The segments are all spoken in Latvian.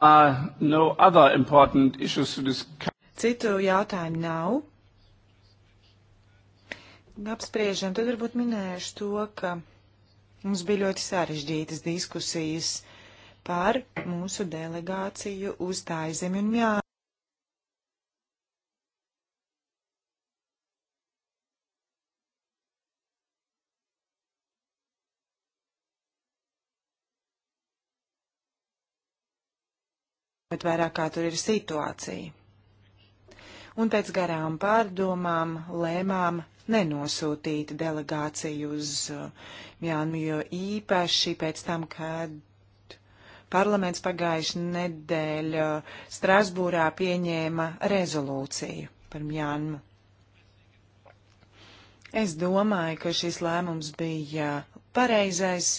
Uh, no other important issues to discuss. Citu jautājumu nav. Apspriežam, tad varbūt minēšu to, ka mums bija ļoti sarežģītas diskusijas par mūsu delegāciju uz Taizemi un Mjā. ņemot vērā, kā tur ir situācija. Un pēc garām pārdomām lēmām nenosūtīt delegāciju uz uh, Mjānmu, jo īpaši pēc tam, kad parlaments pagājuši nedēļa Strasbūrā pieņēma rezolūciju par Mjānmu. Es domāju, ka šis lēmums bija pareizais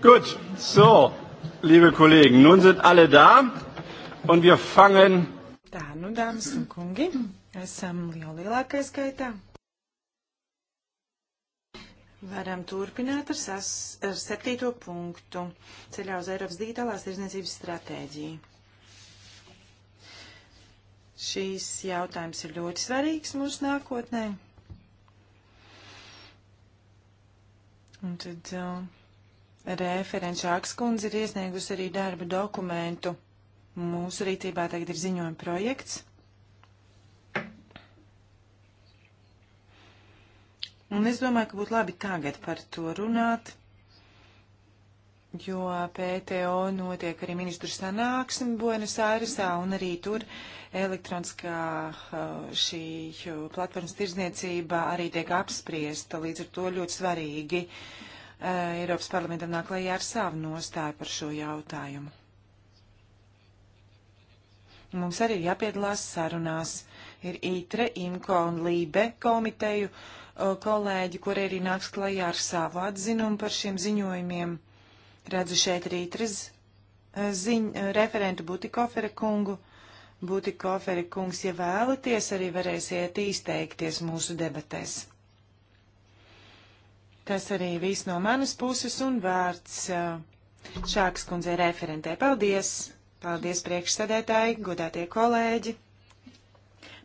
Gut, so, liebe Kollegen, nun sind alle da un wir fangen. Tā, nu, dāmas un kungi, esam jau lielākajā skaitā. Varam turpināt ar, sas, ar septīto punktu ceļā uz Eiropas digitālās tirzniecības stratēģiju. Šīs jautājums ir ļoti svarīgs mūsu nākotnē. Un tad. Uh, Referents Šākskundze ir iesniegusi arī darba dokumentu. Mūsu rīcībā tagad ir ziņojuma projekts. Un es domāju, ka būtu labi tagad par to runāt, jo PTO notiek arī ministru sanāksme Buenos Airesā, un arī tur elektroniskā šī platformas tirzniecība arī tiek apspriesta, līdz ar to ļoti svarīgi uh, Eh, Eiropas parlamentam nāk lejā ar savu nostāju par šo jautājumu. Mums arī ir jāpiedalās sarunās. Ir ITRE, IMCO un LIBE komiteju kolēģi, kuri arī nāks klajā ar savu atzinumu par šiem ziņojumiem. Redzu šeit arī ITRES eh, ziņ, eh, referentu Butikofera kungu. Butikoferi kungs, ja vēlaties, arī varēsiet izteikties mūsu debatēs. Tas arī viss no manas puses un vārds uh, Šāks kundzei referentē. Paldies! Paldies priekšsēdētāji, godātie kolēģi!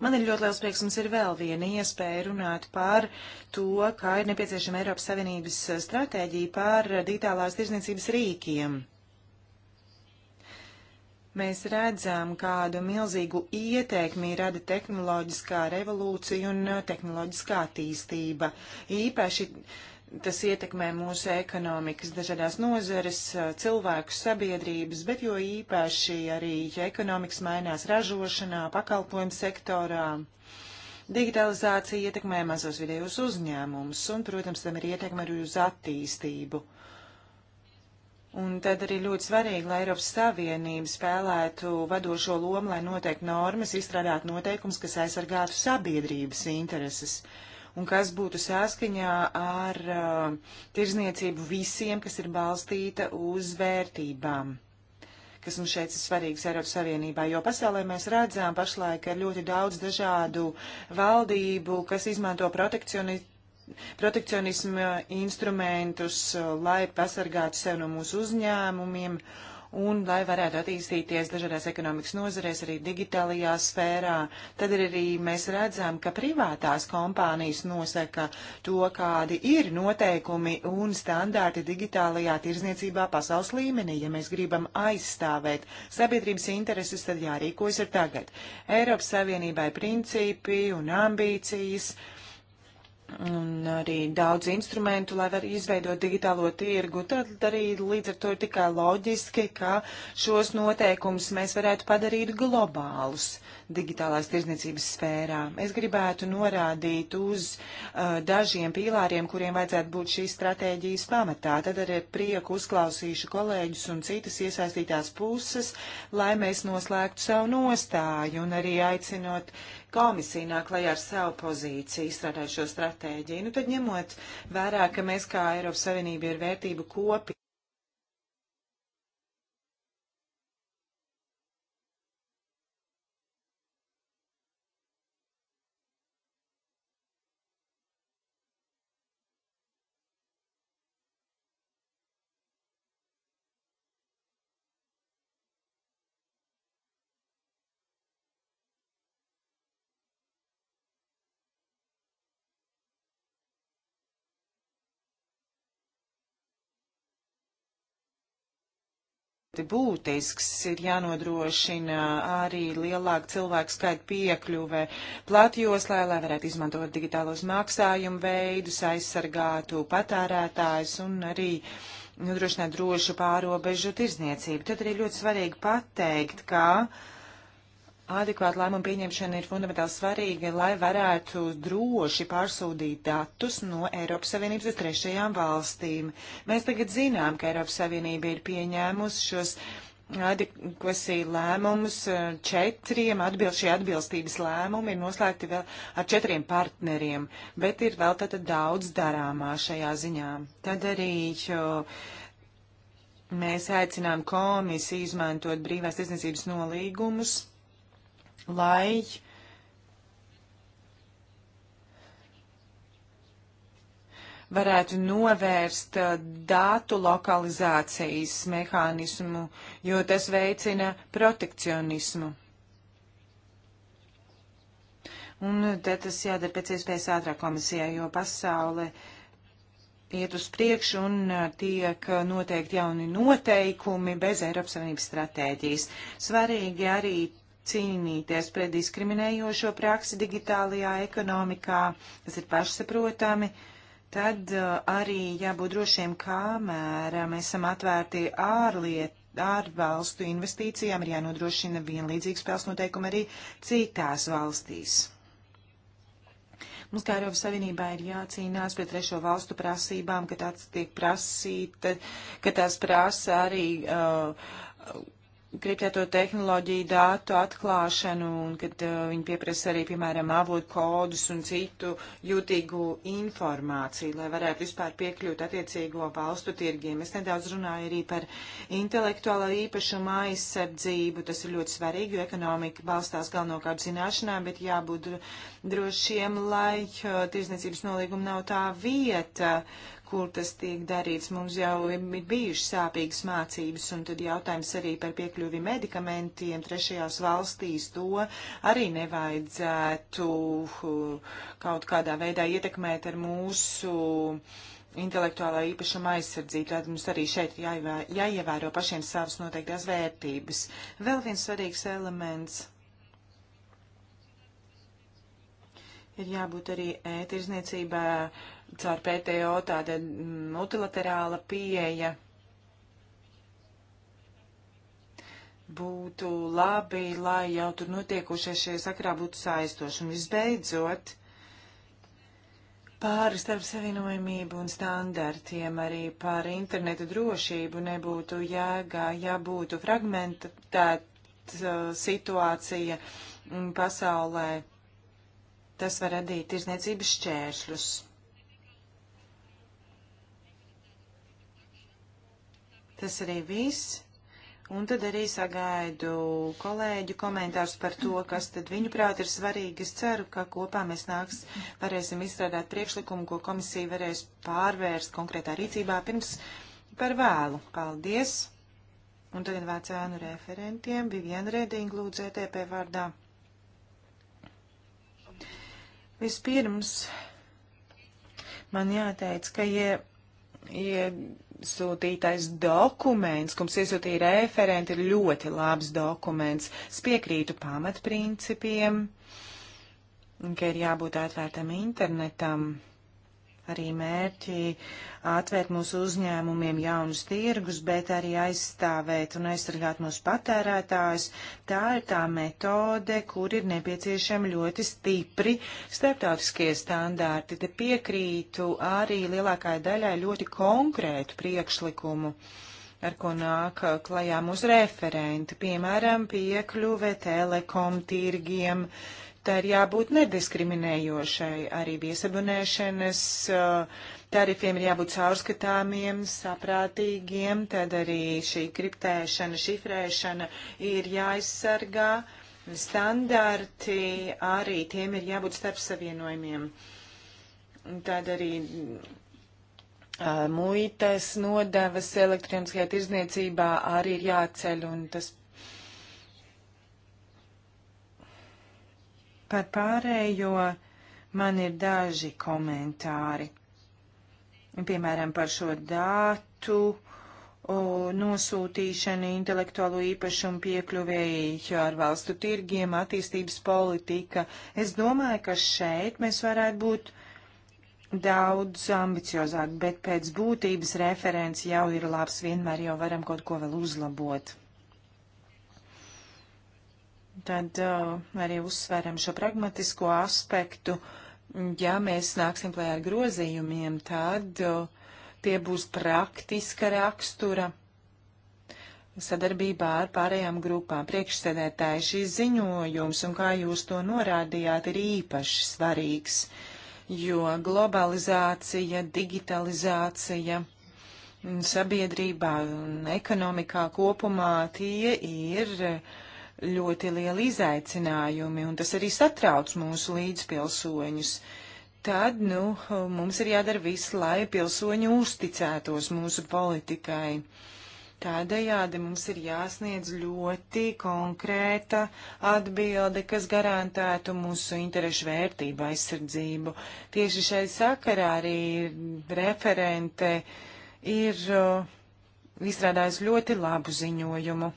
Man ir ļoti liels prieks, mums ir vēl viena iespēja runāt par to, kā ir nepieciešama Eiropas Savienības stratēģija par digitālās tirzniecības rīkiem. Mēs redzam, kādu milzīgu ieteikmi rada tehnoloģiskā revolūcija un uh, tehnoloģiskā attīstība. Īpaši uh, tas ietekmē mūsu ekonomikas dažādās nozeres, eh, cilvēku sabiedrības, bet jo īpaši arī ekonomikas mainās ražošanā, pakalpojumu sektorā. Digitalizācija ietekmē mazos vidējos uzņēmumus, un, protams, tam ir ietekme arī uz attīstību. Un tad arī ļoti svarīgi, lai Eiropas Savienība spēlētu vadošo lomu, lai noteikti normas, izstrādātu noteikums, kas aizsargātu sabiedrības intereses. Uh, un kas būtu saskaņā ar uh, tirzniecību visiem, kas ir balstīta uz vērtībām kas mums šeit ir svarīgs Eiropas Savienībā, jo pasaulē mēs redzam pašlaik ļoti daudz dažādu valdību, kas izmanto protekcioni protekcionismu instrumentus, uh, lai pasargātu sev no mūsu uzņēmumiem un lai varētu attīstīties dažādās ekonomikas nozarēs, arī digitālajā sfērā. Tad arī mēs redzam, ka privātās kompānijas nosaka to, kādi ir noteikumi un standārti digitālajā tirzniecībā pasaules līmenī. Ja mēs gribam aizstāvēt sabiedrības intereses, tad jārīkojas ir tagad. Eiropas Savienībai principi un ambīcijas un arī daudz instrumentu, lai var izveidot digitālo tirgu. Tad arī līdz ar to ir tikai loģiski, ka šos noteikumus mēs varētu padarīt globālus digitālās tirzniecības sfērā. Es gribētu norādīt uz uh, dažiem pīlāriem, kuriem vajadzētu būt šīs stratēģijas pamatā. Tad arī ar prieku uzklausīšu kolēģus un citas iesaistītās puses, lai mēs noslēgtu savu nostāju un arī aicinot komisija nāk klajā ar savu pozīciju, izstrādājot šo stratēģiju. Nu, tad ņemot vērā, ka mēs kā Eiropas Savienība ir vērtību kopi, ļoti būtisks. Ir jānodrošina arī lielāka cilvēku skaita piekļuve platjoslē, lai varētu izmantot digitālos maksājumu veidus, aizsargātu patērētājus un arī nodrošināt drošu pārobežu tirzniecību. Tad arī ļoti svarīgi pateikt, ka Adekvāta lēmuma pieņemšana ir fundamentāli svarīga, lai varētu droši pārsūdīt datus no Eiropas Savienības uz trešajām valstīm. Mēs tagad zinām, ka Eiropas Savienība ir pieņēmusi šos adekvāsī lēmumus eh, četriem, atbild, šie atbilstības lēmumi ir noslēgti vēl ar četriem partneriem, bet ir vēl tātad daudz darāmā šajā ziņā. Tad arī. Jo, Mēs aicinām komisiju izmantot brīvās tiesnesības nolīgumus, lai varētu novērst uh, datu lokalizācijas mehānismu, jo tas veicina protekcionismu. Un uh, te tas jādara pēc iespējas ātrāk komisijai, jo pasaule iet uz priekšu un uh, tiek noteikti jauni noteikumi bez Eiropas Savienības stratēģijas. Svarīgi arī cīnīties pret diskriminējošo praksi digitālajā ekonomikā, tas ir pašsaprotami, tad uh, arī jābūt drošiem, kāmēr uh, mēs esam atvērti ārliet, ārvalstu investīcijām, ir jānodrošina vienlīdzīgs spēles noteikumi arī citās valstīs. Mums kā Eiropas Savienībā ir jācīnās pret trešo valstu prasībām, ka tāds tiek prasīta, ka tās prasa arī uh, kriptēto tehnoloģiju datu atklāšanu un kad uh, viņi pieprasa arī, piemēram, avotu kodus un citu jūtīgu informāciju, lai varētu vispār piekļūt attiecīgo valstu tirgiem. Es nedaudz runāju arī par intelektuālo īpašumu aizsardzību. Tas ir ļoti svarīgi, jo ekonomika balstās galvenokārt zināšanām, bet jābūt drošiem, lai uh, tirzniecības nolīguma nav tā vieta, kur tas tiek darīts. Mums jau ir bijušas sāpīgas mācības, un tad jautājums arī par piekļuvi medikamentiem trešajās valstīs. To arī nevajadzētu kaut kādā veidā ietekmēt ar mūsu intelektuālā īpašuma aizsardzību. Tad mums arī šeit jāievē, jāievēro pašiem savas noteiktās vērtības. Vēl viens svarīgs elements. ir jābūt arī ētirzniecībā e caur PTO tāda mm, multilaterāla pieeja būtu labi, lai jau tur notiekošie šajā sakrā būtu saistoši. Un visbeidzot, pāri starp savienojumību un standartiem arī par internetu drošību nebūtu jēgā, ja būtu fragmentēta uh, situācija mm, pasaulē. Tas var radīt tirzniecības šķēršļus. Tas arī viss. Un tad arī sagaidu kolēģu komentārus par to, kas tad viņu prāt ir svarīgi. Es ceru, ka kopā mēs nāks, varēsim izstrādāt priekšlikumu, ko komisija varēs pārvērst konkrētā rīcībā pirms par vēlu. Paldies! Un tagad vārds ēnu referentiem. Viviena Redinga lūdzu ETP vārdā. Vispirms man jāteic, ka, ja, ja sūtītais dokuments, ko mums iesūtīja referenti, ir ļoti labs dokuments. Es piekrītu pamatprincipiem, ka ir jābūt atvērtam internetam arī mērķi atvērt mūsu uzņēmumiem jaunus tirgus, bet arī aizstāvēt un aizsargāt mūsu patērētājus. Tā ir tā metode, kur ir nepieciešami ļoti stipri starptautiskie standārti. Te piekrītu arī lielākai daļai ļoti konkrētu priekšlikumu ar ko nāk klajā mūsu referenti, piemēram, piekļuve telekom tirgiem, uh, tā ir jābūt nediskriminējošai. Arī viesabunēšanas uh, tarifiem ir jābūt caurskatāmiem, saprātīgiem, tad arī šī kriptēšana, šifrēšana ir jāizsargā. Standarti arī tiem ir jābūt starp savienojumiem. Tad arī uh, muitas nodevas elektroniskajā tirzniecībā arī ir jāceļ, un tas Par pārējo man ir daži komentāri. Piemēram, par šo dātu nosūtīšanu, intelektuālo īpašumu piekļuvēju ar valstu tirgiem, attīstības politika. Es domāju, ka šeit mēs varētu būt daudz ambiciozāk, bet pēc būtības referents jau ir labs, vienmēr jau varam kaut ko vēl uzlabot. Tad uh, arī uzsveram šo pragmatisko aspektu. Ja mēs nāksim klajā ar grozījumiem, tad uh, tie būs praktiska rakstura sadarbībā ar pārējām grupām. Priekšsēdētāji šīs ziņojums, un kā jūs to norādījāt, ir īpaši svarīgs, jo globalizācija, digitalizācija sabiedrībā un ekonomikā kopumā tie ir uh, ļoti lieli izaicinājumi, un tas arī satrauc mūsu līdzpilsoņus. Tad, nu, mums ir jādara viss, lai pilsoņi uzticētos mūsu politikai. Tādējādi mums ir jāsniedz ļoti konkrēta atbilde, kas garantētu mūsu interešu vērtību aizsardzību. Tieši šai sakarā arī referente ir uh, izstrādājusi ļoti labu ziņojumu.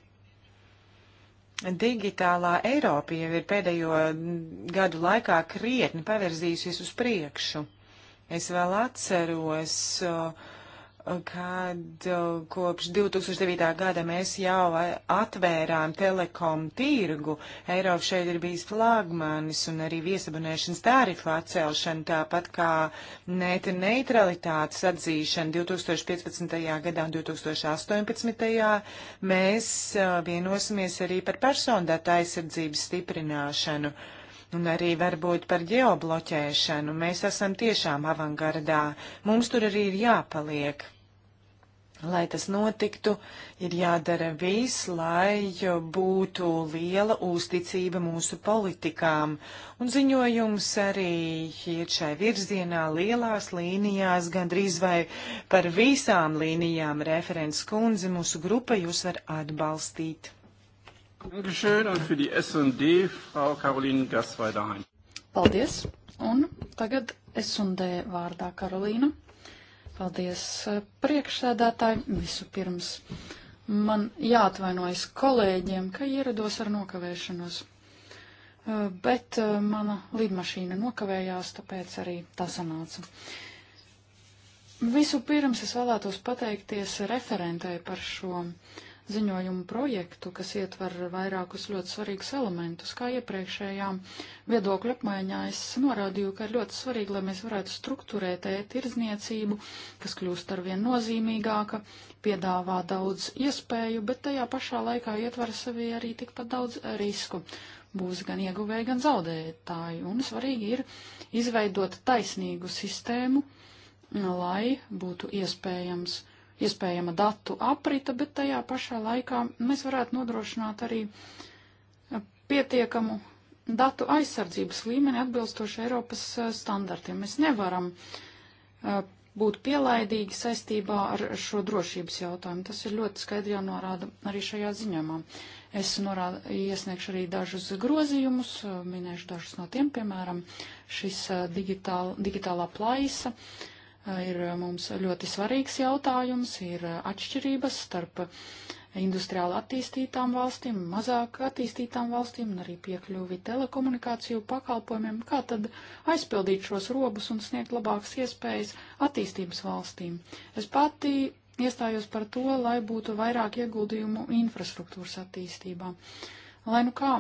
Digitālā Eiropa jau ir pēdējo gadu laikā krietni pavirzījusies uz priekšu. Es vēl atceros uh, kad kopš 2009. gada mēs jau atvērām telekom tirgu. Eiropa šeit ir bijis flagmanis un arī viesabunēšanas tarifu atcelšana, tāpat kā neta neutralitātes atzīšana 2015. gadā un 2018. mēs vienosimies arī par persondata aizsardzības stiprināšanu un arī varbūt par ģeobloķēšanu. Mēs esam tiešām avangardā. Mums tur arī ir jāpaliek. Lai tas notiktu, ir jādara viss, lai būtu liela uzticība mūsu politikām, un ziņojums arī iet šai virzienā lielās līnijās, gandrīz vai par visām līnijām referents kundze mūsu grupa jūs var atbalstīt. Paldies, un tagad S&D vārdā Karolīna. Paldies, eh, priekšsēdētāji. Vispirms man jāatvainojas kolēģiem, ka ierados ar nokavēšanos. Eh, bet eh, mana lidmašīna nokavējās, tāpēc arī tā sanāca. Vispirms es vēlētos pateikties referentei par šo uh, ziņojumu projektu, kas ietver vairākus ļoti svarīgus elementus. Kā iepriekšējā viedokļa apmaiņā es norādīju, ka ir ļoti svarīgi, lai mēs varētu strukturēt e-tirdzniecību, kas kļūst arvien nozīmīgāka, piedāvā daudz iespēju, bet tajā pašā laikā ietver sevi arī tikpat daudz risku. Būs gan ieguvēji, gan zaudētāji, un svarīgi ir izveidot taisnīgu sistēmu, lai būtu iespējams iespējama datu aprita, bet tajā pašā laikā mēs varētu nodrošināt arī pietiekamu datu aizsardzības līmeni atbilstoši Eiropas eh, standartiem. Mēs nevaram eh, būt pielaidīgi saistībā ar šo drošības jautājumu. Tas ir ļoti skaidri jānorāda arī šajā ziņojumā. Es norāda, iesniegšu arī dažus grozījumus, eh, minēšu dažus no tiem, piemēram, šis digitāl, digitālā plaisa. Uh, ir uh, mums ļoti svarīgs jautājums, ir uh, atšķirības starp uh, industriāli attīstītām valstīm, mazāk attīstītām valstīm un arī piekļuvi telekomunikāciju pakalpojumiem, kā tad aizpildīt šos robus un sniegt labākas iespējas attīstības valstīm. Es pati iestājos par to, lai būtu vairāk ieguldījumu infrastruktūras attīstībā. Lai nu kā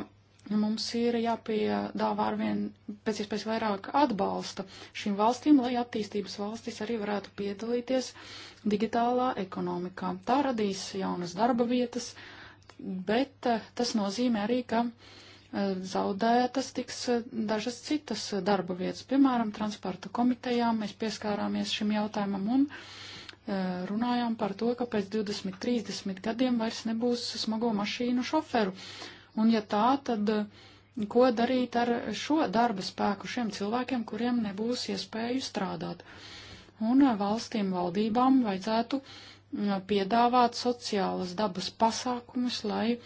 mums ir jāpiedāvā arvien pēc iespējas vairāk atbalsta šīm valstīm, lai attīstības valstis arī varētu piedalīties digitālā ekonomikā. Tā radīs jaunas darba vietas, bet eh, tas nozīmē arī, ka eh, zaudētas tiks eh, dažas citas darba vietas. Piemēram, transporta komitejām mēs pieskārāmies šim jautājumam un runājām par to, ka pēc 20-30 gadiem vairs nebūs smago mašīnu šoferu. Uh, Un ja tā, tad eh, ko darīt ar šo darba spēku šiem cilvēkiem, kuriem nebūs iespēju strādāt? Un eh, valstīm valdībām vajadzētu eh, piedāvāt sociālas dabas pasākumus, lai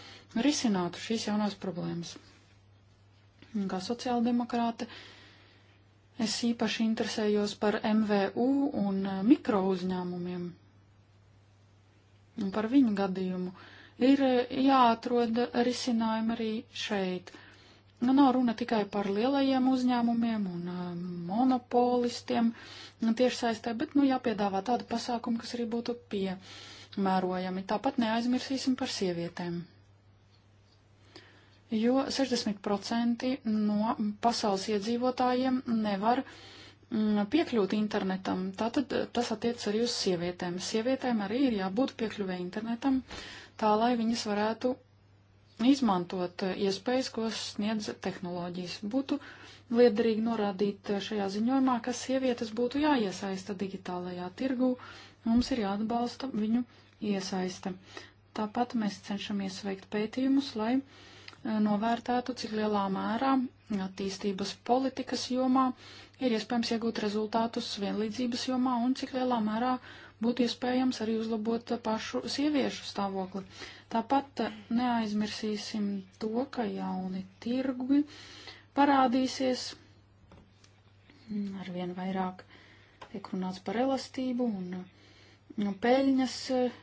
risinātu šīs jaunās problēmas. Un kā sociāldemokrāte, es īpaši interesējos par MVU un mikrouzņēmumiem un par viņu gadījumu. Uh, ir e, jāatrod risinājumi arī šeit. Nu, nav runa tikai par lielajiem uzņēmumiem un e, monopolistiem nu, tiešsaistē, bet nu, jāpiedāvā tāda pasākuma, kas arī būtu piemērojami. Tāpat neaizmirsīsim par sievietēm. Jo 60% no pasaules iedzīvotājiem nevar mm, piekļūt internetam. Tātad tas attiecas arī uz sievietēm. Sievietēm arī ir jābūt piekļuvē internetam. Uh, tā lai viņas varētu izmantot iespējas, ko sniedz tehnoloģijas. Būtu liederīgi norādīt šajā ziņojumā, ka sievietes būtu jāiesaista digitālajā tirgū, mums ir jāatbalsta viņu iesaista. Tāpat mēs cenšamies veikt pētījumus, lai eh, novērtētu, cik lielā mērā attīstības politikas jomā ir iespējams iegūt rezultātus vienlīdzības jomā un cik lielā mērā uh, būtu iespējams arī uzlabot pašu sieviešu stāvokli. Tāpat neaizmirsīsim to, ka jauni tirgi parādīsies arvien vairāk tiek runāts par elastību un nu, peļņas eh,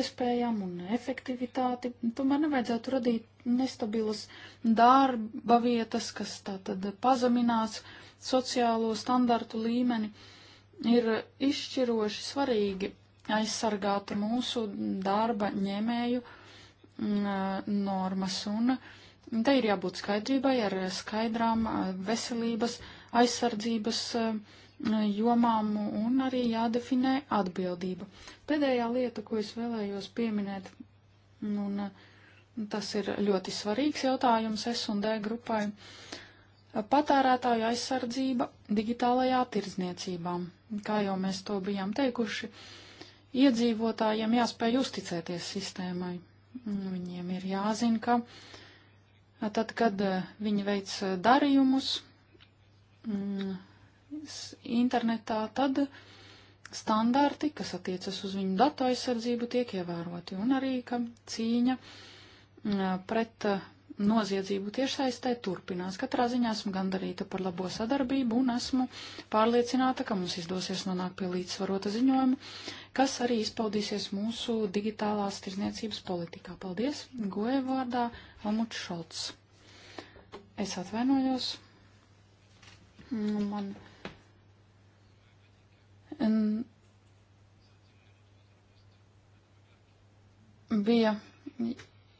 iespējām un efektivitāti. Tomēr nevajadzētu radīt nestabilas darba vietas, kas tātad pazeminās sociālo standartu līmeni. Uh, ir izšķiroši svarīgi aizsargāt mūsu darba ņēmēju mm, normas. Un te ir jābūt skaidrībai ar skaidrām veselības aizsardzības jomām un arī jādefinē atbildība. Pēdējā lieta, ko es vēlējos pieminēt, un tas ir ļoti svarīgs jautājums S un D grupai. Uh, patērētāju aizsardzība digitālajā tirdzniecībā. Kā jau mēs to bijām teikuši, iedzīvotājiem jāspēj uzticēties sistēmai. Viņiem ir jāzina, ka tad, kad eh, viņi veic eh, darījumus mm, internetā, tad standarti, kas attiecas uz viņu datu aizsardzību, tiek ievēroti, un arī, ka cīņa mm, pret eh, noziedzību tiešsaistē turpinās. Katrā ziņā esmu gandarīta par labo sadarbību un esmu pārliecināta, ka mums izdosies nonākt pie līdzsvarota ziņojuma, kas arī izpaudīsies mūsu digitālās tirzniecības politikā. Paldies! Goja vārdā Helmuts Šolts. Es atvainojos. Man bija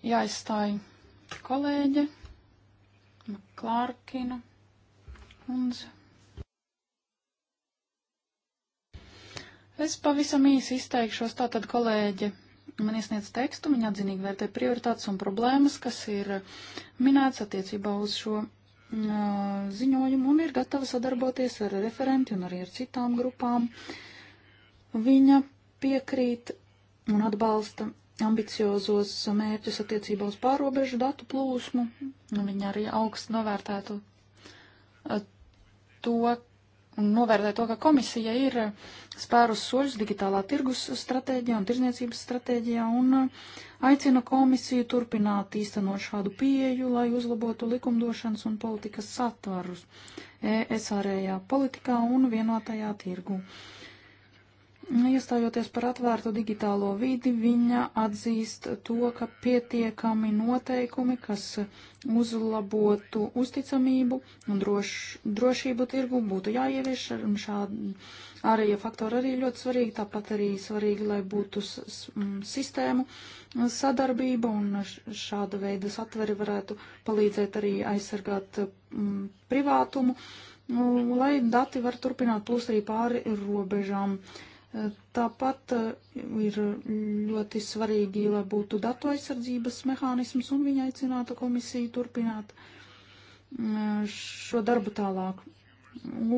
jāizstāj kolēģe Klārkina kundze. Es pavisam īsi izteikšos tātad kolēģi. Man iesniedz tekstu, viņa atzinīgi vērtē prioritātes un problēmas, kas ir minēts attiecībā uz šo uh, ziņojumu un ir gatava sadarboties ar referenti un arī ar citām grupām. Viņa piekrīt un atbalsta ambiciozos mērķus attiecībā uz pārobežu datu plūsmu. Viņi arī augstu novērtētu eh, to, un novērtē to, ka komisija ir spērus soļus digitālā tirgus stratēģijā un tirzniecības stratēģijā un aicina komisiju turpināt īstenot šādu pieeju, lai uzlabotu likumdošanas un politikas satvarus ES ārējā politikā un vienotajā tirgu. Uh, Nu, iestājoties par atvērtu digitālo vidi, viņa atzīst to, ka pietiekami noteikumi, kas uzlabotu uzticamību un droš, drošību tirgu, būtu jāievieš. Šādi ārējie faktori arī ļoti svarīgi, tāpat arī svarīgi, lai būtu sistēmu sadarbība un šāda veida satveri varētu palīdzēt arī aizsargāt m, privātumu, lai dati var turpināt plūst arī pāri robežām. Uh, Tāpat uh, ir ļoti svarīgi, lai būtu datu aizsardzības mehānisms, un viņa aicinātu komisiju turpināt uh, šo darbu tālāk.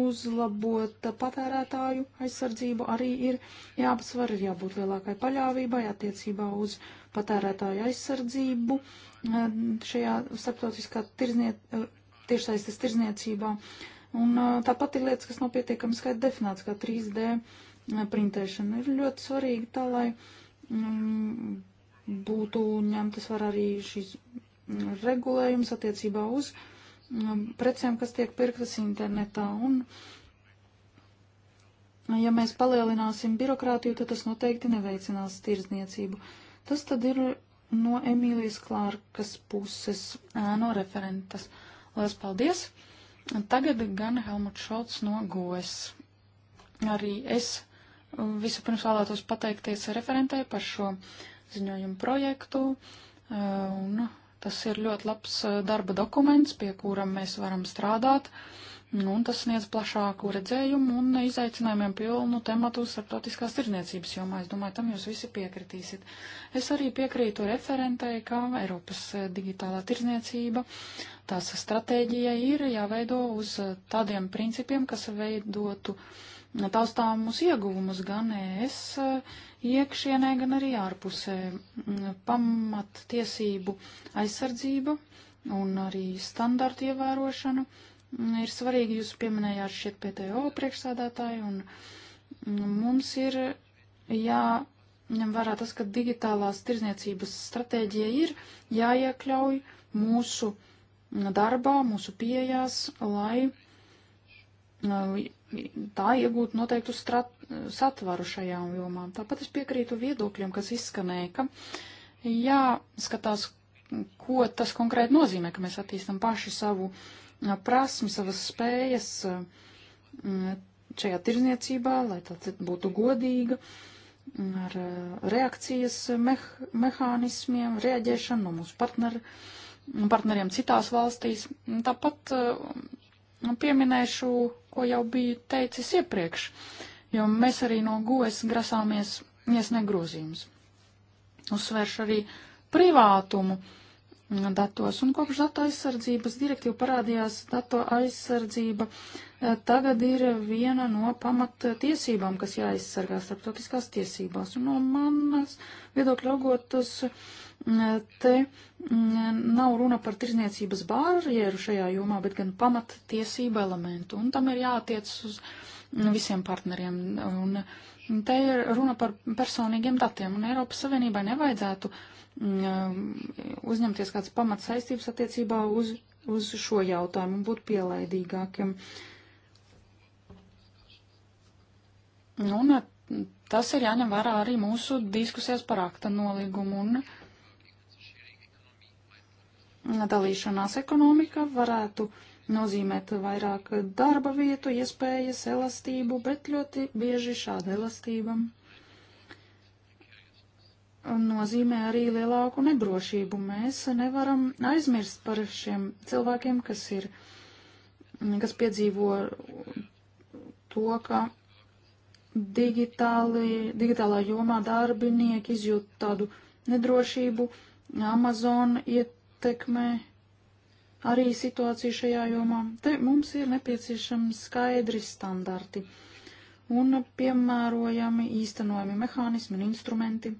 Uzlabot patērētāju aizsardzību arī ir jāapsver, ir jābūt lielākai paļāvībai attiecībā uz patērētāju aizsardzību uh, šajā starptautiskā tirzniec, tiešsaistes tirzniecībā. Un tāpat ir lietas, kas nav pietiekami skaidri definētas, kā 3D printēšana ir ļoti svarīga tā, lai mm, būtu ņemtas var arī šīs mm, regulējums attiecībā uz mm, precēm, kas tiek pirktas internetā. Un, ja mēs palielināsim birokrātiju, tad tas noteikti neveicinās tirzniecību. Tas tad ir no Emīlijas Klārkas puses ēno referentas. Lielas paldies! Tagad gan Helmut Šolts no GOS. Arī es Vispirms vēlētos pateikties referentei par šo ziņojumu projektu. Eh, un tas ir ļoti labs eh, darba dokuments, pie kura mēs varam strādāt. Un tas sniedz plašāku redzējumu un izaicinājumiem pilnu tematu starptautiskās tirdzniecības jomā. Es domāju, tam jūs visi piekritīsiet. Es arī piekrītu referentei, ka Eiropas eh, digitālā tirdzniecība, tās stratēģija ir jāveido uz tādiem principiem, kas veidotu uh, taustāmus ieguvumus gan es eh, iekšienē, gan arī ārpusē. Mm, Pamat tiesību aizsardzība un arī standartu ievērošana mm, ir svarīgi. Jūs pieminējāt šeit PTO priekšsādātāju un mm, mums ir jāņem vērā tas, ka digitālās tirzniecības stratēģija ir jāiekļauj mūsu darbā, mūsu pieejās, lai tā iegūt noteiktu strat, satvaru šajām jomām. Tāpat es piekrītu viedokļiem, kas izskanēja, ka jāskatās, ko tas konkrēti nozīmē, ka mēs attīstam paši savu prasmi, savas spējas šajā tirzniecībā, lai tā būtu godīga, ar reakcijas meh mehānismiem, rēģēšanu no mūsu partneru partneriem citās valstīs. Tāpat pieminēšu, ko jau biju teicis iepriekš, jo mēs arī no gojas e grasāmies iesniegt grozījumus. Uzsvēršu arī privātumu datos. Un kopš datu aizsardzības direktīva parādījās datu aizsardzība. Eh, tagad ir viena no pamat tiesībām, kas jāaizsargā starptautiskās tiesībās. Un no manas viedokļa augotas eh, te mm, nav runa par tirzniecības barjeru šajā jomā, bet gan pamat tiesību elementu. Un tam ir jātiec uz visiem partneriem. Un te ir runa par personīgiem datiem. Un Eiropas Savienībai nevajadzētu uh, Um, uzņemties kāds pamats saistības attiecībā uz, uz šo jautājumu un būt pielaidīgākiem. Un uh, tas ir jāņem vērā arī mūsu diskusijās par akta nolīgumu un uh, dalīšanās ekonomika varētu nozīmēt vairāk darba vietu, iespējas, elastību, bet ļoti bieži šāda elastībam nozīmē arī lielāku nedrošību. Mēs nevaram aizmirst par šiem cilvēkiem, kas ir, kas piedzīvo to, ka digitāli, digitālā jomā darbinieki izjūt tādu nedrošību. Amazon ietekmē arī situāciju šajā jomā. Te mums ir nepieciešami skaidri standarti un piemērojami īstenojami mehānismi un instrumenti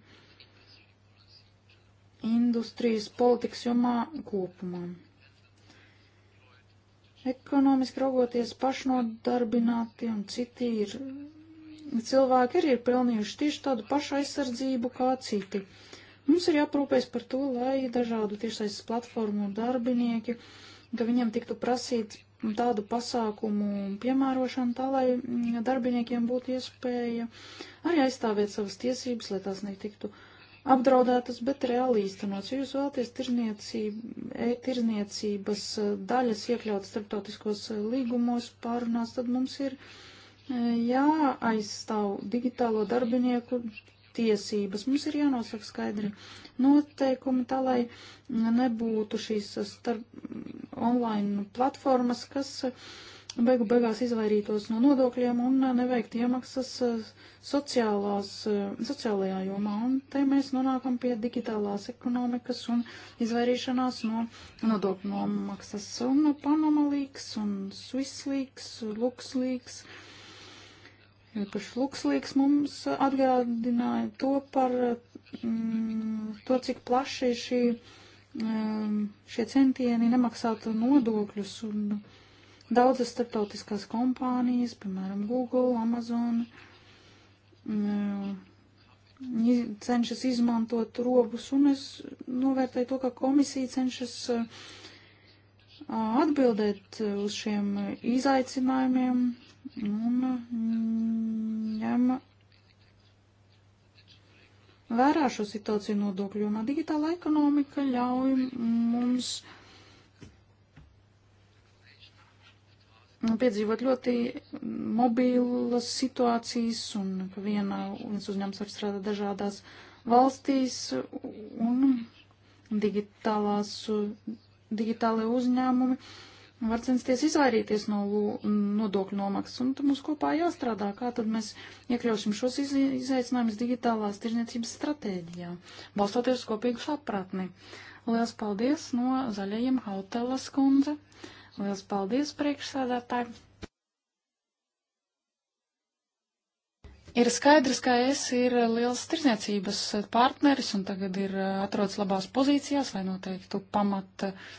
industrijas politikas jomā kopumā. Ekonomiski raugoties pašnodarbināti un citi ir, cilvēki arī ir pelnījuši tieši tādu pašu aizsardzību kā citi. Mums ir jāprūpēs par to, lai dažādu tiešsaistes platformu darbinieki, ka viņiem tiktu prasīts tādu pasākumu piemērošanu, tā lai darbiniekiem būtu iespēja arī aizstāvēt savas tiesības, lai tās netiktu uh, apdraudētas, bet reāli īstenots. Ja jūs vēlaties e, tirzniecības e daļas iekļaut starptautiskos e, līgumos pārunās, tad mums ir e, jāaizstāv digitālo darbinieku tiesības. Mums ir jānosaka skaidri noteikumi tā, lai nebūtu šīs starp online platformas, kas beigu beigās izvairītos no nodokļiem un uh, neveikt iemaksas uh, sociālās, uh, sociālajā jomā. Un te mēs nonākam pie digitālās ekonomikas un izvairīšanās no nodokļu nomaksas. Un Panamalīgs un Svislīgs, Lukslīgs. Īpaši Lukslīgs mums atgādināja to par mm, to, cik plaši šī, mm, šie centieni nemaksāt nodokļus un nodokļus Daudzas starptautiskās kompānijas, piemēram, Google, Amazon, mm, cenšas izmantot robus, un es novērtēju to, ka komisija cenšas atbildēt uz šiem izaicinājumiem un mm, ņem vērā šo situāciju nodokļu, jo digitāla ekonomika ļauj mums. Mm, Nu, piedzīvot ļoti mobīlas situācijas, un ka viena, viens uzņēmums var strādāt dažādās valstīs, un digitālās, digitālai uzņēmumi var censties izvairīties no nodokļu nomaksas, un tad mums kopā jāstrādā, kā tad mēs iekļausim šos izaicinājumus digitālās tirzniecības stratēģijā, balstoties uz kopīgu sapratni. Lielas paldies no zaļajiem Hautelas kundze. Uh, Lielas paldies priekšsādātāji! Ir skaidrs, ka es ir liels tirzniecības partneris un tagad ir eh, atrodas labās pozīcijās, lai noteiktu pamat eh,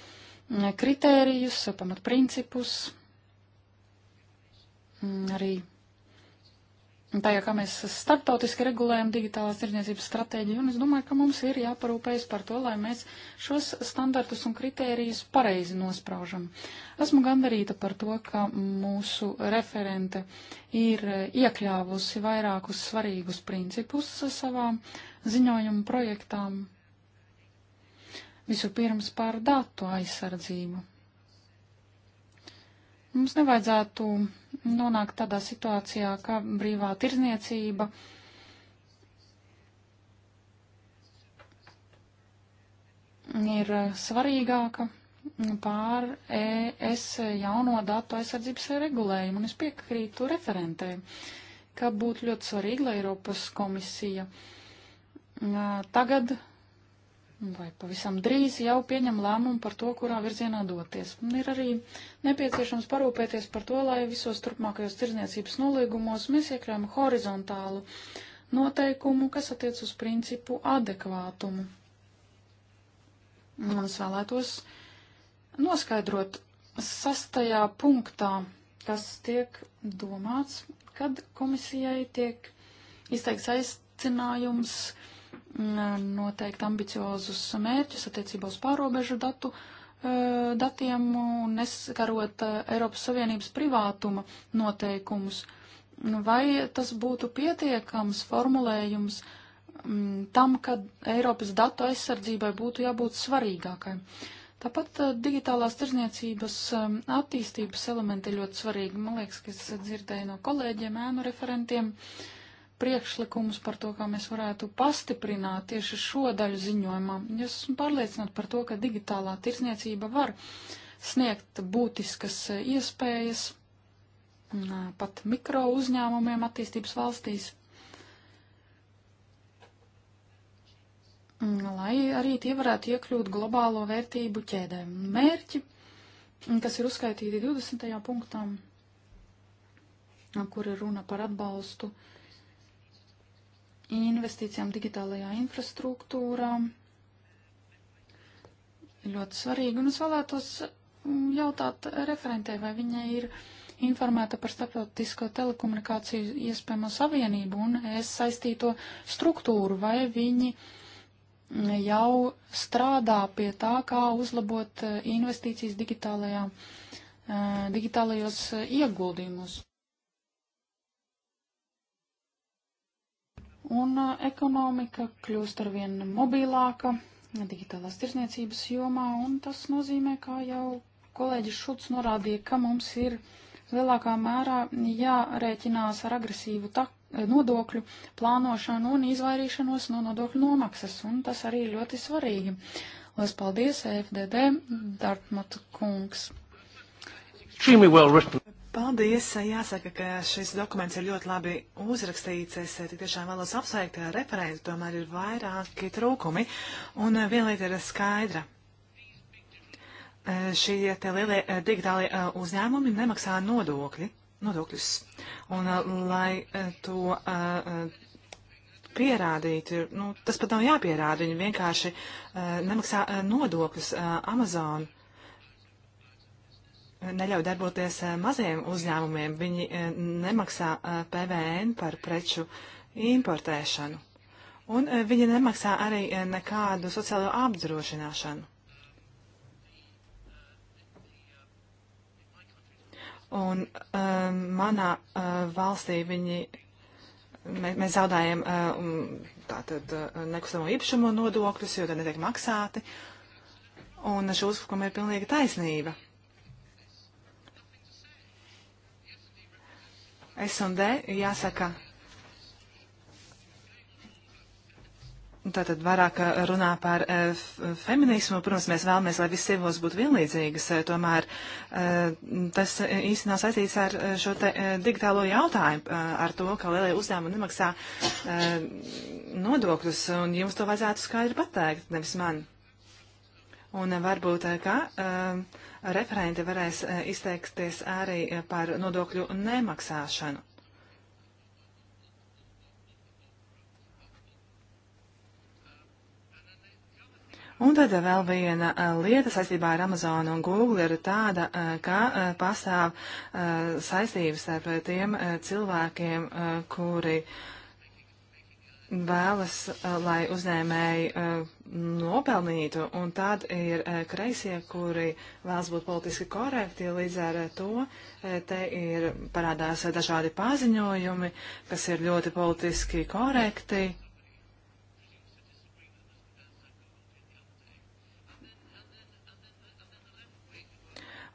kritērijus, pamat principus, mm, arī tajā, kā mēs starptautiski regulējam digitālās tirdzniecības stratēģiju, un es domāju, ka mums ir jāparūpējas par to, lai mēs šos standartus un kritērijus pareizi nospraužam. Esmu gandarīta par to, ka mūsu referente ir iekļāvusi vairākus svarīgus principus savā ziņojuma projektām. Vispirms par datu aizsardzību. Mums nevajadzētu nonākt tādā situācijā, ka brīvā tirzniecība ir svarīgāka pār ES jauno datu aizsardzības regulējumu, un es piekrītu referentē, ka būtu ļoti svarīgi, lai Eiropas komisija tagad vai pavisam drīz jau pieņem lēmumu par to, kurā virzienā doties. Un ir arī nepieciešams parūpēties par to, lai visos turpmākajos tirzniecības nolīgumos mēs iekļām horizontālu noteikumu, kas attiec uz principu adekvātumu. Un es vēlētos noskaidrot sastajā punktā, kas tiek domāts, kad komisijai tiek izteikts aicinājums uh, noteikt ambiciozus mērķus attiecībā uz pārobežu datu e, datiem un neskarot e, Eiropas Savienības privātuma noteikumus. Nu, vai tas būtu pietiekams formulējums mm, tam, ka Eiropas datu aizsardzībai būtu jābūt svarīgākai? Tāpat e, digitālās tirzniecības attīstības elementi ir ļoti svarīgi. Man liekas, ka es dzirdēju no kolēģiem, ēnu referentiem. Uh, priekšlikumus par to, kā mēs varētu pastiprināt tieši šo daļu ziņojumā. Es esmu pārliecināta par to, ka digitālā tirsniecība var sniegt būtiskas iespējas pat mikro uzņēmumiem attīstības valstīs, lai arī tie varētu iekļūt globālo vērtību ķēdē. Mērķi, kas ir uzskaitīti 20. punktā, kur ir runa par atbalstu uh, investīcijām digitālajā infrastruktūrā. Ļoti svarīgi, un es vēlētos mm, jautāt referentē, vai viņa ir informēta par starptautisko telekomunikāciju iespējamo savienību un es saistīto struktūru, vai viņi jau strādā pie tā, kā uzlabot eh, investīcijas digitālajā, eh, digitālajos eh, ieguldījumus. un uh, ekonomika kļūst arvien mobilāka digitālās tirsniecības jomā, un tas nozīmē, kā jau kolēģis Šuts norādīja, ka mums ir lielākā mērā jārēķinās ar agresīvu tak nodokļu plānošanu un izvairīšanos no nodokļu nomaksas, un tas arī ir ļoti svarīgi. Lielas paldies, FDD, Dartmut kungs. Well written. Paldies! Jāsaka, ka šis dokuments ir ļoti labi uzrakstīts. Es eh, tik tiešām vēlos apsveikt eh, referentu, tomēr ir vairāki trūkumi. Un eh, viena lieta ir skaidra. Šie te lielie digitālie uzņēmumi nemaksā nodokļi, nodokļus. Un lai to pierādītu, nu, tas pat nav jāpierāda, viņi vienkārši nemaksā nodokļus Amazon neļauj darboties eh, maziem uzņēmumiem. Viņi eh, nemaksā eh, PVN par preču importēšanu. Un viņi nemaksā arī nekādu sociālo apdrošināšanu. Un um, manā uh, valstī viņi, mē, mēs zaudējam uh, tātad uh, nekustamo īpašumu nodokļus, jo tad netiek maksāti. Un šo uzbrukumu ir pilnīga taisnība. S&D jāsaka. Tātad vairāk uh, runā par uh, feminismu. Protams, mēs vēlamies, lai visas sievos būtu vienlīdzīgas. Uh, tomēr tas īsti nav saistīts ar šo te digitālo jautājumu, ar to, ka lielie uzņēmumi nemaksā nodokļus. Un jums to vajadzētu skaidri pateikt, nevis man. Un varbūt, ka. Uh, referenti varēs eh, izteikties arī eh, par nodokļu nemaksāšanu. Un tad vēl viena eh, lieta saistībā ar Amazonu un Google ir tāda, ka pastāv saistības starp tiem cilvēkiem, kuri uh, vēlas, eh, lai uzņēmēji eh, nopelnītu, un tad ir eh, kreisie, kuri vēlas būt politiski korekti, līdz ar to te ir parādās dažādi paziņojumi, kas ir ļoti politiski korekti.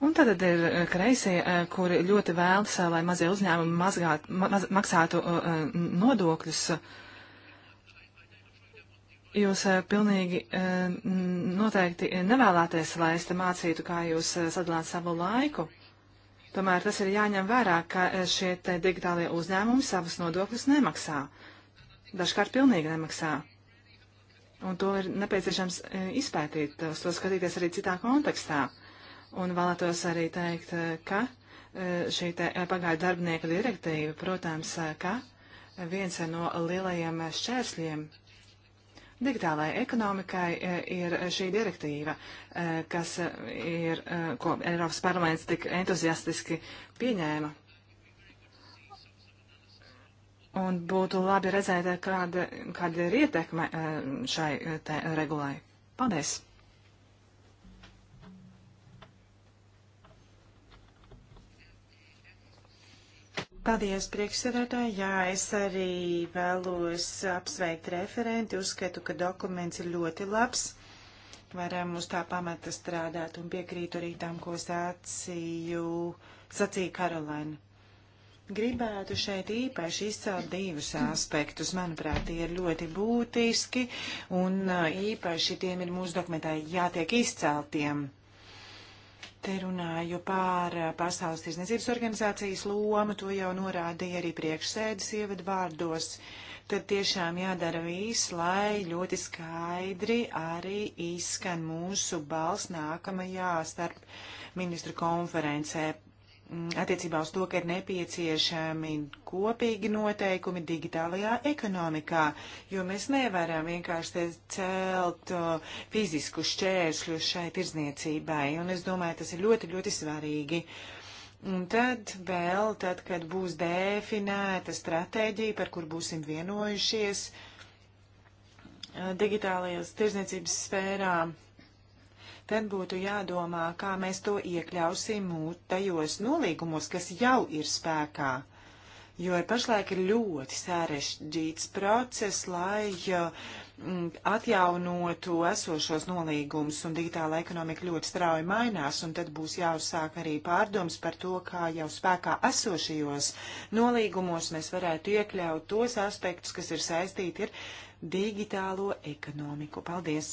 Un tad ir kreisie, kuri ļoti vēlas, lai mazie uzņēmumi mazgāt, maz, maksātu nodokļus. Uh, Jūs eh, pilnīgi eh, noteikti nevēlēties, lai es te mācītu, kā jūs eh, sadalāt savu laiku. Tomēr tas ir jāņem vērā, ka šie te digitālie uzņēmumi savus nodokļus nemaksā. Dažkārt pilnīgi nemaksā. Un to ir nepieciešams izpētīt, uz to skatīties arī citā kontekstā. Un vēlētos arī teikt, ka šī te pagaidu darbinieku direktīva, protams, ka viens no lielajiem šķērsliem Digitālajai ekonomikai e, ir šī direktīva, e, kas e, ir, ko Eiropas parlaments tik entuziastiski pieņēma. Un būtu labi redzēt, kāda, kāda ir ietekme šai regulai. Paldies! Paldies, priekšsēdētāji. Jā, es arī vēlos apsveikt referenti. Uzskatu, ka dokuments ir ļoti labs. Varam uz tā pamata strādāt un piekrītu arī tam, ko sācīju, sacīja Karolēna. Gribētu šeit īpaši izcelt divus aspektus. Manuprāt, tie ir ļoti būtiski un īpaši tiem ir mūsu dokumentā jātiek izceltiem. Te runāju par eh, Pasaules tirzniecības organizācijas lomu, to jau norādīja arī priekšsēdus ievadvārdos. Tad tiešām jādara viss, lai ļoti skaidri arī izskan mūsu balss nākamajā starp ministru konferencē Mm, attiecībā uz to, ka ir nepieciešami kopīgi noteikumi digitālajā ekonomikā, jo mēs nevaram vienkārši celt uh, fizisku šķēršļu šai tirzniecībai, un es domāju, tas ir ļoti, ļoti svarīgi. Un tad vēl, tad, kad būs definēta stratēģija, par kur būsim vienojušies uh, digitālajās tirzniecības sfērām, tad būtu jādomā, kā mēs to iekļausim tajos nolīgumos, kas jau ir spēkā. Jo pašlaik ir ļoti sarežģīts process, lai mm, atjaunotu esošos nolīgumus, un digitāla ekonomika ļoti strauji mainās, un tad būs jāuzsāk arī pārdoms par to, kā jau spēkā esošajos nolīgumos mēs varētu iekļaut tos aspektus, kas ir saistīti ar digitālo ekonomiku. Paldies!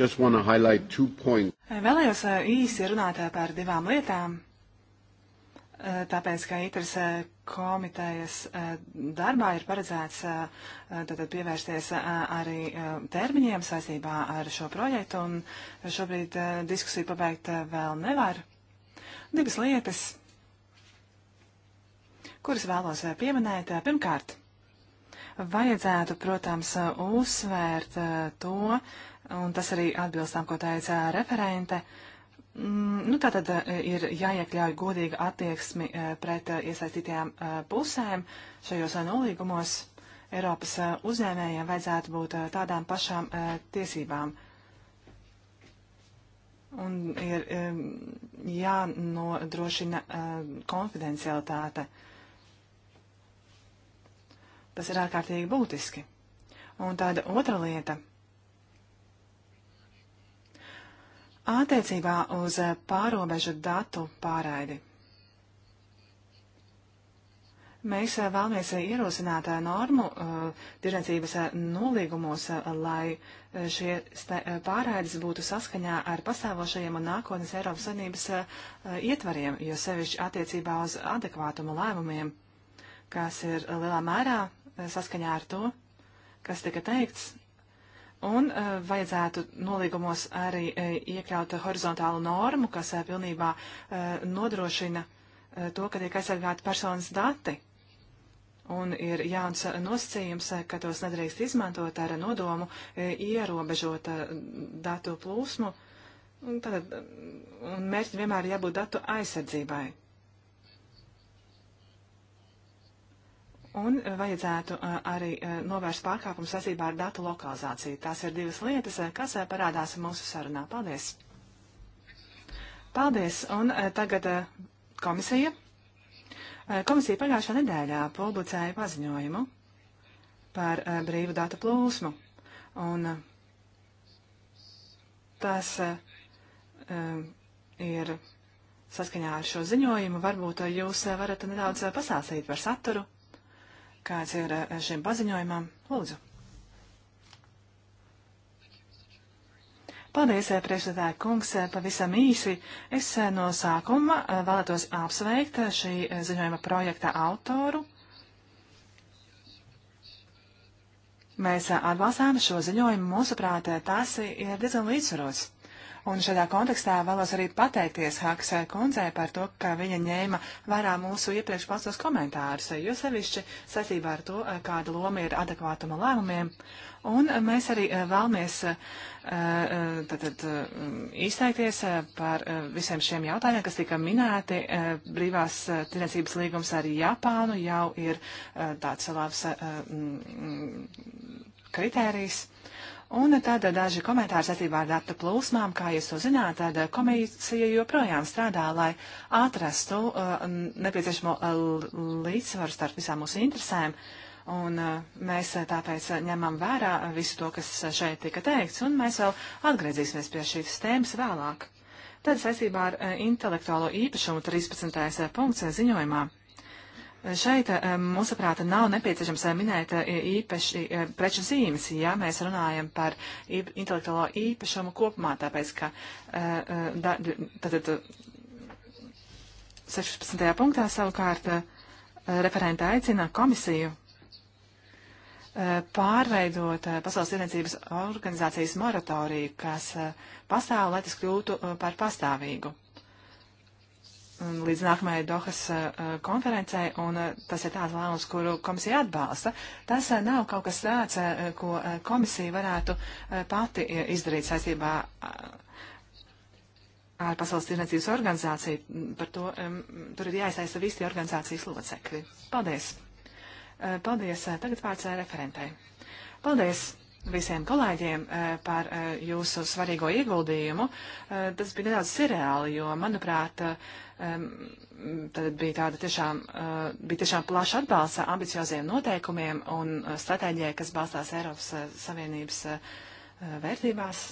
Vēlējos īsi runāt par divām lietām, tāpēc, ka ITRS komitejas darbā ir paredzēts tātad pievērsties arī termiņiem saistībā ar šo projektu, un šobrīd diskusiju pabeigt vēl nevar. Divas lietas, kuras vēlos pieminēt. Pirmkārt, Vajadzētu, protams, uzsvērt eh, to, un tas arī atbilst tam, ko teica referente. Mm, nu, tā tad eh, ir jāiekļauj godīga attieksmi eh, pret iesaistītajām pusēm šajos nolīgumos. Eiropas uzņēmējiem vajadzētu būt tādām pašām tiesībām. Un ir jānodrošina konfidencialitāte. Uh, Tas ir ārkārtīgi būtiski. Un tāda otra lieta. Attiecībā uz pārobežu datu pārraidi. Mēs vēlamies ierosināt normu uh, tirdzniecības uh, nolīgumos, uh, lai šie pārraides būtu saskaņā ar pastāvošajiem un nākotnes Eiropas Savienības ietvariem, jo sevišķi attiecībā uz adekvātumu lēmumiem, kas ir lielā mērā Eh, saskaņā ar to, kas tika teikts, Un uh, vajadzētu nolīgumos arī uh, iekļaut horizontālu normu, kas uh, pilnībā nodrošina to, ka tiek aizsargāti personas dati. Un ir jauns nosacījums, ka tos nedrīkst izmantot ar nodomu ierobežot datu plūsmu. Un, tad, un mērķi vienmēr jābūt datu aizsardzībai. Un eh, vajadzētu eh, arī eh, novērst pārkāpumu saistībā ar datu lokalizāciju. Tās ir divas lietas, kas parādās mūsu sarunā. Paldies! Paldies! Un tagad komisija. Komisija pagājušā nedēļā publicēja paziņojumu par brīvu datu plūsmu. Un tas ir saskaņā ar šo ziņojumu. Varbūt jūs varat nedaudz pasāstīt par saturu kāds ir eh, šim paziņojumam. Lūdzu. Paldies, eh, priekšsēdētāji kungs, eh, pavisam īsi. Es no sākuma vēlētos apsveikt šī ziņojuma projekta autoru. Mēs atbalstām šo ziņojumu, mūsuprāt, tas ir diezgan līdzsvarots. Un šādā kontekstā vēlos arī pateikties Haksai kundzei par to, ka viņa ņēma vērā mūsu iepriekš paustos komentārus, jo sevišķi saistībā ar to, kāda loma ir adekvātuma lēmumiem. Un mēs arī eh, vēlamies tātad, eh, eh, izteikties par visiem šiem jautājumiem, kas tika minēti. Brīvās tirniecības līgums ar Japānu jau ir tāds labs kritērijs. Un tad daži komentāri saistībā ar datu plūsmām, kā jūs to zināt, tad komisija joprojām strādā, lai atrastu uh, nepieciešamo uh, līdzsvaru starp visām mūsu interesēm. Un uh, mēs uh, tāpēc uh, ņemam vērā uh, visu to, kas šeit tika teikts, un mēs vēl atgriezīsimies pie šīs tēmas vēlāk. Tad saistībā ar intelektuālo īpašumu 13. punkts ziņojumā. Šeit, eh, mūsuprāt, nav nepieciešams eh, minēt eh, īpaši preču zīmes, ja mēs runājam par intelektuālo īpašumu kopumā, tāpēc, ka tātad 16. punktā savukārt referenta aicina komisiju pārveidot Pasaules tirdzniecības organizācijas moratoriju, kas pastāv, lai tas kļūtu par pastāvīgu līdz nākamajai Dohas eh, eh, konferencē, un eh, tas ir tāds lēmums, kuru komisija atbalsta. Tas nav kaut kas tāds, ko komisija varētu pati izdarīt saistībā ar Pasaules tirnēcības organizāciju. Mm, par to tur ir jāiesaista visi organizācijas locekļi. Paldies! Paldies! Tagad vārds referentai. Paldies! visiem kolēģiem par jūsu svarīgo ieguldījumu. Tas bija nedaudz sirreāli, jo, manuprāt, tad bija tāda tiešām, eh, bija tiešām plaša atbalsta ambicioziem noteikumiem un eh, stratēģijai, kas balstās Eiropas eh, Savienības vērtībās.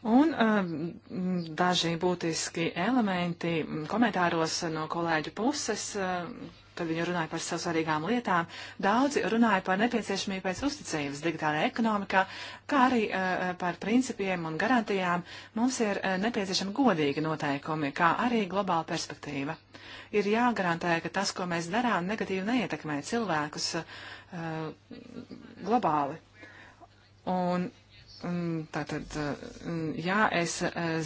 Un daži būtiski elementi komentāros no kolēģu puses, par viņu runāja par sev svarīgām lietām. Daudzi runāja par nepieciešamību pēc uzticības digitālajā ekonomikā, kā arī uh, par principiem un garantijām. Mums ir uh, eh, nepieciešama godīga noteikumi, kā arī globāla perspektīva. Ir jāgarantē, ka tas, ko mēs darām, negatīvi neietekmē cilvēkus uh, globāli. Un Tātad, jā, es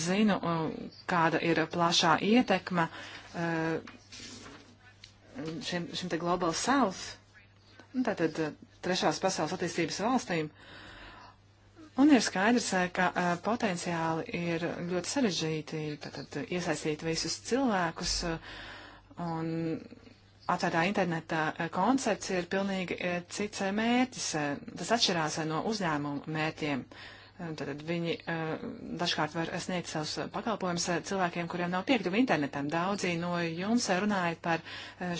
zinu, kāda ir plašā ietekme šim, šim te Global South, nu, tātad eh, trešās pasaules attīstības valstīm. Un ir skaidrs, eh, ka a, eh, potenciāli ir ļoti sarežģīti tātad, iesaistīt visus cilvēkus, a, un atvērtā internetā a, koncepts ir pilnīgi cits mērķis. Tas atšķirās no uzņēmumu mērķiem. Tad viņi eh, dažkārt var sniegt savus pakalpojumus eh, cilvēkiem, kuriem nav piekļuvi internetam. Daudzi no jums eh, runājat par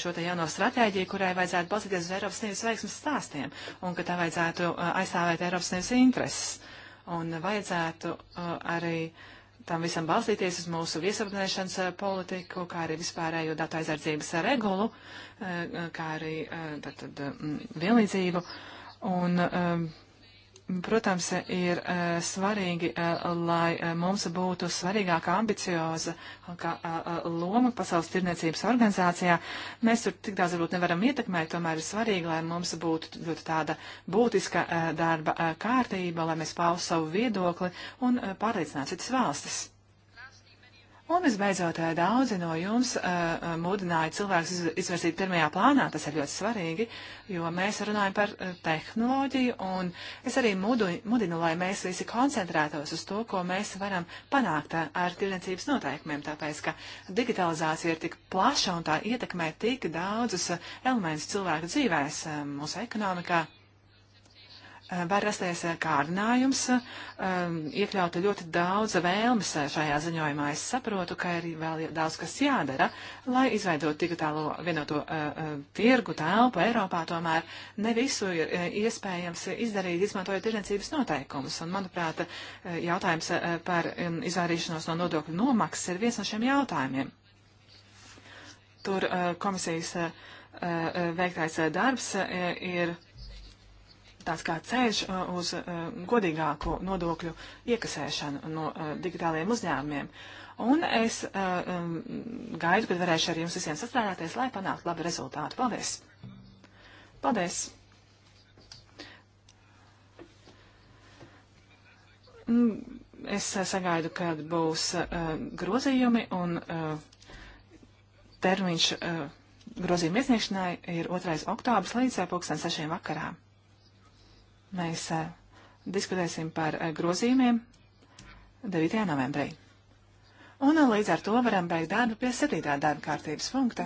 šo te jauno stratēģiju, kurai vajadzētu balstīties uz Eiropas Savienības veiksmes stāstiem un ka tā vajadzētu aizstāvēt Eiropas Savienības intereses. Un vajadzētu arī tam visam balstīties uz mūsu viesapdienas politiku, kā arī vispārējo datu aizardzības regulu, kā arī tad, tad, mm, vienlīdzību. Un Protams, ir eh, svarīgi, eh, lai eh, mums būtu svarīgāka ambicioza kā, loma pasaules tirniecības organizācijā. Mēs tur tik daudz varbūt nevaram ietekmēt, tomēr ir svarīgi, lai mums būtu ļoti tāda būtiska darba kārtība, lai mēs paustu savu viedokli un pārliecinātu citas valstis. Un visbeidzot, eh, daudzi no jums uh, mudināja cilvēkus iz, izvirzīt pirmajā plānā. Tas ir ļoti svarīgi, jo mēs runājam par uh, tehnoloģiju, un es arī mudu, mudinu, lai mēs visi koncentrētos uz to, ko mēs varam panākt ar tirdzniecības noteikumiem, tāpēc, ka digitalizācija ir tik plaša un tā ietekmē tik daudzus uh, elementus cilvēku dzīvēs, uh, mūsu ekonomikā, uh, var rasties kārdinājums um, iekļaut ļoti daudz vēlmes šajā ziņojumā. Es saprotu, ka ir vēl daudz kas jādara, lai izveidot digitālo vienoto uh, uh, tirgu telpu Eiropā. Tomēr ne visu ir uh, iespējams izdarīt, izmantojot tirdzniecības noteikumus. Un, manuprāt, jautājums par um, izvairīšanos no nodokļu nomaksas ir viens no šiem jautājumiem. Tur komisijas veiktais darbs ir tāds kā ceļš uh, uz uh, godīgāku nodokļu iekasēšanu no uh, digitālajiem uzņēmumiem. Un es um, gaidu, kad varēšu ar jums visiem sastrādāties, lai panāktu labu rezultātu. Paldies! Paldies! Mm, es sagaidu, kad būs grozījumi un termiņš grozījuma iesniegšanai ir 2. oktobris līdz 6. vakarā. Mēs a, diskutēsim par a, grozījumiem 9. novembrī. Un a, līdz ar to varam beigt darbu pie 7. darba kārtības punkta.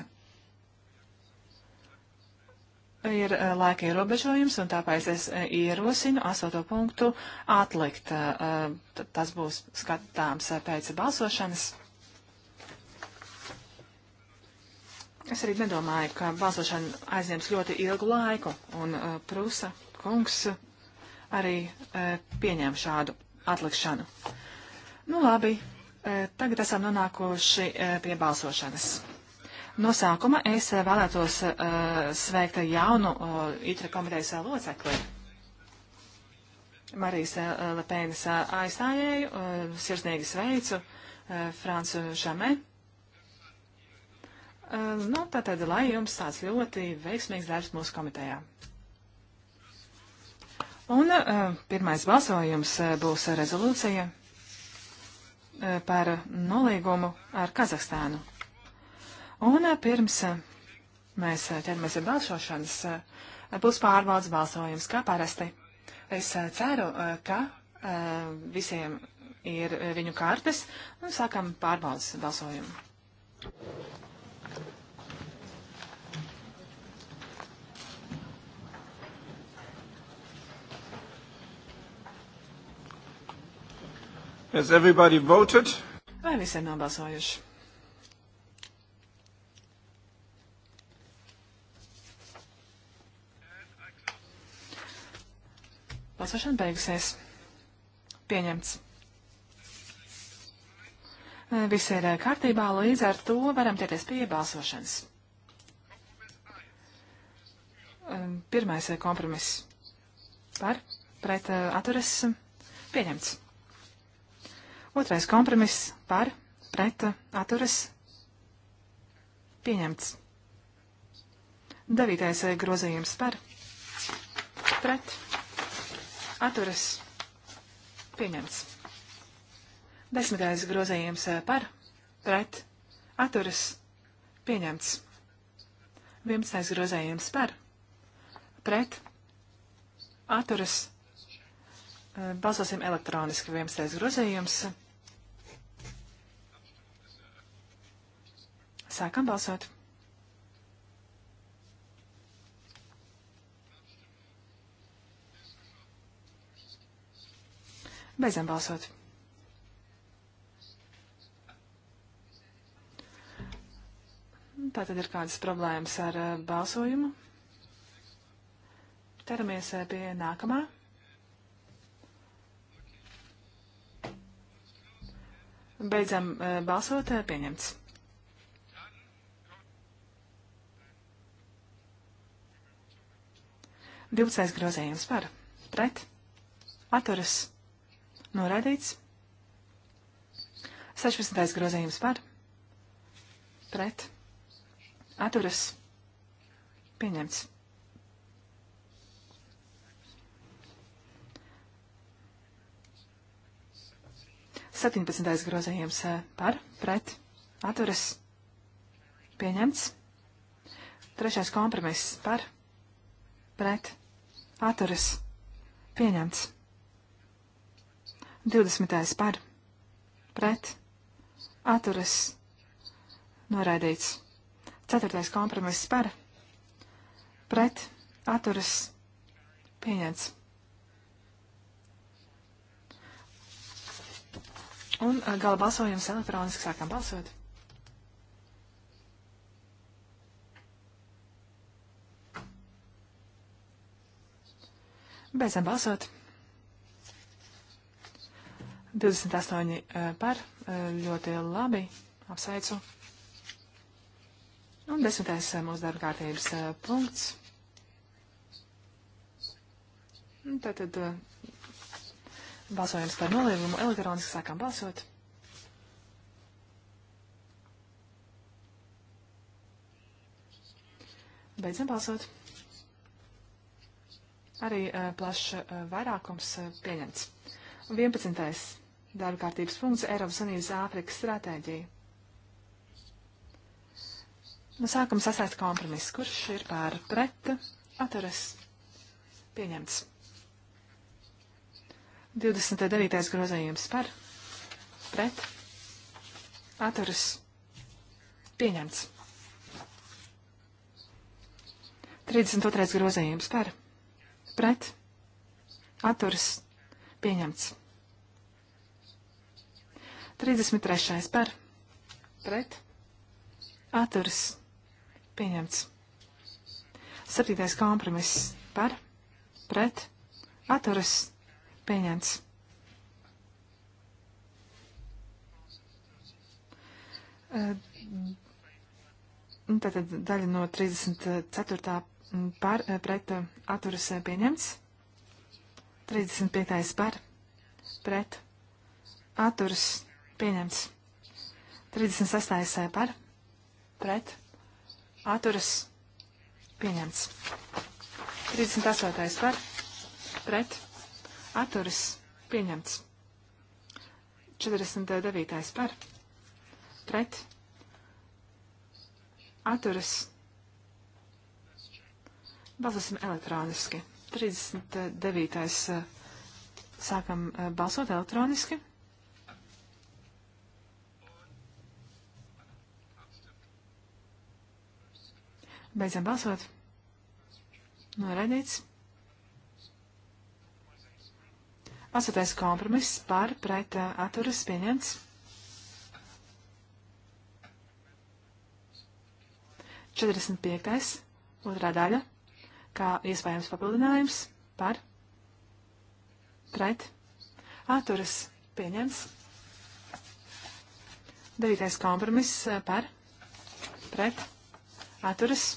Ir laika ierobežojums, un tāpēc es ierosinu 8. punktu atlikt. Tas būs skatāms pēc balsošanas. Es arī nedomāju, ka balsošana aizņems ļoti ilgu laiku, un uh, Prusa kungs uh, arī e, pieņēma šādu atlikšanu. Nu labi, e, tagad esam nonākuši e, pie balsošanas. Nosākuma es vēlētos sveikt jaunu itra komitejas locekli. Marijas Lepēnas aizstājēju, sirsnīgi sveicu Francu Žamē. Nu, tātad, lai jums tāds ļoti veiksmīgs darbs mūsu komitejā. Un pirmais balsojums būs rezolūcija par nolīgumu ar Kazahstānu. Un pirms mēs ķeramies pie balsošanas, būs pārbaudas balsojums, kā parasti. Es ceru, ka visiem ir viņu kartes un sākam pārbaudas balsojumu. Has everybody voted? Vai visi ir nobalsojuši? Balsošana beigusies. Pieņemts. Viss ir eh, kārtībā, līdz ar to varam ķerties pie balsošanas. Ehm, pirmais eh, kompromiss par pret eh, atturas pieņemts. Otrais kompromiss par, pret, atturas, pieņemts. Devītais eh, grozījums par, pret, atturas, pieņemts. Desmitais grozījums eh, par, pret, atturas, pieņemts. Vienpadsmitais grozījums par, pret, atturas, pieņemts Eh, balsosim elektroniski 11. grozījums. Sākam balsot. Beidzam balsot. Tā tad ir kādas problēmas ar eh, balsojumu. Teramies eh, pie nākamā. Beidzam eh, balsot, eh, pieņemts. Divcais grozējums par, pret, atturas, noraidīts. 16. grozējums par, pret, atturas, pieņemts. 17. grozējums eh, par, pret, atturas, pieņemts. Trešais kompromiss par, pret, atturas, pieņemts. 20. par, pret, atturas, noraidīts. Ceturtais kompromiss par, pret, atturas, pieņemts. Un uh, gala balsojums elektroniski sākam balsot. Beidzam balsot. 28 uh, par, uh, ļoti labi, apsveicu. Un desmitais mūsu darba kārtības punkts. Tātad Balsojums par nolīgumu elektroniski sākam balsot. Beidzam balsot. Arī uh, plašs uh, vairākums uh, pieņemts. 11. darba kārtības punkts - Eiropas Unības Āfrikas stratēģija. Nu, sākam sasēst kompromiss, kurš ir pār pret, atturas pieņemts. 29. grozējums par, pret, atturas, pieņemts. 32. grozējums par, pret, atturas, pieņemts. 33. par, pret, atturas, pieņemts. 7. kompromiss par, pret, atturas, pieņemts Pieņemts. Nu, tātad daļa no 34. par pret atturas pieņemts. 35. par pret atturas pieņemts. 36. par pret atturas pieņemts. 38. par pret atturas pieņemts. 49. par pret atturas balsosim elektroniski. 39. Eh, sākam eh, balsot elektroniski. Beidzam balsot. Noraidīts. Astotais kompromiss par pret atturas pieņemts. 45. otrā daļa, kā iespējams papildinājums par pret atturas pieņemts. 9. kompromiss par pret atturas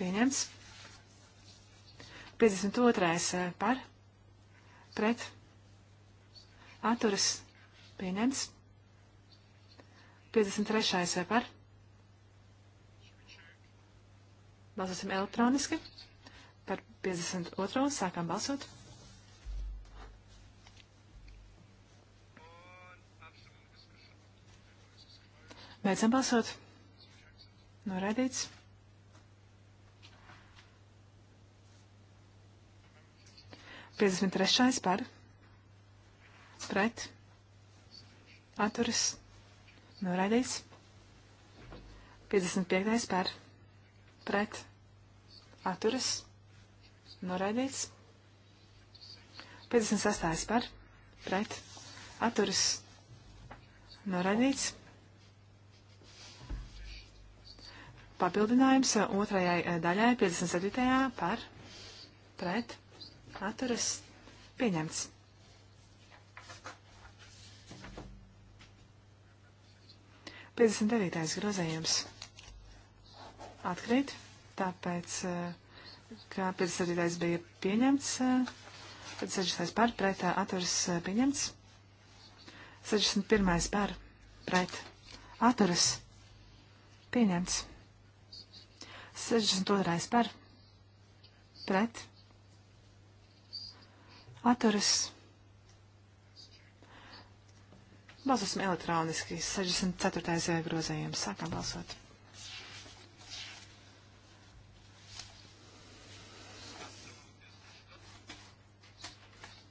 pieņemts. 52. par pret pret atturas pieņemts. 53. par. Balsosim elektroniski. Par 52. sākām balsot. Beidzam balsot. Noraidīts. 53. par pret atturas noraidīts. 55. par pret atturas noraidīts. 56. par pret atturas noraidīts. Papildinājums otrajai eh, daļai 57. par pret atturas pieņemts. Piecdesmit devītais grozējums atkrīt, tāpēc, eh, ka 57. bija pieņemts, 56. Eh, eh, par pret atturas pieņemts, 61. par pret atturas pieņemts, 62. par pret atturas pieņemts atturas. Balsosim elektroniski. 64. Eh, grozējums. Sākam balsot.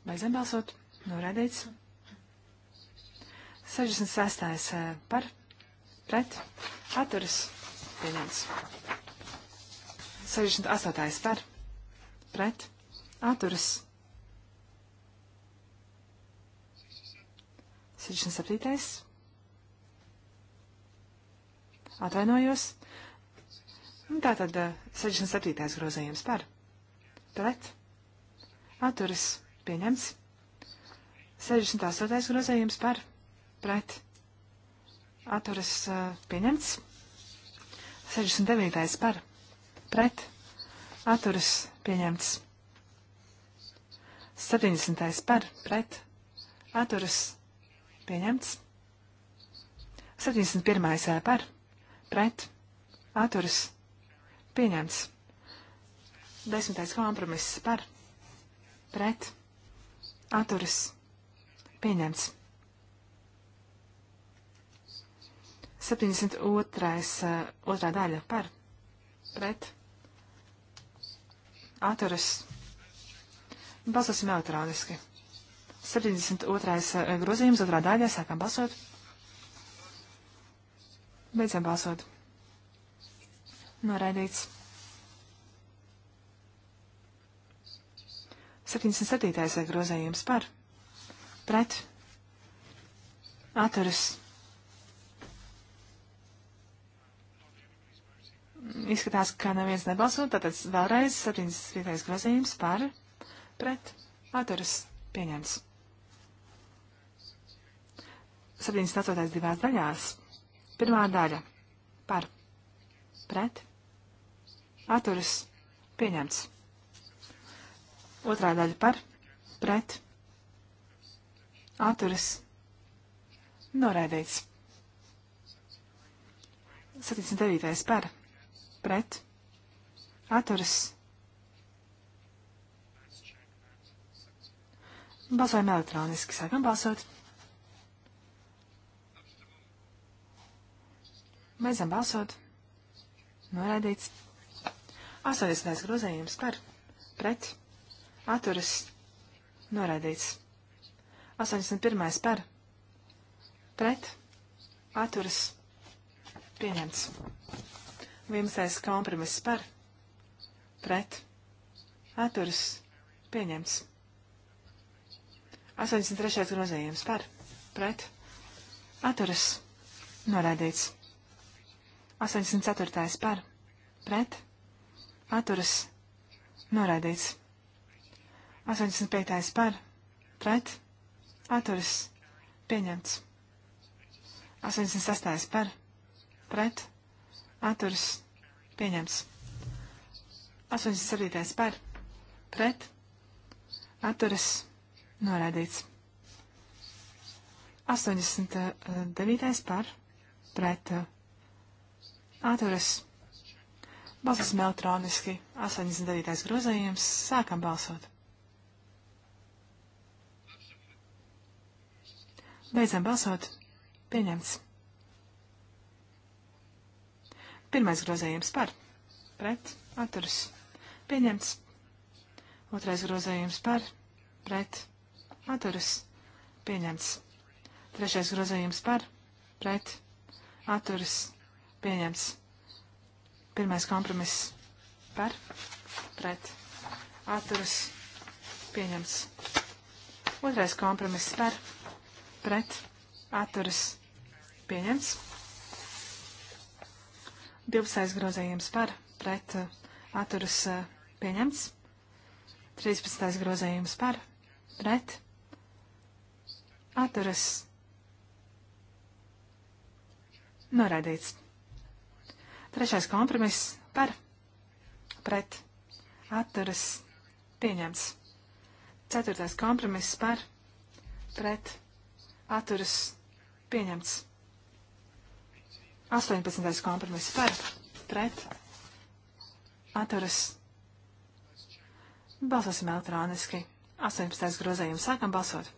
Beidzam balsot. Noraidīts. 66. Eh, par, pret, atturas, pieņemts. 68. par, pret, atturas, pieņemts. 67. Atvainojos. Tā tad 67. grozījums par. Pret. Atturas. Pieņemts. 68. grozījums par. Pret. Atturas. Eh, pieņemts. 69. par. Pret. Atturas. Pieņemts. 70. par. Pret. Atturas. Pieņemts Pieņemts. 71. par. Pret. Atturas. Pieņemts. 10. kompromiss par. Pret. Atturas. Pieņemts. 72. otrā daļa par pret atturas. Balsosim elektroniski. 72. Eh, grozījums otrā daļā. Sākam balsot. Beidzam balsot. Noraidīts. 77. Eh, grozējums par, pret, atturas. Izskatās, ka neviens nebalso, tātad vēlreiz 77. grozējums par, pret, atturas pieņemts. 74. divās daļās. Pirmā daļa par pret atturas pieņemts. Otrā daļa par pret atturas noraidīts. 79. par pret atturas. Balsojam elektroniski, sākam balsot. Beidzam balsot. Noraidīts. 80. grozējums par pret atturas noraidīts. 81. par pret atturas pieņemts. 11. kompromiss par pret atturas pieņemts. 83. grozējums par pret atturas noraidīts. 84. par, pret, atturas, noraidīts. 85. par, pret, atturas, pieņemts. 86. par, pret, atturas, pieņemts. 87. par, pret, atturas, noraidīts. 89. par, pret, atturas, pieņemts. Atturas. Balsosim elektroniski. 89. grozījums. Sākam balsot. Beidzam balsot. Pieņemts. Pirmais grozējums par. Pret. Atturas. Pieņemts. Otrais grozējums par. Pret. Atturas. Pieņemts. Trešais grozējums par. Pret. Atturas pieņemts. Pirmais kompromiss par, pret, atturas, pieņemts. Otrais kompromiss par, pret, atturas, pieņemts. 12. grozējums par, pret, atturas, pieņemts. 13. grozējums par, pret, atturas, noraidīts. Trešais kompromiss par pret atturas pieņemts. Ceturtais kompromiss par pret atturas pieņemts. 18. kompromiss par pret atturas. Balsosim elektroniski. 18. grozējums sākam balsot.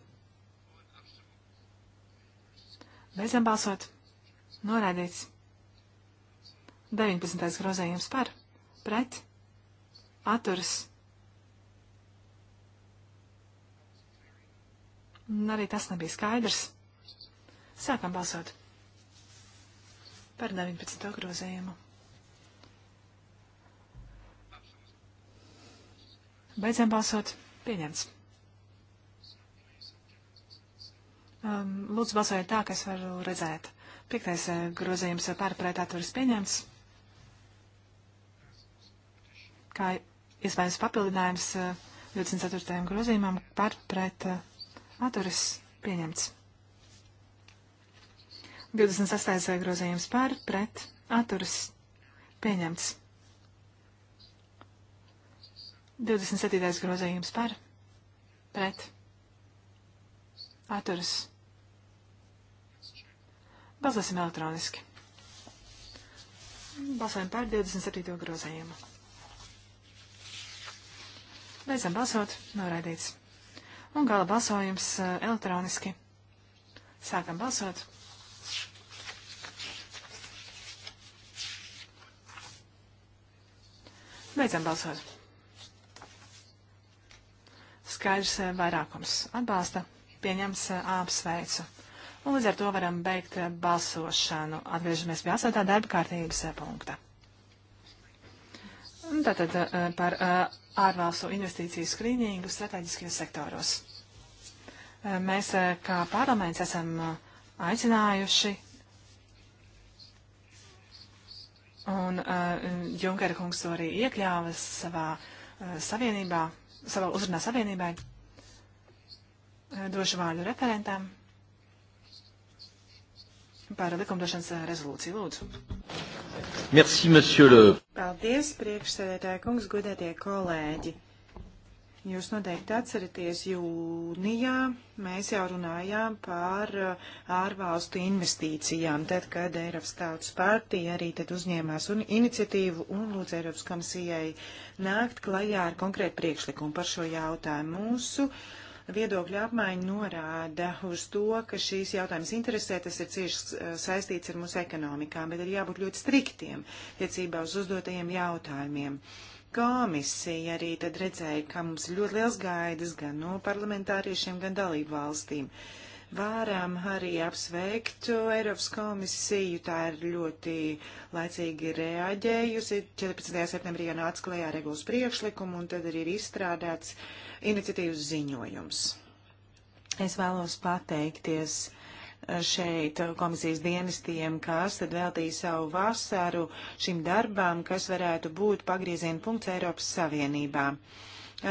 Beidzam balsot. Noraidīts. 19. grozējums par, pret, atturas. Un arī tas nebija skaidrs. Sākam balsot par 19. grozējumu. Beidzam balsot. Pieņemts. Um, lūdzu, balsojiet tā, ka es varu redzēt. Piektais eh, grozījums pārpratā turis pieņemts kā iespējas papildinājums 24. Eh, grozījumam par pret eh, atturas pieņemts. 26. Eh, grozījums par pret atturas pieņemts. 27. grozījums par pret atturas. Balsosim elektroniski. Balsojam par 27. grozējumu. Beidzam balsot, noraidīts. Un gala balsojums eh, elektroniski. Sākam balsot. Beidzam balsot. Skaidrs eh, vairākums atbalsta, pieņems apsveicu. Eh, Un līdz ar to varam beigt balsošanu. Atgriežamies pie 8. darba kārtības punkta. Un tātad par ārvalstu investīciju skrīningu strateģiskajos sektoros. Mēs kā parlaments esam aicinājuši Un uh, Junkera kungs to arī iekļāva savā uh, savienībā, savā uzrunā savienībai. Uh, došu vārdu referentam par likumdošanas eh, rezolūciju. Lūdzu. Merci, monsieur le. Paldies, priekšsēdētāji kungs, godētie kolēģi. Jūs noteikti atceraties, jūnijā mēs jau runājām par eh, ārvalstu investīcijām, tad, kad Eiropas tautas partija arī tad uzņēmās un iniciatīvu un lūdz Eiropas komisijai nākt klajā ar konkrētu priekšlikumu par šo jautājumu. Mūsu uh, Viedokļu apmaiņa norāda uz to, ka šīs jautājums interesē, tas ir cieši eh, saistīts ar mūsu ekonomikām, bet ir jābūt ļoti striktiem tiecībā uz uzdotajiem jautājumiem. Komisija arī tad redzēja, ka mums ir ļoti liels gaidas gan no parlamentāriešiem, gan dalību valstīm. Vārām arī apsveikt Eiropas komisiju, tā ir ļoti laicīgi reaģējusi. 14. septembrī jau nāca klējā regulas priekšlikumu, un tad arī ir izstrādāts uh, iniciatīvas ziņojums. Es vēlos pateikties eh, šeit eh, komisijas dienestiem, kas tad veltīja savu vasaru šim darbām, kas varētu būt pagrieziena punkts Eiropas Savienībā.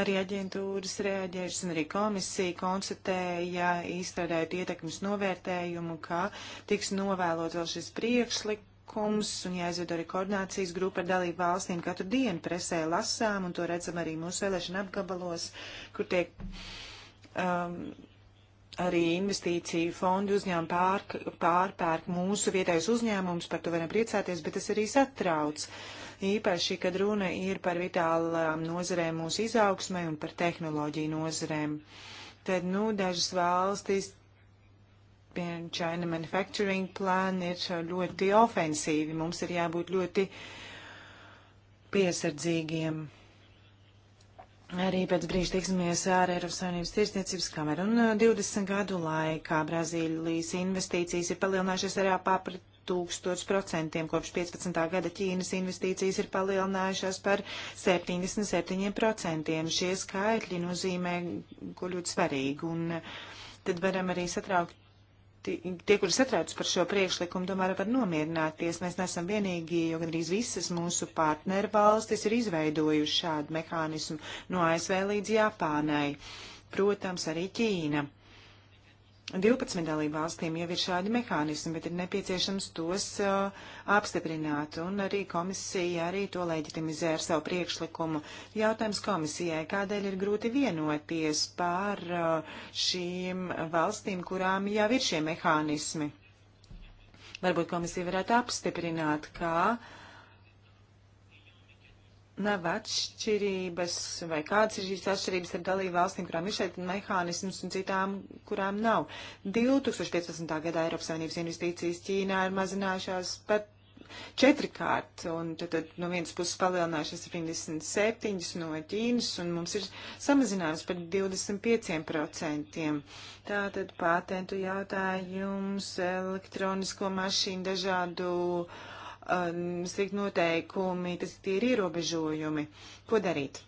Arī aģentūras reaģēšanas un arī komisija konstatēja, izstrādājot ietekmes novērtējumu, ka tiks novēlot vēl šis priekšlikums pasākums un jāizved arī koordinācijas grupa ar dalību valstīm. Katru dienu presē lasām un to redzam arī mūsu vēlēšana apgabalos, kur tiek um, arī investīciju fondi uzņēmumi pārk, pārpērk mūsu vietējos uzņēmumus, par to varam priecāties, bet tas arī satrauc. Īpaši, kad runa ir par vitālām nozarēm mūsu izaugsmē un par tehnoloģiju nozarēm. Tad, nu, dažas valstis China Manufacturing Plan ir ļoti ofensīvi. Mums ir jābūt ļoti piesardzīgiem. Arī pēc brīža tiksimies ar Eiropas Savienības tirsniecības kameru. Un 20 uh, gadu laikā Brazīlijas investīcijas ir palielinājušas arī par tūkstots procentiem. Kopš 15. gada Ķīnas investīcijas ir palielinājušās par 77 procentiem. Šie skaitļi nozīmē, ko ļoti svarīgi. Un uh, tad varam arī satraukt tie, kuri satrauc par šo priekšlikumu, tomēr var nomierināties. Mēs nesam vienīgie, jo gandrīz visas mūsu partneru valstis ir izveidojuši šādu mehānismu no ASV līdz Japānai. Protams, arī Ķīna. 12 dalību valstīm jau ir šādi mehānismi, bet ir nepieciešams tos uh, apstiprināt, un arī komisija arī to leģitimizē ar savu priekšlikumu. Jautājums komisijai, kādēļ ir grūti vienoties par uh, šīm valstīm, kurām jau ir šie mehānismi? Varbūt komisija varētu apstiprināt, kā uh, nav atšķirības, vai kādas ir šīs atšķirības ar dalību valstīm, kurām ir šeit mehānisms un citām, kurām nav. 2015. gadā Eiropas Savienības investīcijas Ķīnā ir mazinājušās pat četrkārt, un tad, tad no vienas puses palielinājušās 77 no Ķīnas, un mums ir samazinājums par 25%. Tātad patentu jautājums, elektronisko mašīnu, dažādu uh, um, strikt noteikumi, tas tie ir ierobežojumi. Ko darīt?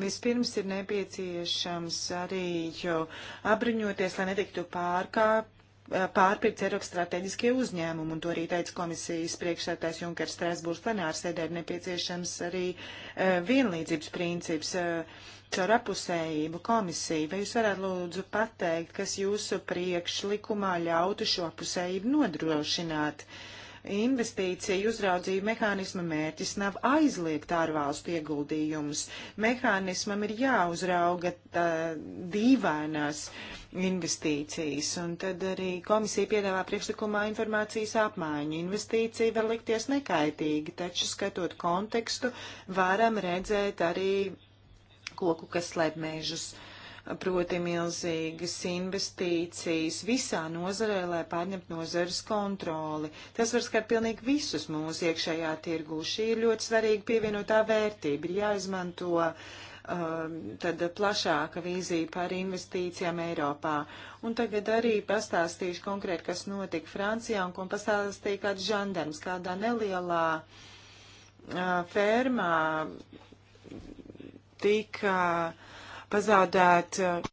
Vispirms ir nepieciešams arī apbruņoties, lai netiktu pārkāpt uh, pārpirkt Eiropas strateģiskie uzņēmumi, un to arī teica komisijas priekšsētājs Junkers Strasbūrs plenārs sēdē, ir nepieciešams arī uh, vienlīdzības princips. Uh, caur apusējību komisiju, vai jūs varētu lūdzu pateikt, kas jūsu priekšlikumā ļautu šo apusējību nodrošināt? Uh, investīcija uzraudzību mehānisma mērķis nav aizliegt ārvalstu ieguldījumus. Mehānismam ir jāuzrauga tā, dīvainās investīcijas, un tad arī komisija piedāvā priekšlikumā informācijas apmaiņu. Investīcija var likties nekaitīgi, taču skatot kontekstu, varam redzēt arī koku, kas slēp mežus proti milzīgas investīcijas visā nozarē, lai pārņemtu nozares kontroli. Tas var skart pilnīgi visus mūsu iekšējā tirgū. Šī ir ļoti svarīga pievienotā vērtība. Ir jāizmanto um, tad plašāka vīzija par investīcijām Eiropā. Un tagad arī pastāstīšu konkrēti, kas notika Francijā un ko pastāstīja kāds žandarms kādā nelielā uh, fermā tika uh, pazaudēt uh,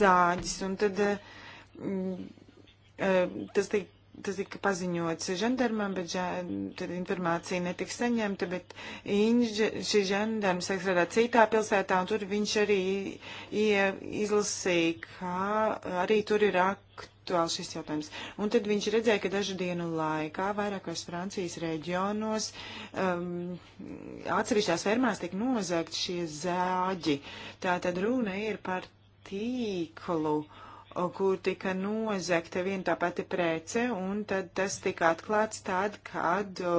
zāģis. Un tad uh, mm, uh, tas tika tas tika paziņots žandarmam, bet ža, tad informācija netika saņemta, bet inž, šī žandarma sāk strādāt citā pilsētā, un tur viņš arī ie, izlasīja, kā arī tur ir ak aktuāls šis jautājums. Un tad viņš redzēja, ka dažu dienu laikā vairākos Francijas reģionos um, atsevišķās fermās tiek nozagt šie zāģi. Tā tad runa ir par tīklu kur tika nozegta viena tā pati prece, un tad tas tika atklāts tad, kad o,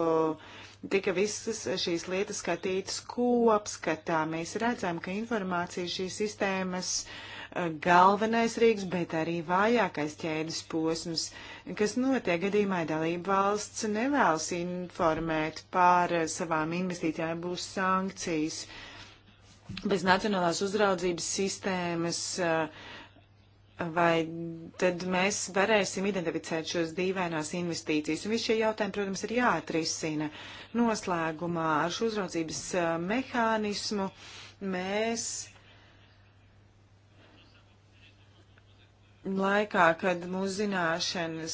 tika visas šīs lietas skatītas kopskatā. Mēs redzam, ka informācija šīs sistēmas uh, galvenais rīks, bet arī vājākais ķēdes posms, kas notiek gadījumā dalība valsts nevēlas informēt par savām investīcijām, būs sankcijas. Bez nacionālās uzraudzības sistēmas uh, vai tad mēs varēsim identificēt šos dīvainās investīcijas. Un visi šie jautājumi, protams, ir jāatrisina. Noslēgumā ar šo uzraudzības eh, mehānismu mēs laikā, kad mūsu zināšanas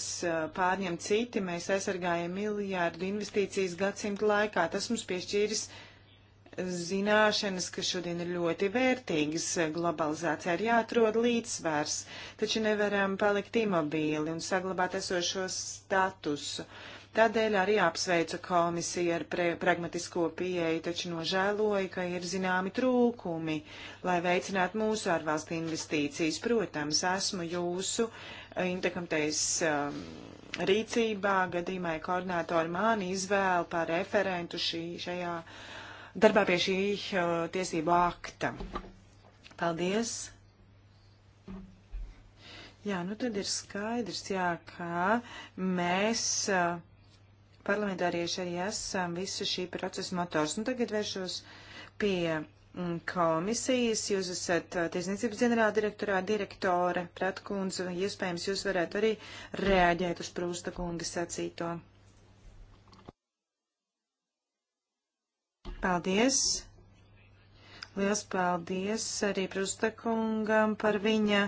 pārņem citi, mēs aizsargājam miljārdu investīcijas gadsimtu laikā. Tas mums piešķīris zināšanas, kas šodien ir ļoti vērtīgas. Globalizācijā ir jāatrod līdzsvars, taču nevaram palikt imobīli un saglabāt esošo statusu. Uh, Tādēļ arī apsveicu komisiju ar pragmatisko pieeju, taču nožēloju, ka ir zināmi trūkumi, lai veicinātu mūsu ārvalstu investīcijas. Protams, esmu jūsu eh, intekamtais um, rīcībā, gadījumā koordinātori mani izvēlu par referentu šī, šajā darbā pie šī uh, tiesību akta. Paldies! Jā, nu tad ir skaidrs, jā, kā mēs uh, parlamentārieši arī esam visu šī procesa motors. Un tagad vēršos pie mm, komisijas. Jūs esat uh, tiesniecības ģenerāla direktorā direktore Pratkundze. Iespējams, jūs varētu arī reaģēt uz Prūsta kunga sacīto. Paldies! Liels paldies arī Prūsta kungam par viņa.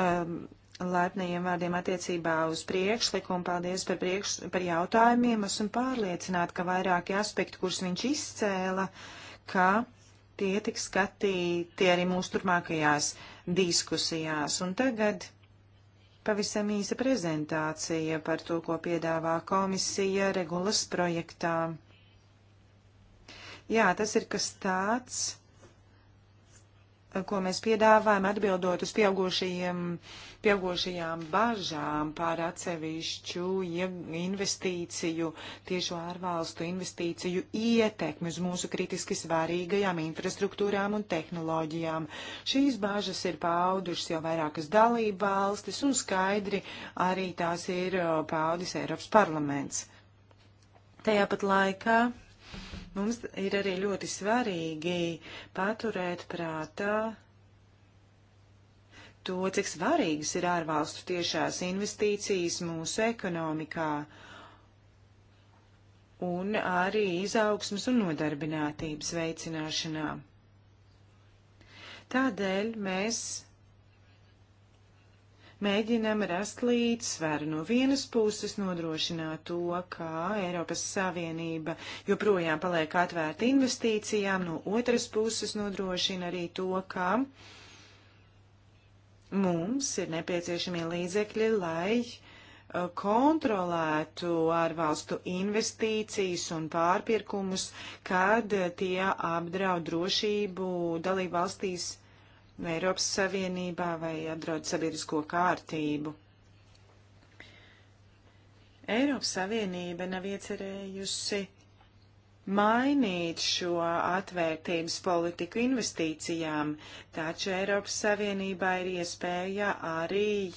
Um, laipniem vārdiem attiecībā uz priekšlikumu. Paldies par, priekš, par jautājumiem. Esmu pārliecināta, ka vairāki aspekti, kurus viņš izcēla, ka tie tiks skatīti arī mūsu turpmākajās diskusijās. Un tagad pavisam īsa prezentācija par to, ko piedāvā komisija regulas projektā. Jā, tas ir kas tāds, ko mēs piedāvājam atbildot uz pieaugušajiem uh, pieaugušajām bažām pār atsevišķu investīciju, tiešo ārvalstu investīciju ietekmi uz mūsu kritiski svarīgajām infrastruktūrām un tehnoloģijām. Šīs bažas ir paudušas jau vairākas dalība valstis un skaidri arī tās ir uh, paudis Eiropas parlaments. Tajā pat laikā mums ir arī ļoti svarīgi paturēt prātā to, cik svarīgas ir ārvalstu tiešās investīcijas mūsu ekonomikā un arī izaugsmas un nodarbinātības veicināšanā. Tādēļ mēs mēģinam rast līdzsvaru no vienas puses nodrošināt to, ka Eiropas Savienība joprojām paliek atvērta investīcijām, no otras puses nodrošina arī to, ka uh, mums ir nepieciešamie līdzekļi, lai uh, kontrolētu ārvalstu investīcijas un pārpirkumus, kad uh, tie apdraud drošību dalību valstīs vai Eiropas Savienībā vai apdraud sabiedrisko kārtību. Eiropas Savienība nav iecerējusi mainīt šo atvērtības politiku investīcijām, taču Eiropas Savienībā ir iespēja arī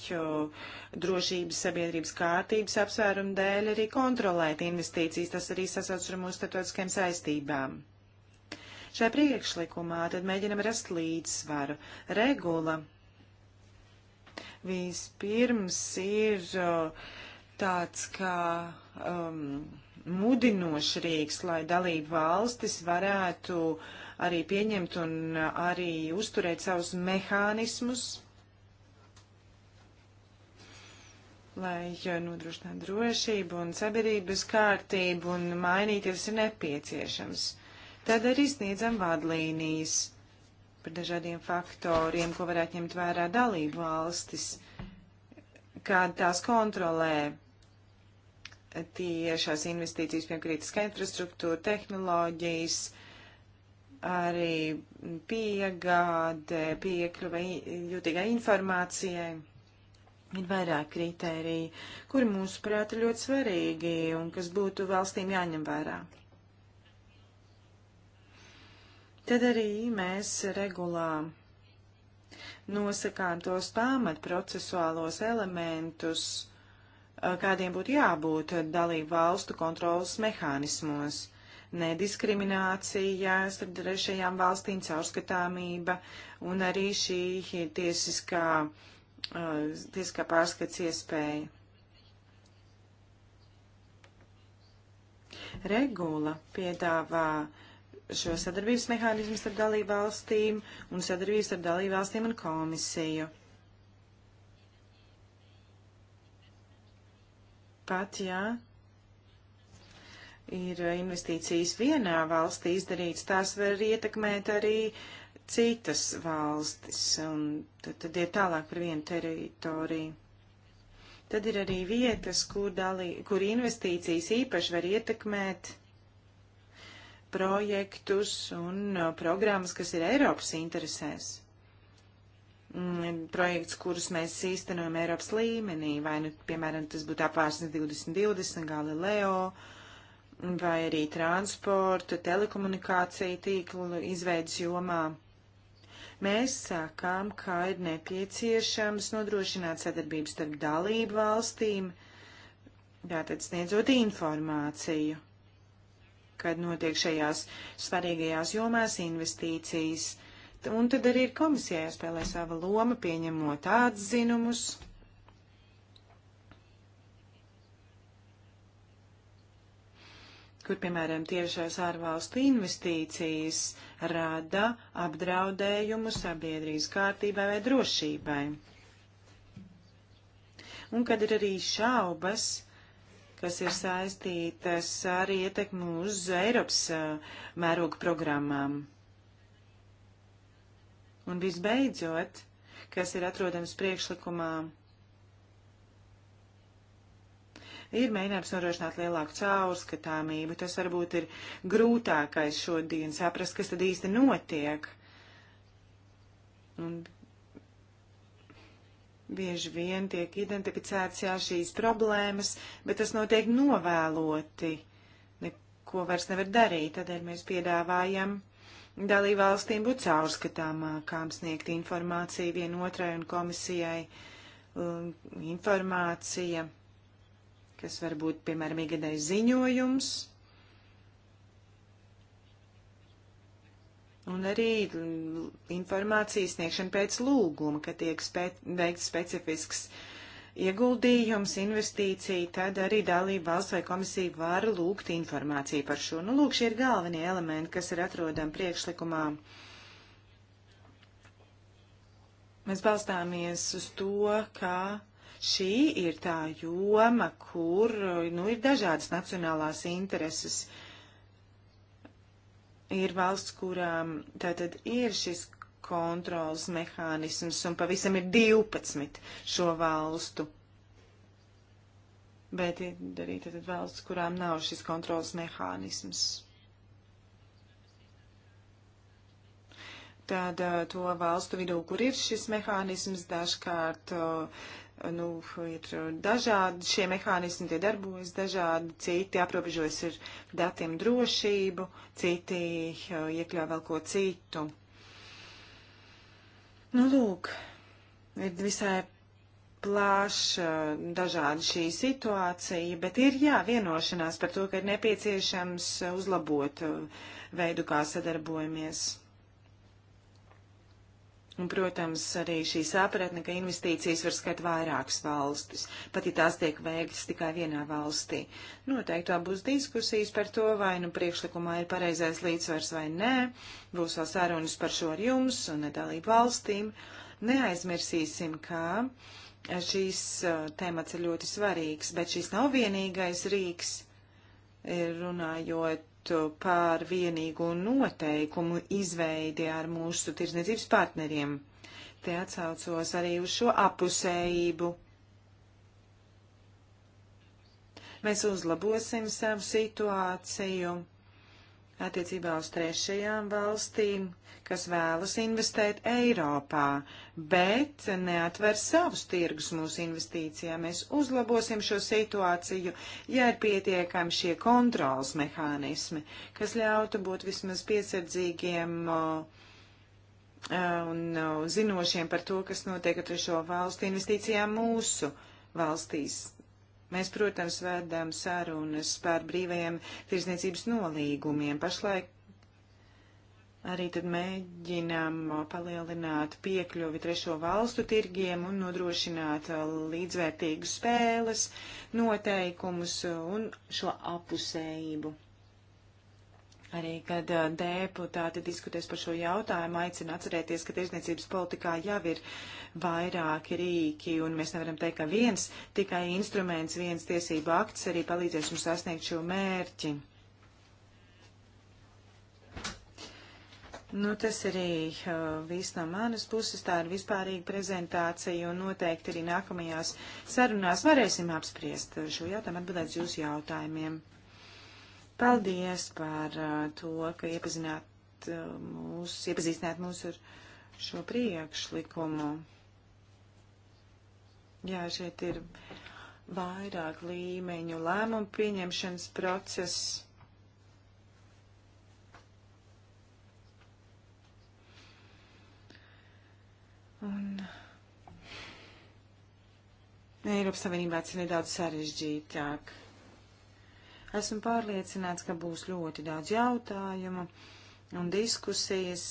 drošības sabiedrības kārtības apsvērumu dēļ arī kontrolēt investīcijas. Tas arī sasauc ar mūsu statotiskajām saistībām. Šai priekšlikumā tad mēģinam rast līdzsvaru. Regula vispirms ir uh, tāds, kā um, mudinošs rīks, lai dalību valstis varētu arī pieņemt un arī uzturēt savus mehānismus, lai nodrošinātu drošību un sabiedrības kārtību un mainīties ir nepieciešams. Tad arī sniedzam vadlīnijas par dažādiem faktoriem, ko varētu ņemt vērā dalību valstis, kā tās kontrolē tiešās investīcijas, piemēram, kritiskā infrastruktūra, tehnoloģijas, arī piegāde, piekļuva jūtīgai informācijai. Ir vairāk kritēriju, kuri mūsuprāt ir ļoti svarīgi un kas būtu valstīm jāņem vērā. Tad arī mēs regulām nosakām tos pamatprocesuālos elementus, Eh, kādiem būtu jābūt dalību valstu kontrolas mehānismos nediskriminācija starp trešajām valstīm, caurskatāmība un arī šī tiesiskā, eh, tiesiskā pārskats iespēja. Regula piedāvā šo sadarbības mehānismu starp dalībvalstīm un sadarbības starp dalībvalstīm un komisiju. pat, jā, ir investīcijas vienā valstī izdarīts, tās var ietekmēt arī citas valstis, un tad, tad ir tālāk par vienu teritoriju. Tad ir arī vietas, kur, dalī, kur investīcijas īpaši var ietekmēt projektus un uh, programmas, kas ir Eiropas interesēs. Mm, projekts, kurus mēs īstenojam Eiropas līmenī, vai, nu, piemēram, tas būtu apvērsnes 2020, Galileo, vai arī transporta, telekomunikācija tīklu izveidas jomā. Mēs sākām, kā ir nepieciešams nodrošināt sadarbību starp dalību valstīm, tātad sniedzot informāciju, kad notiek šajās svarīgajās jomās investīcijas un tad arī ir komisijā jāspēlē sava loma, pieņemot atzinumus. kur, piemēram, tiešās ārvalstu investīcijas rada apdraudējumu sabiedrības kārtībai vai drošībai. Un kad ir arī šaubas, kas ir saistītas ar ietekmi uz Eiropas mēroga programmām. Un visbeidzot, kas ir atrodams priekšlikumā, ir mēģinājums norošināt lielāku caurskatāmību. Tas varbūt ir grūtākais šodien saprast, kas tad īsti notiek. Un bieži vien tiek identificēts jā šīs problēmas, bet tas notiek novēloti. Neko vairs nevar darīt, tādēļ mēs piedāvājam dalībvalstīm būtu caurskatāmākām sniegt informāciju vienotrai un komisijai informācija, kas var būt, piemēram, ikgadējs ziņojums, un arī informācijas sniegšana pēc lūguma, ka tiek spēt, veikts specifisks uh, ieguldījums, investīcija, tad arī dalība valsts vai komisija var lūgt informāciju par šo. Nu, lūk, šie ir galvenie elementi, kas ir atrodami priekšlikumā. Mēs balstāmies uz to, ka šī ir tā joma, kur nu, ir dažādas nacionālās intereses. Ir valsts, kurām tātad ir šis kontrols mehānisms, un pavisam ir 12 šo valstu. Bet ir arī tad valsts, kurām nav šis kontrols mehānisms. Tad uh, to valstu vidū, kur ir šis mehānisms, dažkārt uh, nu, ir dažādi šie mehānismi, tie darbojas dažādi, citi aprobežojas ar datiem drošību, citi uh, iekļauj vēl ko citu. Nu, lūk, ir visai plāša, dažāda šī situācija, bet ir jā, vienošanās par to, ka ir nepieciešams uzlabot uh, veidu, kā sadarbojamies. Un, protams, arī šī sapratne, ka investīcijas var skart vairākas valstis, pat ja tās tiek veiktas tikai vienā valstī. Noteikti tā būs diskusijas par to, vai nu priekšlikumā ir pareizais līdzsvars vai nē, būs vēl sarunas par šo ar jums un nedalību valstīm. Neaizmirsīsim, ka šīs uh, tēmats ir ļoti svarīgs, bet šis nav vienīgais rīks, runājot runāt par vienīgu noteikumu izveidi ar mūsu tirzniecības partneriem. Te atsaucos arī uz šo apusējību. Mēs uzlabosim savu situāciju attiecībā uz trešajām valstīm, kas vēlas investēt Eiropā, bet neatver savus tirgus mūsu investīcijām. Mēs uzlabosim šo situāciju, ja ir pietiekami šie kontrols mehānismi, kas ļautu būt vismaz piesardzīgiem e, un zinošiem par to, kas notiek ar trešo valstu investīcijām mūsu valstīs Mēs, protams, vēdām sarunas par brīvajiem tirzniecības nolīgumiem. Pašlaik arī tad mēģinām palielināt piekļuvi trešo valstu tirgiem un nodrošināt līdzvērtīgus spēles noteikumus un šo apusējību. Arī, kad uh, deputāti diskutēs par šo jautājumu, aicinu atcerēties, ka tirzniecības politikā jau ir vairāki rīki, un mēs nevaram teikt, ka viens tikai instruments, viens tiesību akts arī palīdzēs mums sasniegt šo mērķi. Nu, tas arī uh, viss no manas puses, tā ir vispārīga prezentācija, un noteikti arī nākamajās sarunās varēsim apspriest šo jautājumu, atbildēt jūsu jautājumiem. Paldies par uh, to, ka iepazināt uh, mūs, iepazīstināt mūs ar šo priekšlikumu. Jā, šeit ir vairāk līmeņu lēmumu pieņemšanas process. Un Eiropas Savienībā tas ir nedaudz sarežģītāk. Esmu pārliecināts, ka būs ļoti daudz jautājumu un diskusijas.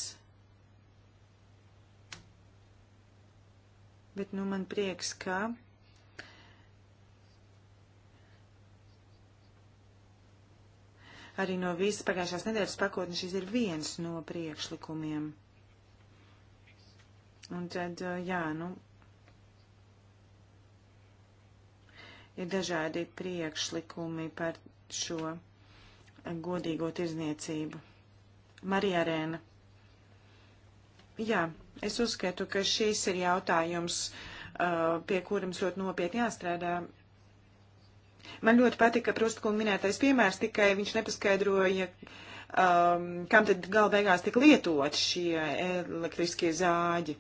Bet nu man prieks, ka arī no visas pagājušās nedēļas pakotnes šis ir viens no priekšlikumiem. Un tad, jā, nu, ir dažādi priekšlikumi par šo eh, godīgo tirzniecību. Marija Rēna. Jā, es uzskatu, ka šīs ir jautājums, eh, pie kurams ļoti nopietni jāstrādā. Man ļoti patika Prustkunga minētais piemērs, tikai viņš nepaskaidroja, um, kam tad gal beigās tik lietot šie elektriskie zāģi.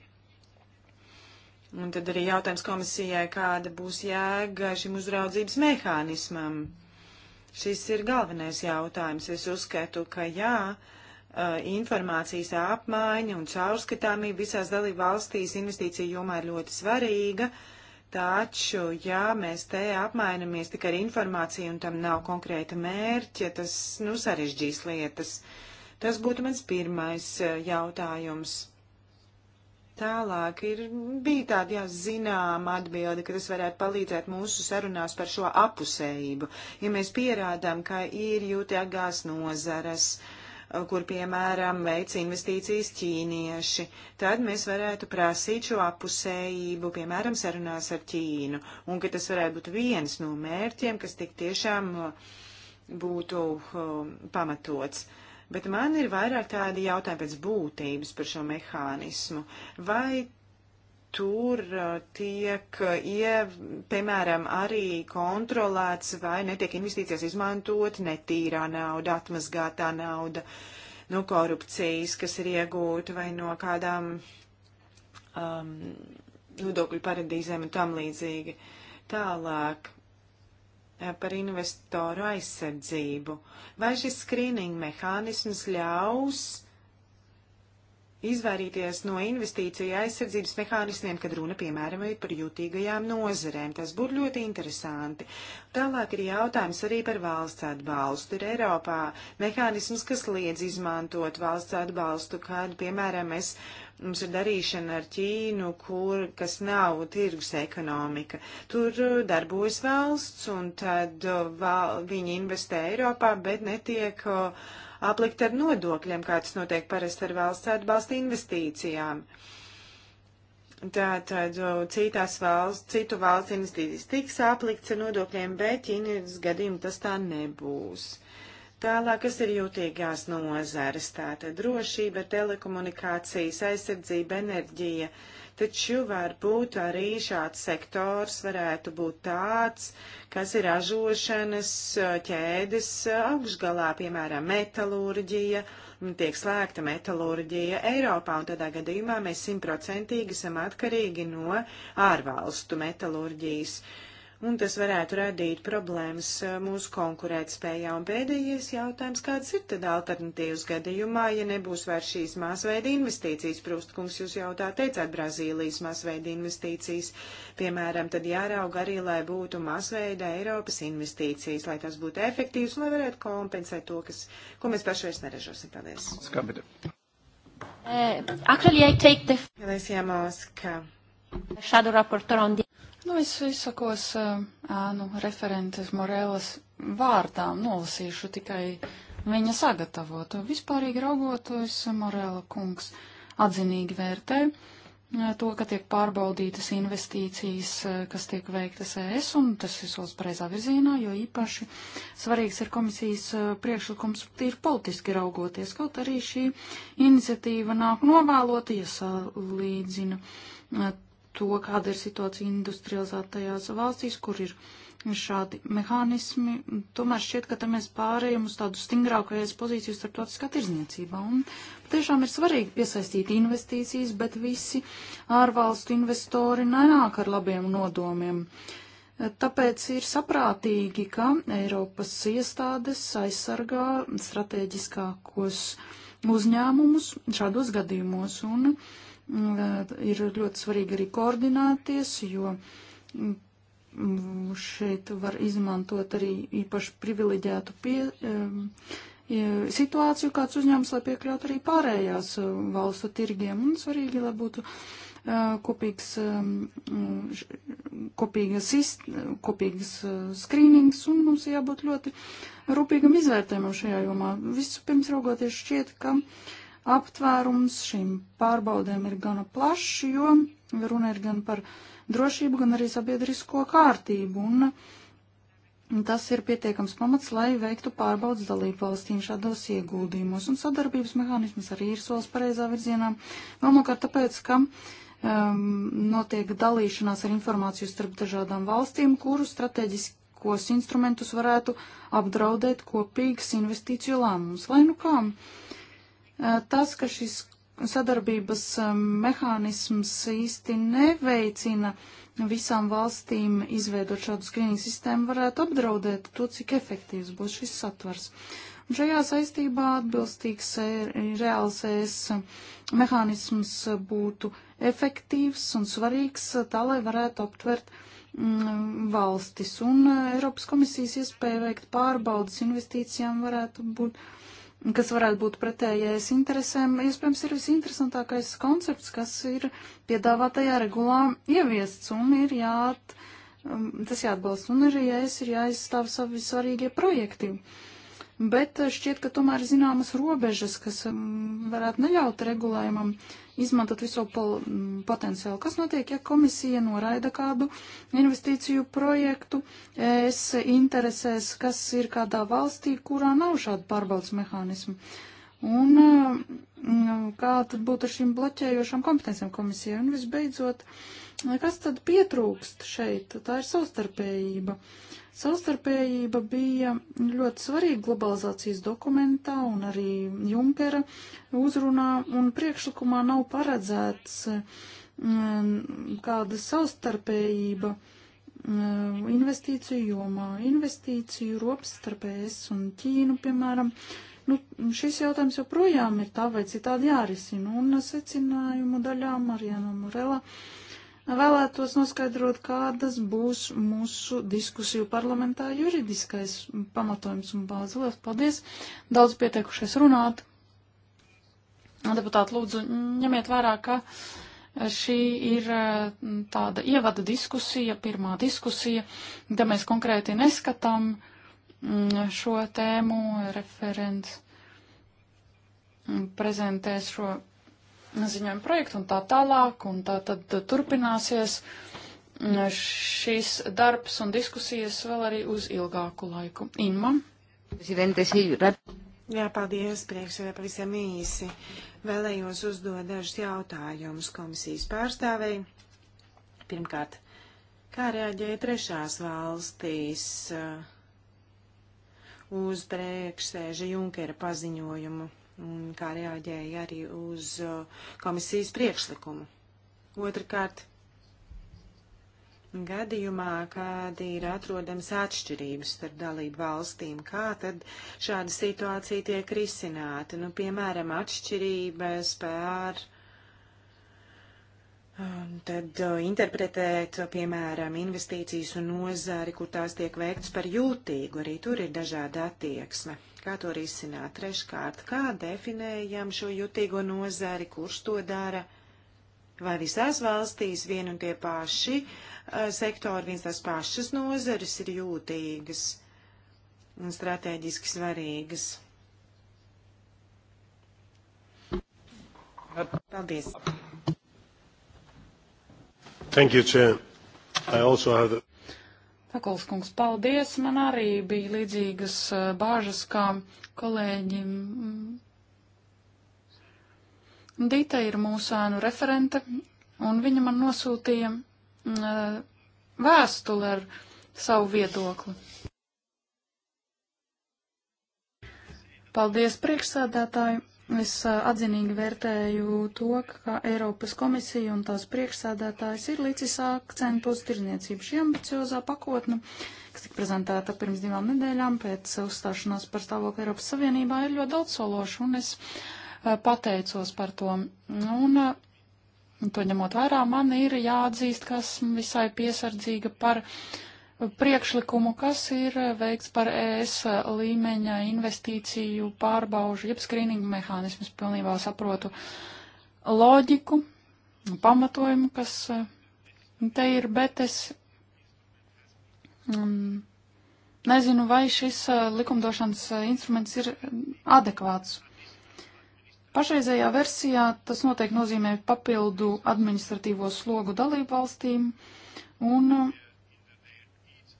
Un tad arī jautājums komisijai, kāda būs jēga šim uzraudzības mehānismam. Uh, Šis ir galvenais jautājums. Es uzskatu, ka jā, eh, informācijas apmaiņa un caurskatāmība visās dalību valstīs investīcija jomā ir ļoti svarīga, taču, ja mēs te apmainamies tikai ar informāciju un tam nav konkrēta mērķa, tas, nu, sarežģīs lietas. Tas būtu mans pirmais eh, jautājums. Tālāk ir, bija tāda, jā, zinām atbilde, ka tas varētu palīdzēt mūsu sarunās par šo apusējību. Ja mēs pierādām, ka ir jūtīgās nozaras, kur, piemēram, veic investīcijas ķīnieši, tad mēs varētu prasīt šo apusējību, piemēram, sarunās ar Ķīnu, un ka tas varētu būt viens no mērķiem, kas tik tiešām uh, būtu um, pamatots. Uh, Bet man ir vairāk tādi jautājumi pēc būtības par šo mehānismu. Vai tur uh, tiek, ja, uh, piemēram, arī kontrolēts vai netiek investīcijas izmantot netīrā nauda, atmazgātā nauda, no korupcijas, kas ir iegūta vai no kādām um, nodokļu paradīzēm un tam līdzīgi. Tālāk Eh, par investoru aizsardzību. Vai šis skrīninga mehānisms ļaus izvairīties no investīcija aizsardzības mehānismiem, kad runa, piemēram, ir par jūtīgajām nozerēm. Tas būtu ļoti interesanti. Tālāk ir jautājums arī par valsts atbalstu. Ir Eiropā mehānisms, kas liedz izmantot valsts atbalstu, kad, piemēram, es uh, Mums ir darīšana ar Ķīnu, kur, kas nav tirgus ekonomika. Tur uh, darbojas valsts, un tad uh, val, viņi investē Eiropā, bet netiek uh, aplikt ar nodokļiem, kā tas notiek parasti ar valsts atbalsta investīcijām. Tātad citās valsts, citu valsts investīcijas tiks aplikts ar nodokļiem, bet Ķīnas gadījumā tas tā nebūs. Tālāk, kas ir jūtīgās nozares, tātad drošība, telekomunikācijas, aizsardzība, enerģija, taču varbūt arī šāds sektors varētu būt tāds, kas ir ražošanas ķēdes augšgalā, piemēram, metalurģija, tiek slēgta metalurģija Eiropā, un tādā gadījumā mēs simtprocentīgi esam atkarīgi no ārvalstu metalurģijas. Uh, un tas varētu radīt problēmas e, mūsu konkurētspējā. Un pēdējais jautājums, kāds ir tad alternatīvas gadījumā, ja nebūs vairs šīs masveida investīcijas? Prūstkungs, jūs jau tā teicāt, Brazīlijas masveida investīcijas. Piemēram, tad jārauga arī, lai būtu masveida Eiropas investīcijas, lai tas būtu efektīvs un lai varētu kompensēt to, kas, ko mēs pašreiz neražosim. Paldies. Skabida. Uh, eh, actually, I take the... Paldies, Jāmauska. Shadow rapporteur on the... Nu, es izsakos eh, ēnu referentes Morelas vārdām, nolasīšu tikai viņa sagatavotu. Vispārīgi raugoties, Morela kungs atzinīgi vērtē eh, to, ka tiek pārbaudītas investīcijas, eh, kas tiek veiktas ES, un tas ir solis pareizā virzienā, jo īpaši svarīgs ir komisijas priekšlikums tīri politiski raugoties, kaut arī šī iniciatīva nāk novēlota, ja salīdzina to, kāda ir situācija industrializētajās valstīs, kur ir šādi mehānismi. Tomēr šķiet, ka mēs pārējām uz tādu stingrāku ES pozīciju starptautiskā tirzniecībā. Un patiešām ir svarīgi piesaistīt investīcijas, bet visi ārvalstu investori nenāk ar labiem nodomiem. Tāpēc ir saprātīgi, ka Eiropas iestādes aizsargā strateģiskākos uzņēmumus šādos gadījumos. Un, uh, ir ļoti svarīgi arī koordināties, jo mm, šeit var izmantot arī īpaši privileģētu pie, situāciju kāds uzņēmums, lai piekļautu arī pārējās eh, valstu tirgiem. Un svarīgi, lai būtu eh, kopīgs, kopīgas, kopīgas eh, skrīnings, un mums jābūt ļoti rūpīgam izvērtējumam šajā jomā. Vispirms raugoties šķiet, ka uh, aptvērums šīm pārbaudēm ir gana plašs, jo runa ir gan par drošību, gan arī sabiedrisko kārtību. Un tas ir pietiekams pamats, lai veiktu pārbaudas dalību valstīm šādos ieguldījumos. Un sadarbības mehānismas arī ir solis pareizā virzienā. Galvenokārt tāpēc, ka um, notiek dalīšanās ar informāciju starp dažādām valstīm, kuru strateģiskos instrumentus varētu apdraudēt kopīgas investīciju lēmumus. Lai nu kā. Uh, tas, ka šis sadarbības mehānisms īsti neveicina visām valstīm izveidot šādu skrīningu sistēmu, varētu apdraudēt to, cik efektīvs būs šis satvars. Un šajā saistībā atbilstīgs e, reāls ES mehānisms būtu efektīvs un svarīgs, tā lai varētu aptvert mm, valstis. Un Eiropas komisijas iespēja veikt pārbaudas investīcijām varētu būt kas varētu būt pretējais interesēm, iespējams, ir visinteresantākais koncepts, kas ir piedāvātajā regulā ieviests un ir jāt, um, tas jāatbalsta. Un arī es ir jāizstāv savi svarīgie projekti. Uh, bet eh, šķiet, ka tomēr zināmas robežas, kas mm, varētu neļaut regulējumam izmantot viso mm, potenciālu. Kas notiek, ja komisija noraida kādu investīciju projektu? Es interesēs, kas ir kādā valstī, kurā nav šādu pārbaudas mehānismu. Un mm, kā tad būtu ar šīm bloķējošām kompetencijām komisijai? Un visbeidzot, kas tad pietrūkst šeit? Tā ir savstarpējība. Uh, Savstarpējība bija ļoti svarīga globalizācijas dokumentā un arī Junkera uzrunā, un priekšlikumā nav paredzēts mm, kāda savstarpējība mm, investīciju jomā, investīciju rops starp ES un Ķīnu, piemēram. Nu, šis jautājums joprojām ir tā vai citādi jārisina, un secinājumu daļā Marijana Morela. No Vēlētos noskaidrot, kādas būs mūsu diskusiju parlamentā juridiskais pamatojums un bāze. Lielas paldies! Daudz pieteikušies runāt. Deputāti, lūdzu, ņemiet vērā, ka šī ir eh, tāda ievada diskusija, pirmā diskusija, kad mēs konkrēti neskatām mm, šo tēmu referents mm, prezentēs šo ziņojumu projektu un tā tālāk, un tā tad turpināsies mm, šīs darbs un diskusijas vēl arī uz ilgāku laiku. Inma? Jā, paldies, priekšsēdē pavisam īsi. Vēlējos uzdot dažus jautājumus komisijas pārstāvei. Pirmkārt, kā reaģēja trešās valstīs uh, uz priekšsēža Junkera paziņojumu? kā reaģēja arī uz uh, komisijas priekšlikumu. Otrakārt, gadījumā, kad ir atrodams atšķirības starp dalību valstīm, kā tad šāda situācija tiek risināta? Nu, piemēram, atšķirības pār Um, tad uh, interpretēt, piemēram, investīcijas un nozari, kur tās tiek veikts par jūtīgu, arī tur ir dažāda attieksme. Kā to risināt? Treškārt, kā definējam šo jūtīgo nozari, kurš to dara? Vai visās valstīs vien un tie paši uh, sektori, viens tās pašas nozares ir jūtīgas un strateģiski svarīgas? Paldies! Thank you, Chair. I also have the... Pakols kungs, paldies. Man arī bija līdzīgas uh, bāžas kā kolēģim. Mm. Dīta ir mūsu ēnu referente, un viņa man nosūtīja mm, uh, vēstuli ar savu viedokli. Paldies priekšsēdētāji! Es atzinīgi vērtēju to, ka Eiropas komisija un tās priekšsēdētājs ir līdzis akcentu uz tirniecību. Šī ambiciozā pakotne, kas tika prezentēta pirms divām nedēļām pēc uzstāšanās par stāvokli Eiropas Savienībā, ir ļoti daudzsološa, un es pateicos par to. Un, to ņemot vērā, man ir jāatzīst, ka esmu visai piesardzīga par uh, priekšlikumu, kas ir veikts par ES līmeņa investīciju pārbaužu, jeb skrīningu mehānismus pilnībā saprotu loģiku, pamatojumu, kas mm, te ir, bet es mm, nezinu, vai šis eh, likumdošanas eh, instruments ir mm, adekvāts. Pašreizējā versijā tas noteikti nozīmē papildu administratīvo slogu dalību valstīm un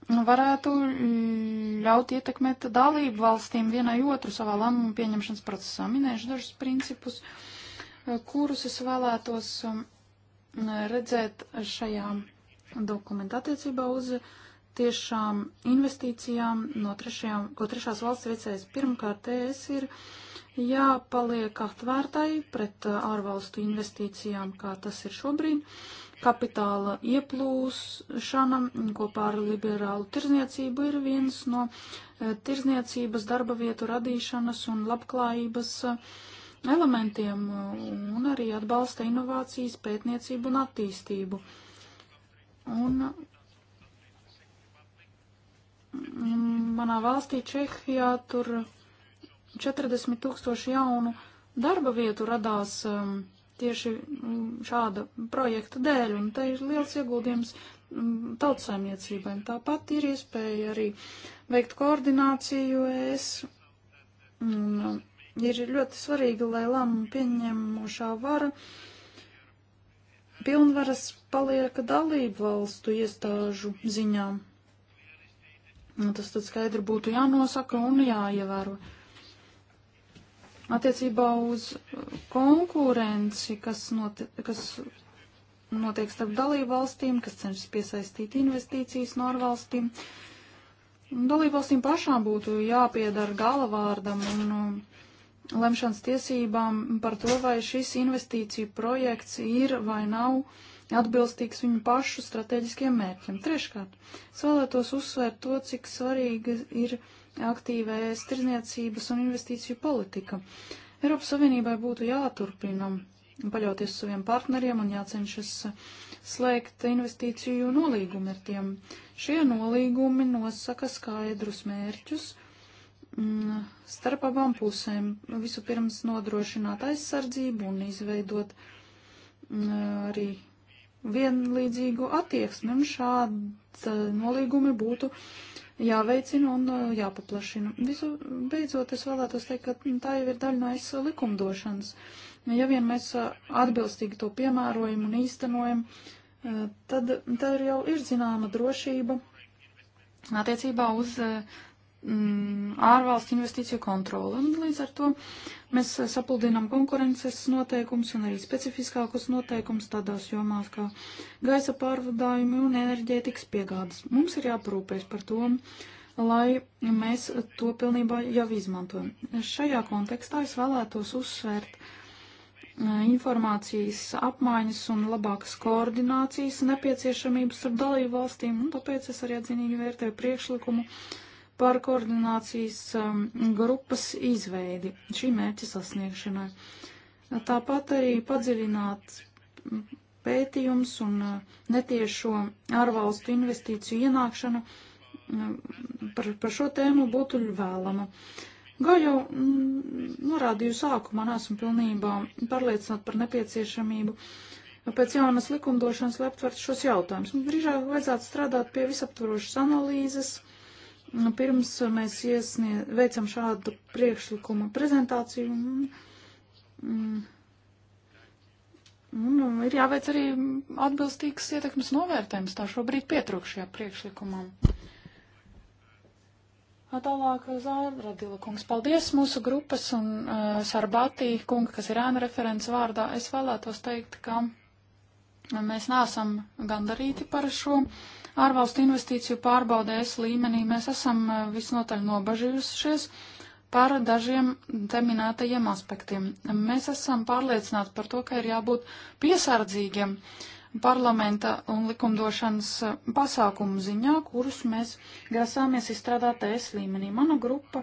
Nu, varētu mm, ļaut ietekmēt dalību valstīm vienai otru savā lēmumu pieņemšanas procesā. Minēšu dažus principus, eh, kurus es vēlētos um, redzēt šajā dokumentā attiecībā uz tiešām investīcijām no trešajām, ko trešās valsts veicējas. Pirmkārt, es ir jāpaliek atvērtai pret eh, ārvalstu investīcijām, kā tas ir šobrīd. Uh, kapitāla ieplūšana kopā ar liberālu tirzniecību ir viens no eh, tirzniecības darba vietu radīšanas un labklājības eh, elementiem eh, un arī atbalsta inovācijas, pētniecību un attīstību. Un mm, manā valstī Čehijā tur 40 tūkstoši jaunu darba vietu radās um, tieši mm, šāda projekta dēļ, un te ir liels ieguldījums mm, tautsājumniecībai. Tāpat ir iespēja arī veikt koordināciju es. Un, mm, ir ļoti svarīgi, lai lēmumu pieņemošā vara pilnvaras paliek dalību valstu iestāžu ziņā. Tas tad skaidri būtu jānosaka un jāievēro. Ja attiecībā uz uh, konkurenci, kas, noti kas notiek starp dalību valstīm, kas cenšas piesaistīt investīcijas no ārvalstīm. Dalību valstīm pašām būtu jāpiedara galavārdam un uh, lemšanas tiesībām par to, vai šis investīciju projekts ir vai nav atbilstīgs viņu pašu strateģiskiem mērķiem. Treškārt, es vēlētos uzsvērt to, cik svarīga ir aktīvēs tirzniecības un investīciju politika. Eiropas Savienībai būtu jāturpina paļauties uz saviem partneriem un jācenšas slēgt investīciju nolīgumi ar tiem. Šie nolīgumi nosaka skaidrus mērķus mm, starp abām pusēm. Vispirms nodrošināt aizsardzību un izveidot mm, arī vienlīdzīgu attieksmi, un šādi nolīgumi būtu uh, jāveicina un uh, jāpaplašina. Visu beidzot, es vēlētos teikt, ka mm, tā jau ir daļa no es uh, likumdošanas. Ja vien mēs uh, atbilstīgi to piemērojam un īstenojam, tad tā ir jau ir zināma drošība attiecībā uz mm, ārvalstu investīciju kontroli. Un līdz ar to mēs eh, sapludinām konkurences noteikums un arī specifiskākus noteikums tādās jomās kā gaisa pārvadājumi un enerģētikas piegādes. Mums ir jāprūpēs par to, lai mēs to pilnībā jau izmantojam. Šajā kontekstā es vēlētos uzsvērt eh, informācijas apmaiņas un labākas koordinācijas nepieciešamības ar dalību valstīm, un tāpēc es arī atzinīgi vērtēju priekšlikumu uh, par koordinācijas um, grupas izveidi šī mērķa sasniegšanai. Tāpat arī padziļināt pētījums un uh, netiešo ārvalstu investīciju ienākšana um, par, par šo tēmu būtu vēlama. Kā jau mm, norādīju sākumā, nesmu pilnībā pārliecināta par nepieciešamību pēc jaunas likumdošanas, lai aptvertu šos jautājumus. Mums drīzāk vajadzētu strādāt pie visaptvarošas analīzes, uh, Nu, pirms mēs iesniedz, veicam šādu priekšlikumu prezentāciju, un, mm, un, un ir jāveic arī atbilstīgs ietekmes novērtējums. Tā šobrīd pietrūkšajā priekšlikumam. Tālāk Zāradila kungs. Paldies mūsu grupas un uh, Sarbātī kunga, kas ir ēna referents vārdā. Es vēlētos teikt, ka mēs neesam gandarīti par šo. Uh, Ārvalstu investīciju pārbaudēs līmenī mēs esam e, visnotaļ nobažījušies par dažiem teminētajiem aspektiem. Mēs esam pārliecināti par to, ka ir jābūt piesardzīgiem parlamenta un likumdošanas eh, pasākumu ziņā, kurus mēs grasāmies izstrādāt ES līmenī. Mana grupa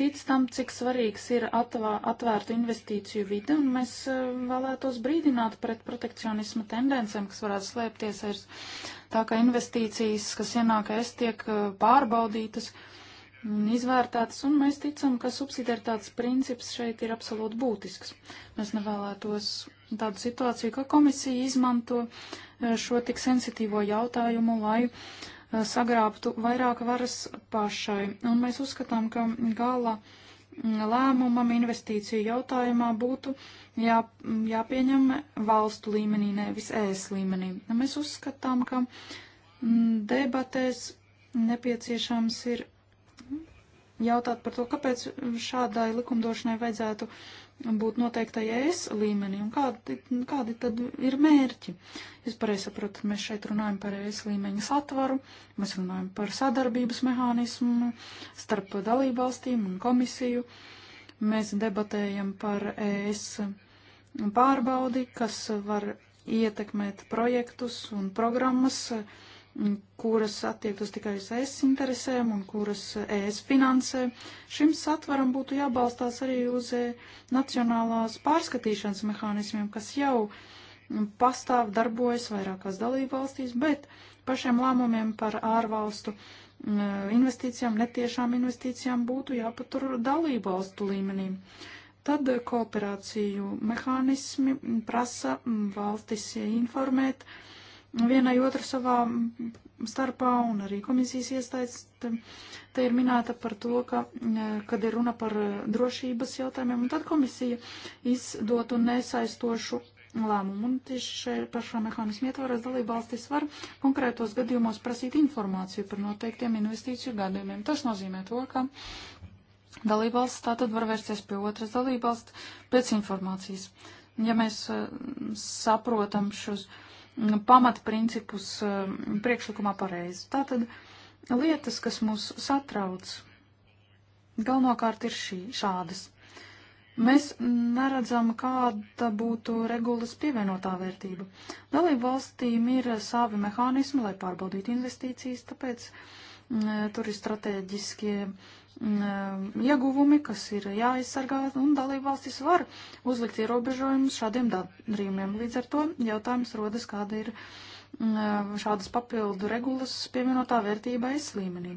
tic tam, cik svarīgs ir atvā, atvērtu investīciju vide, un mēs eh, vēlētos brīdināt pret protekcionisma tendencēm, kas varētu slēpties aiz tā, ka investīcijas, kas ienāk ES, tiek eh, pārbaudītas. Uh, un izvērtētas, un mēs ticam, ka subsidiaritātes princips šeit ir absolūti būtisks. Mēs nevēlētos tādu situāciju, ka komisija izmanto eh, šo tik sensitīvo jautājumu, lai eh, sagrābtu vairāk varas pašai. Un mēs uzskatām, ka gala mm, lēmumam investīciju jautājumā būtu jā, mm, jāpieņem valstu līmenī, nevis ēs līmenī. Mēs uzskatām, ka mm, debatēs nepieciešams ir jautāt par to, kāpēc šādai likumdošanai vajadzētu būt noteiktai ES līmenī un kādi, kādi tad ir mērķi. Es pareizi saprotu, mēs šeit runājam par ES līmeņa satvaru, mēs runājam par sadarbības mehānismu starp dalībvalstīm un komisiju, mēs debatējam par ES pārbaudi, kas var ietekmēt projektus un programmas, uh, kuras attiektos tikai uz es interesēm un kuras es finansē. Šim satvaram būtu jābalstās arī uz e, nacionālās pārskatīšanas mehānismiem, kas jau pastāv darbojas vairākās dalību valstīs, bet pašiem lēmumiem par ārvalstu investīcijām, netiešām investīcijām būtu jāpatur dalību valstu līmenī. Tad kooperāciju mehānismi prasa valstis informēt, uh, vienai otru savā starpā un arī komisijas iestādes. Te ir minēta par to, ka, e, kad ir runa par e, drošības jautājumiem, un tad komisija izdotu nesaistošu lēmumu. Un tieši šeit par šā mehānismu ietvaros dalībvalstis var konkrētos gadījumos prasīt informāciju par noteiktiem investīciju gadījumiem. Tas nozīmē to, ka dalībvalsts tātad var vērsties pie otras dalībvalsts pēc informācijas. Ja mēs e, saprotam šos. Uh, pamatprincipus eh, priekšlikumā pareizi. Tātad lietas, kas mūs satrauc, galvenokārt ir šī, šādas. Mēs neredzam, kāda būtu regulas pievienotā vērtība. Dalību valstīm ir savi mehānismi, lai pārbaudītu investīcijas, tāpēc m, mm, tur ir strateģiskie Um, ieguvumi, kas ir jāaizsargā, un dalībvalstis var uzlikt ierobežojumus šādiem darījumiem. Līdz ar to jautājums rodas, kāda ir um, šādas papildu regulas pievienotā vērtība es līmenī.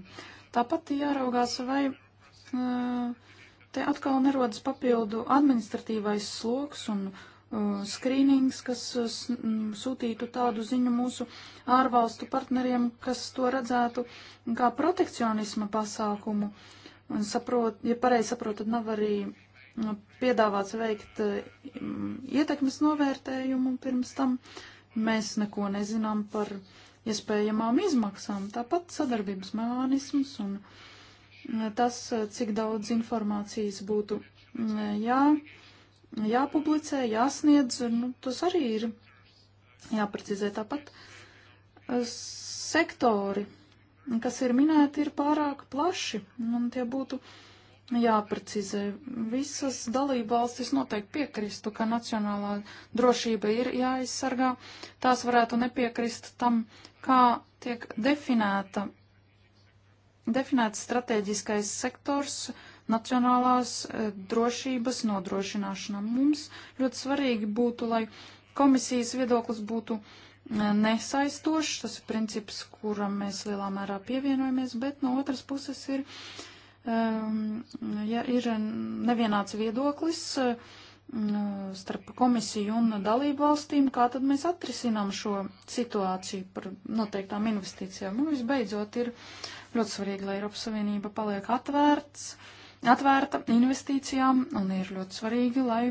Tāpat jāraugās, vai uh, te atkal nerodas papildu administratīvais sloks un uh, skrīnings, kas uh, mm, sūtītu tādu ziņu mūsu ārvalstu partneriem, kas to redzētu kā protekcionisma pasākumu. Uh, Un saprot, ja pareizi saprotu, tad nav arī mm, piedāvāts veikt mm, ietekmes novērtējumu pirms tam. Mēs neko nezinām par iespējamām izmaksām. Tāpat sadarbības mehānisms un mm, tas, cik daudz informācijas būtu jā, jāpublicē, jāsniedz, nu, tas arī ir jāprecizē tāpat. Eh, sektori kas ir minēti, ir pārāk plaši, un tie būtu jāprecizē. Visas dalībvalstis noteikti piekristu, ka nacionālā drošība ir jāaizsargā. Tās varētu nepiekrist tam, kā tiek definēta, definēts strateģiskais sektors nacionālās e, drošības nodrošināšana. Mums ļoti svarīgi būtu, lai komisijas viedoklis būtu uh, nesaistošs. Tas ir princips, kuram mēs lielā mērā pievienojamies, bet no otras puses ir, um, ja ir nevienāds viedoklis um, starp komisiju un dalību valstīm, kā tad mēs atrisinām šo situāciju par noteiktām investīcijām. Un visbeidzot ir ļoti svarīgi, lai Eiropas Savienība paliek atvērts, atvērta investīcijām, un ir ļoti svarīgi, lai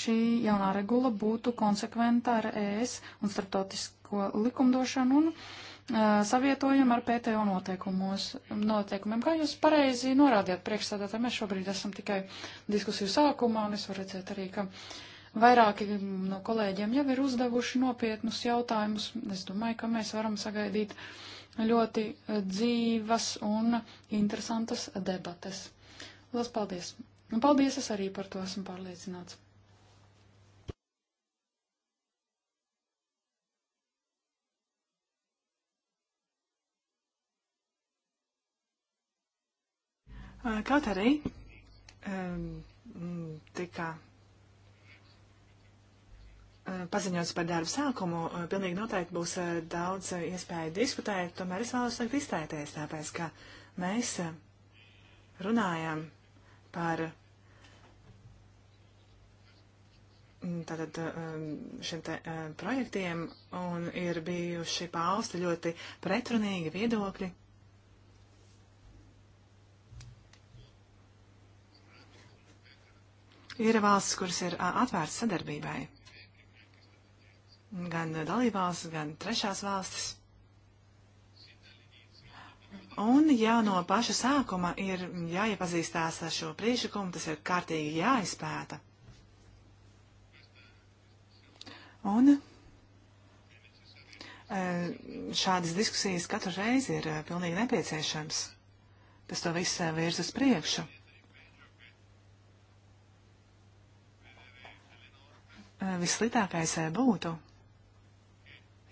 šī jaunā regula būtu konsekventa ar ES un starptautisko likumdošanu un uh, savietojumu ar PTO noteikumos, noteikumiem. Kā jūs pareizi norādījāt priekšstādātā, mēs šobrīd esam tikai diskusiju sākumā, un es varu redzēt arī, ka vairāki no kolēģiem jau ir uzdevuši nopietnus jautājumus. Es domāju, ka mēs varam sagaidīt ļoti dzīvas un interesantas debates. Lielas paldies! Un paldies, es arī par to esmu pārliecināts. Eh, kaut arī tika eh, paziņots par darbu sākumu, eh, pilnīgi noteikti būs daudz iespēju diskutēt, tomēr es vēlos tagad izteikties, tāpēc, ka mēs runājam par tātad šiem te projektiem un ir bijuši pausti ļoti pretrunīgi viedokļi. Ir valsts, kuras ir atvērtas sadarbībai. Gan dalībvalstis, gan trešās valstis. Un jau no paša sākuma ir jāiepazīstās ar šo priekšlikumu, tas ir kārtīgi jāizpēta. Un šādas diskusijas katru reizi ir pilnīgi nepieciešams. Tas to viss virz uz priekšu. Eh, vissliktākais eh, būtu,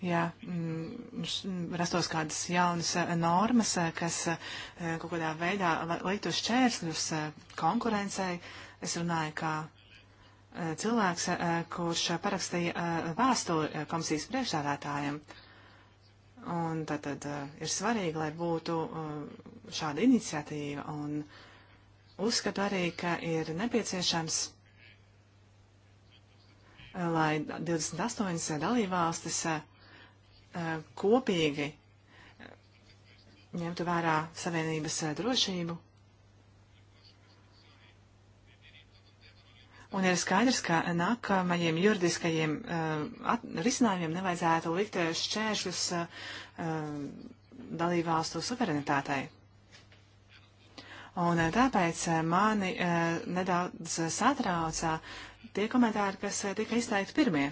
ja mm, mm, rastos kādas jaunas eh, normas, kas kaut kādā veidā liktu šķērsļus konkurencei. Es runāju kā cilvēks, kurš parakstīja vēstuli komisijas priekšsādātājiem. Un tad, tad ir svarīgi, lai būtu šāda iniciatīva un uzskatu arī, ka ir nepieciešams lai 28 dalībvalstis eh, eh, kopīgi ņemtu vērā savienības eh, drošību. Un ir skaidrs, ka nākamajiem juridiskajiem uh, risinājumiem nevajadzētu likt šķēršļus uh, dalībvalstu suverenitātei. Un tāpēc mani uh, nedaudz satrauca uh, tie komentāri, kas eh, tika izteikti pirmie.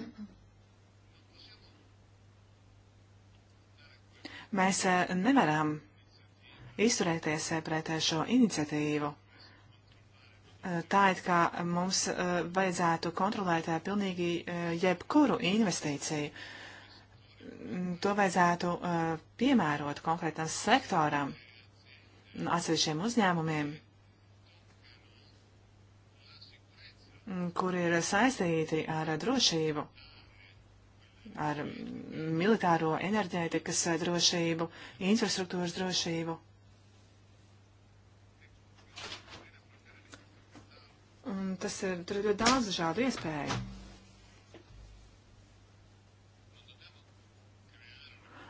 Mēs eh, nevaram izturēties eh, pret šo iniciatīvu. Tā it kā mums vajadzētu kontrolēt pilnīgi jebkuru investīciju. Mm, to vajadzētu piemērot konkrētam sektoram, atsevišķiem uzņēmumiem Mm, kur ir saistīti ar drošību, ar militāro enerģētikas drošību, infrastruktūras drošību. Un tas ir, tur ir ļoti daudz dažādu iespēju.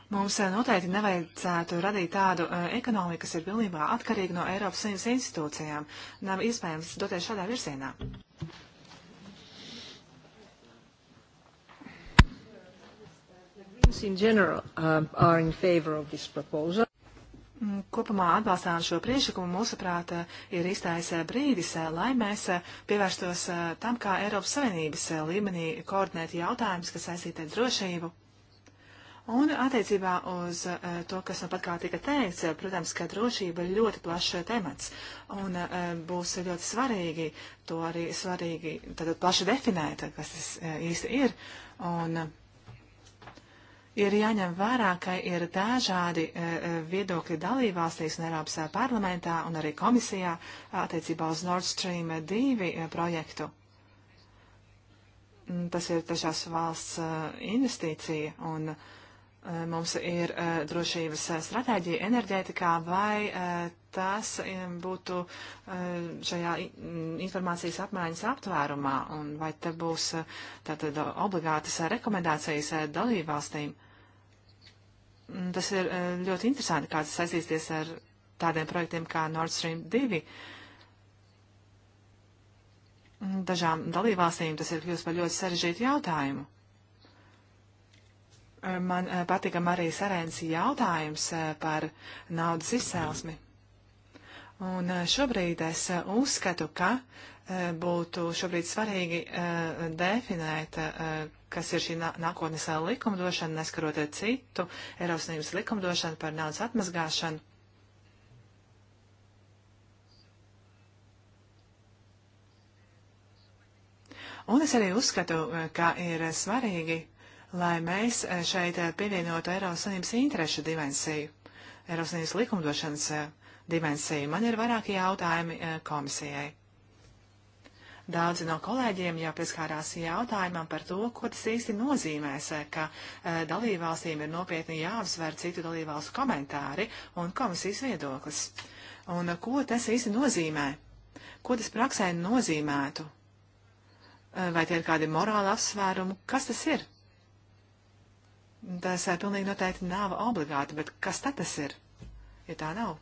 Mums eh, noteikti nevajadzētu radīt tādu eh, ekonomiku, kas ir pilnībā atkarīga no Eiropas Savienības institūcijām. Nav iespējams doties šādā virzienā. Greens in general um, are in favor of this proposal. Mm, kopumā atbalstām šo priekšlikumu, mūsuprāt, uh, ir īstais uh, brīdis, uh, lai mēs pievērstos tam, kā Eiropas Savienības līmenī koordinēt jautājumus, kas saistīti ar drošību. Un attiecībā uz to, kas nu pat kā tika teikts, protams, ka drošība ir ļoti plašs temats un būs ļoti svarīgi to arī svarīgi tātad plaši definēt, kas tas īsti ir. Un, ir jāņem vērā, ka ir dažādi e, e, viedokļi dalībvalstīs un Eiropas e, parlamentā un arī komisijā attiecībā uz Nord Stream 2 projektu. Mm, tas ir trešās valsts investīcija un uh, Eh, mums ir eh, drošības eh, stratēģija enerģētikā, vai tas būtu šajā mm, informācijas apmaiņas aptvērumā, un vai te būs tātad obligātas rekomendācijas dalībvalstīm. Mm, tas ir ļoti interesanti, kā tas saistīsies ar tādiem projektiem kā Nord Stream 2. Mm, dažām dalībvalstīm tas ir kļūst par ļoti sarežģītu jautājumu. Man eh, patīkam arī Sarēns jautājums eh, par naudas izcelsmi. Un eh, šobrīd es uzskatu, ka būtu šobrīd svarīgi definēt, kas ir šī nākotnes likumdošana, neskarot citu Eiropas Savienības likumdošanu par naudas atmazgāšanu. Un es arī uzskatu, ka ir svarīgi uh, lai mēs e, šeit e, pievienotu Eiropas Savienības interešu dimensiju, Eiropas Savienības likumdošanas e, dimensiju. Man ir vairāki jautājumi komisijai. Daudzi no kolēģiem jau pieskārās jautājumam par to, ko tas īsti nozīmēs, ka dalībvalstīm ir nopietni jāapsver citu dalībvalstu komentāri un komisijas viedoklis. Un ko tas īsti nozīmē? Ko tas praksē nozīmētu? Vai tie ir kādi morāli apsvērumi? Kas tas ir? Tas pilnīgi noteikti nav obligāti, bet kas tad tas ir, ja tā nav?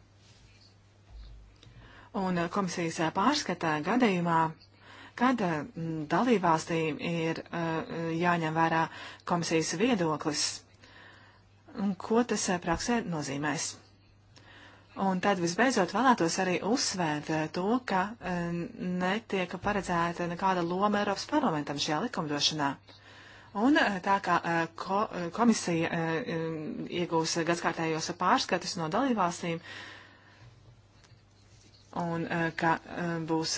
Un eh, komisijas eh, pārskatā gadījumā, kad eh, dalībvalstīm ir jāņem vērā komisijas viedoklis, un ko tas praksē nozīmēs. Un tad visbeidzot vēlētos arī uzsvērt to, ka netiek paredzēta nekāda loma Eiropas parlamentam šajā likumdošanā. Un eh, tā kā eh, ko, eh, komisija iegūs gadskārtējos pārskatus no dalībvalstīm, un ka būs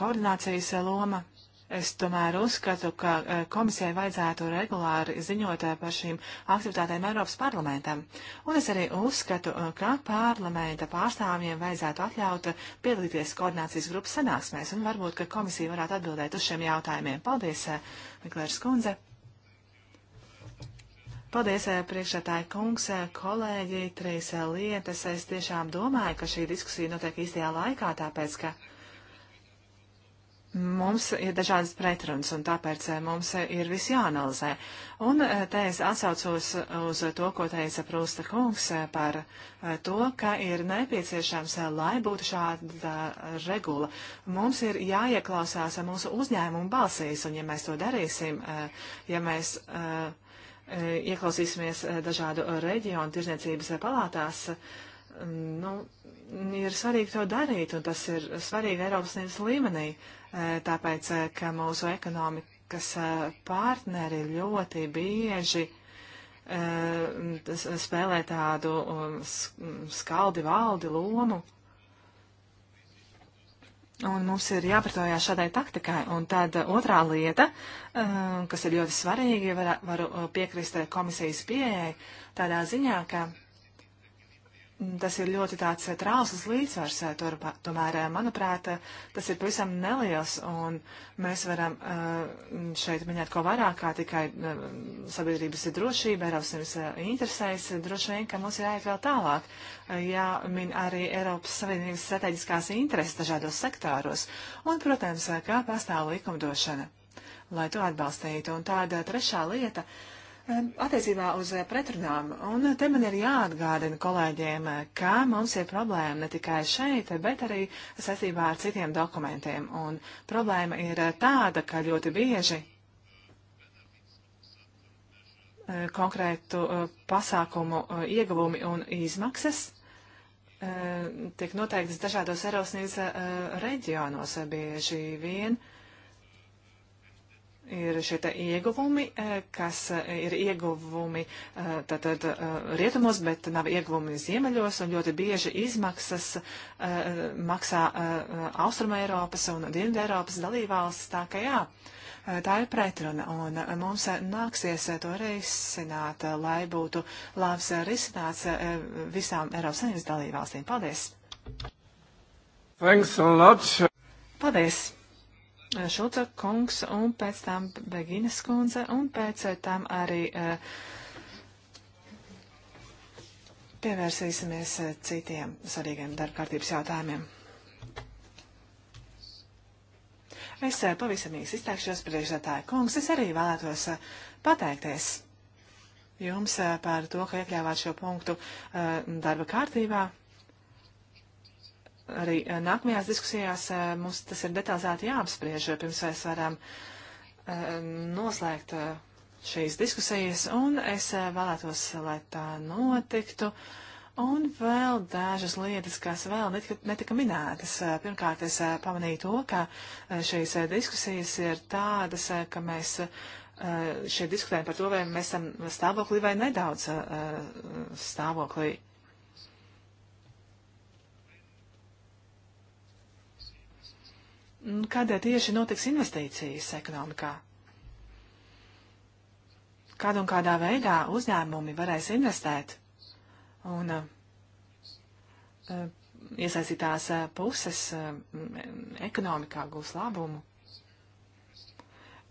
koordinācijas loma, es tomēr uzskatu, ka komisijai vajadzētu regulāri ziņot par šīm aktivitātēm Eiropas parlamentam. Un es arī uzskatu, ka parlamenta pārstāvjiem vajadzētu atļaut piedalīties koordinācijas grupas sanāksmēs, un varbūt, ka komisija varētu atbildēt uz šiem jautājumiem. Paldies, Miklērs Kundze! Paldies, eh, priekšētāji kungs, eh, kolēģi, trīs eh, lietas. Es tiešām domāju, ka šī diskusija notiek īstajā laikā, tāpēc, ka mums ir dažādas pretrunas, un tāpēc mums ir viss jāanalizē. Un te es atsaucos uz to, ko teica Prūsta kungs par to, ka ir nepieciešams, lai būtu šāda regula. Mums ir jāieklausās mūsu uzņēmumu balsīs, un ja mēs to darīsim, ja mēs. Uh, E, ieklausīsimies e, dažādu e, reģionu tirzniecības palātās, mm, nu, ir svarīgi to darīt, un tas ir svarīgi Eiropas Savienības līmenī, tāpēc, ka mūsu ekonomikas partneri ļoti bieži spēlē tādu um, skaldi valdi lomu Un mums ir jāpretojās šādai taktikai. Un tad otrā lieta, eh, kas ir ļoti svarīga, var, varu eh, piekrist eh, komisijas pieejai, tādā ziņā, ka tas ir ļoti tāds trausls līdzsvars, eh, tomēr, eh, manuprāt, eh, tas ir pavisam neliels, un mēs varam šeit minēt ko vairāk, kā tikai sabiedrības drošība, Eiropas Savienības interesēs, droši vien, ka mums ir jāiet vēl tālāk, jāmin arī Eiropas Savienības strateģiskās intereses dažādos sektāros, un, protams, kā pastāv likumdošana, lai to atbalstītu, un tāda trešā lieta. Uh, Attiecībā uz eh, pretrunām, un eh, te man ir jāatgādina kolēģiem, eh, ka mums ir problēma ne tikai šeit, bet arī saistībā ar citiem dokumentiem. Un problēma ir tāda, ka ļoti bieži konkrētu pasākumu ieguvumi un izmaksas tiek noteiktas dažādos Eiropas reģionos bieži vien. Uh, ir šie ieguvumi, eh, kas eh, ir ieguvumi eh, tātad rietumos, bet nav ieguvumi ziemeļos, un ļoti bieži izmaksas maksā Austruma Eiropas un Dienvidu Eiropas dalībvalsts, tā ka jā, tā ir pretruna, un mums nāksies to risināt, lai būtu labs risināts visām Eiropas Savienības dalībvalstīm. Paldies! Thanks a lot! Paldies! Šulca kungs un pēc tam Beginas kundze un pēc tam arī eh, pievērsīsimies eh, citiem svarīgiem darbkārtības jautājumiem. Es eh, pavisam īsi izteikšos priekšsētāju kungs. Es arī vēlētos pateikties jums par to, ka iekļāvāt šo punktu darba kārtībā arī eh, nākamajās diskusijās eh, mums tas ir detalizēti jāapspriež, pirms mēs varam eh, noslēgt šīs diskusijas, un es vēlētos, lai tā notiktu. Un vēl dažas lietas, kas vēl netika, netika minētas. Pirmkārt, es pamanīju to, ka šīs diskusijas ir tādas, ka mēs šeit diskutējam par to, vai mēs esam stāvoklī vai nedaudz stāvoklī. kādēļ tieši notiks investīcijas ekonomikā. Kādu un kādā veidā uzņēmumi varēs investēt un eh, eh, iesaistītās eh, puses ekonomikā gūs labumu.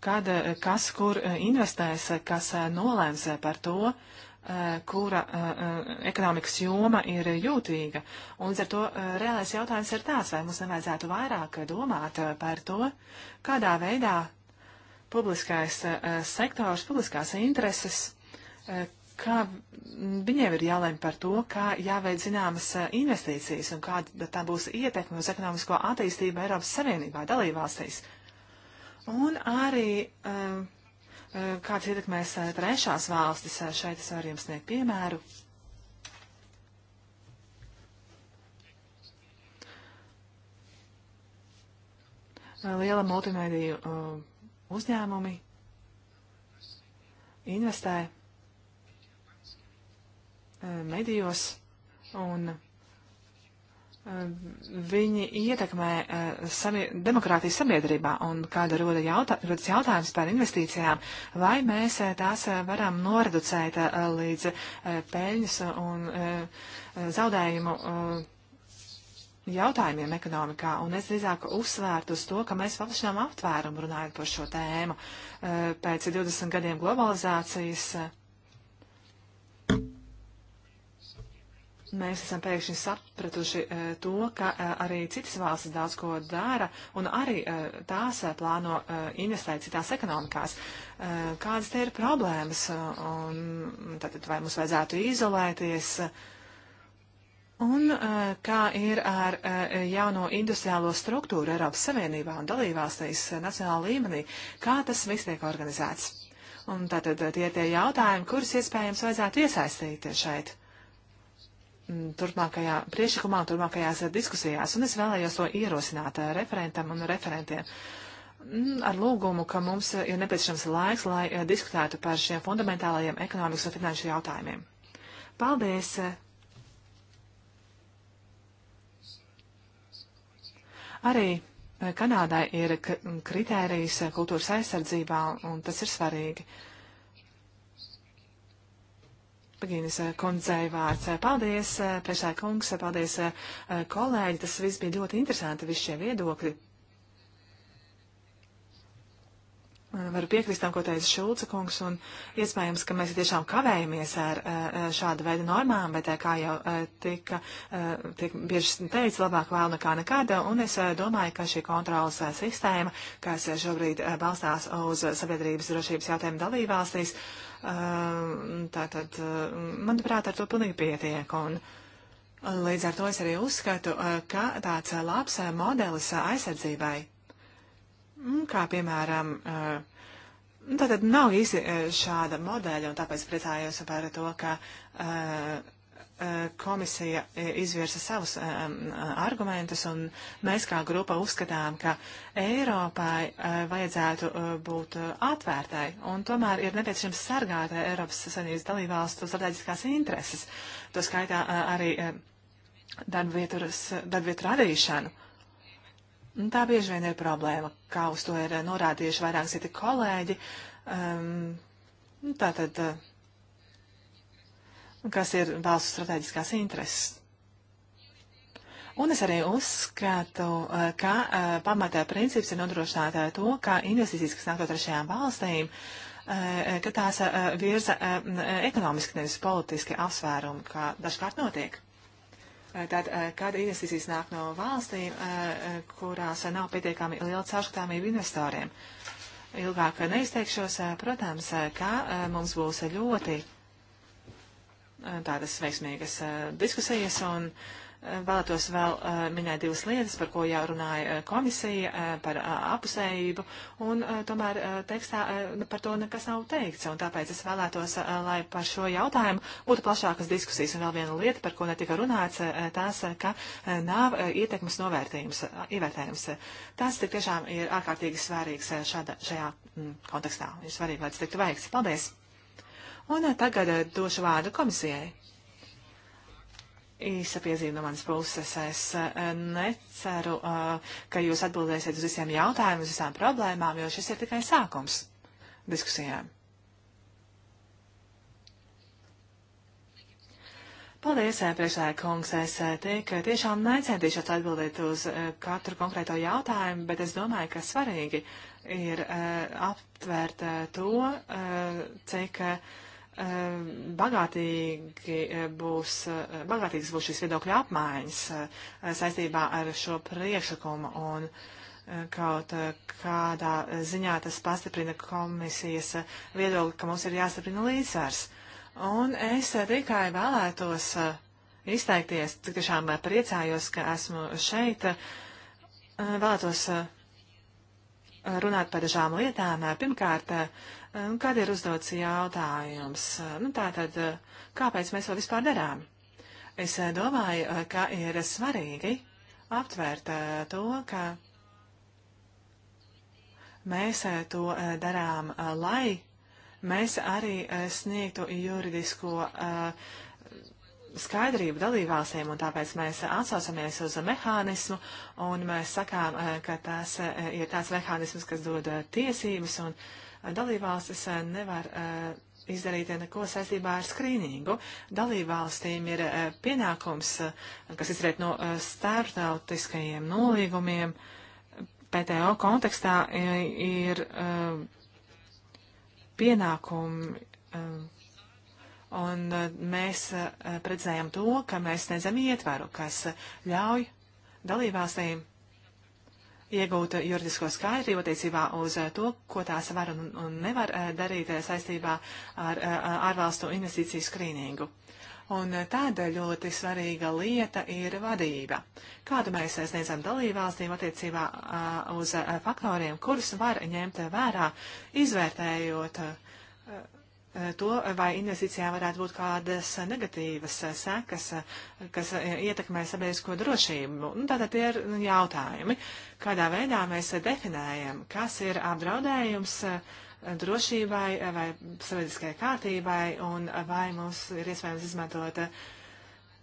Kad, kas kur investēs, kas nolēms par to, uh, Eh, kura eh, eh, ekonomikas joma ir jūtīga. Un līdz ar to reālais jautājums ir tās, vai mums nevajadzētu vairāk domāt par to, kādā veidā publiskais sektors, publiskās intereses, kā viņiem ir jālēm par to, kā jāveic zināmas investīcijas un kāda tā būs ietekme uz ekonomisko attīstību Eiropas Savienībā, dalībvalstīs. Un arī uh, Eh, kāds ietekmēs eh, trešās valstis. Eh, šeit es varu jums sniegt piemēru. Liela multimediju uzņēmumi investē medijos un Viņi ietekmē uh, eh, samie, demokrātiju sabiedrībā un kāda roda jautā, rodas jautājums par investīcijām, vai mēs uh, tās uh, varam noreducēt uh, līdz uh, peļņas un uh, zaudējumu uh, jautājumiem ekonomikā. Un es drīzāk uzsvērtu uz to, ka mēs paplašinām aptvērumu runājot par šo tēmu uh, pēc 20 gadiem globalizācijas. Uh, Mēs esam pēkšņi sapratuši e, to, ka e, arī citas valstis daudz ko dara, un arī e, tās plāno investēt citās ekonomikās. Kādas te ir problēmas, un tātad vai mums vajadzētu izolēties, un kā ir ar jauno industriālo struktūru Eiropas Savienībā un dalībvalstīs nacionāla līmenī, kā tas viss tiek organizēts? Un tātad tie ir tie jautājumi, kurus iespējams vajadzētu iesaistīt šeit. Mm, turpmākajā priešakumā un turpmākajās diskusijās, un es vēlējos to ierosināt eh, referentam un referentiem mm, ar lūgumu, ka mums ir nepieciešams laiks, lai eh, diskutētu par šiem fundamentālajiem ekonomikas un finanšu jautājumiem. Paldies! Arī eh, Kanādai ir kritērijas kultūras aizsardzībā, un tas ir svarīgi. Uh, Pagīnis eh, kundzei vārds. Eh, paldies, eh, priekšā kungs, paldies kolēģi. Tas viss bija ļoti interesanti, visi šie viedokļi. Varu piekrist tam, ko teica Šulca kungs, un iespējams, ka mēs tiešām kavējamies ar šādu veidu normām, bet kā jau tika, tika bieži teica, labāk vēl nekā nekad, un es domāju, ka šī kontrolas sistēma, kas šobrīd balstās uz sabiedrības drošības jautājumu dalībvalstīs, Ehm, tātad, ehm, manuprāt, ar to pilnīgi pietiek. Un, Līdz ar to es arī uzskatu, eh, ka tāds labs modelis aizsardzībai, mm, kā piemēram, eh, nu, tātad nav īsti eh, šāda modeļa, un tāpēc priecājos par to, ka Eh, komisija eh, izvirza savus um, argumentus, un mēs kā grupa uzskatām, ka Eiropai uh, vajadzētu uh, būt uh, atvērtai, un tomēr ir nepieciešams sargāt Eiropas Savienības dalībvalstu strateģiskās intereses, to skaitā arī darbvietu radīšanu. Un tā bieži vien ir problēma, kā uz to ir norādījuši vairāk citi kolēģi. Um, tātad. Uh, kas ir valsts strateģiskās intereses. Un es arī uzskatu, eh, ka eh, pamatā princips ir nodrošināt eh, to, ka investīcijas, kas nāk no trešajām valstīm, ka tās virza ekonomiski, nevis politiski apsvērumi, kā dažkārt notiek. Tad, kad investīcijas nāk no valstīm, kurās nav pietiekami liela caurskatāmība investoriem, ilgāk neizteikšos, protams, ka mums būs ļoti Eh, tādas veiksmīgas eh, diskusijas un eh, vēlētos vēl minēt divas lietas, par ko jau runāja komisija, par apusējību, un tomēr tekstā par to nekas nav teikts, un tāpēc es vēlētos, lai par šo jautājumu būtu plašākas diskusijas, un vēl viena lieta, par ko netika runāts, tās, ka nav ietekmes novērtējums, ievērtējums. Tas tik tiešām ir ārkārtīgi svarīgs šāda, šajā mm, kontekstā, ir svarīgi, lai tas tiktu veikts. Paldies! Un eh, tagad eh, došu vārdu komisijai. Īsa piezīme no manas puses. Es eh, neceru, ka jūs atbildēsiet uz visiem jautājumiem, uz visām problēmām, jo šis ir tikai sākums diskusijām. Paldies, priekšsēkungs. Es tik tiešām necentīšos atbildēt uz katru konkrēto jautājumu, bet es domāju, ka svarīgi ir aptvērt to, cik. Uh, Ehm, bagātīgi eh, būs, eh, bagātīgs būs šis viedokļu apmaiņas eh, saistībā ar šo priekšlikumu. Un, kaut kādā ziņā tas pastiprina komisijas viedokli, ka mums ir jāstiprina līdzsvars. Un es tikai vēlētos izteikties, tiešām priecājos, ka esmu šeit, vēlētos runāt par dažām lietām. Pirmkārt, Un kāda ir uzdots jautājums? Nu, tātad, kāpēc mēs to vispār darām? Es domāju, ka ir svarīgi aptvērt eh, to, ka mēs eh, to eh, darām, lai mēs arī sniegtu juridisko skaidrību dalībvalstīm, un tāpēc mēs atsaucamies uz mehānismu, un mēs sakām, ka tas ir tāds mehānisms, kas dod tiesības, un uh, dalībvalstis eh, nevar eh, izdarīt neko saistībā ar skrīningu. Dalībvalstīm ir eh, pienākums, kas izriet no starptautiskajiem nolīgumiem, PTO kontekstā ir pienākumi. Un mēs redzējām to, ka mēs sniedzam ietvaru, kas ļauj dalībvalstīm iegūt juridisko skaidrību attiecībā uz eh, to, ko tās var un, un nevar eh, darīt eh, saistībā ar ārvalstu investīciju skrīningu. Un tāda ļoti svarīga lieta ir vadība. Kādu mēs sniedzam dalībvalstīm attiecībā uz faktoriem, kurus var ņemt vērā, izvērtējot Eh, to, vai investīcijām varētu būt kādas negatīvas eh, sekas, eh, kas ietekmē sabiedrisko drošību. Nu, tātad tie ir jautājumi, kādā veidā mēs definējam, kas ir apdraudējums drošībai vai sabiedriskajai kārtībai, un vai mums ir iespējams izmantot uh,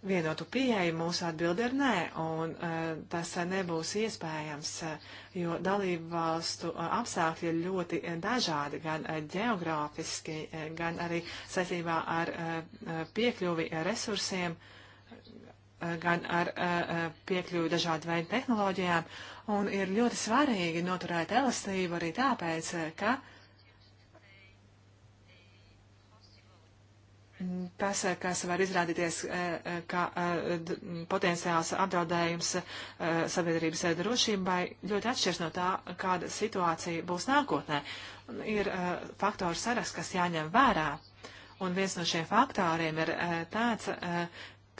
vienotu pieeju, mūsu atbilde ir nē, un eh, tas eh, nebūs iespējams, eh, jo dalību valstu apstākļi ir ļoti dažādi, gan geogrāfiski, gan arī saistībā ar piekļuvi resursiem gan ar piekļuvi dažādu veidu tehnoloģijām, un ir ļoti svarīgi noturēt elastību arī tāpēc, ka uh, pasakās eh, var izrādīties eh, eh, kā potenciāls apdraudējums sabiedrības drošībai, ļoti atšķirs no tā, kāda situācija būs nākotnē. Ir faktoru saraksts, kas jāņem vērā, un viens no šiem faktoriem ir tāds,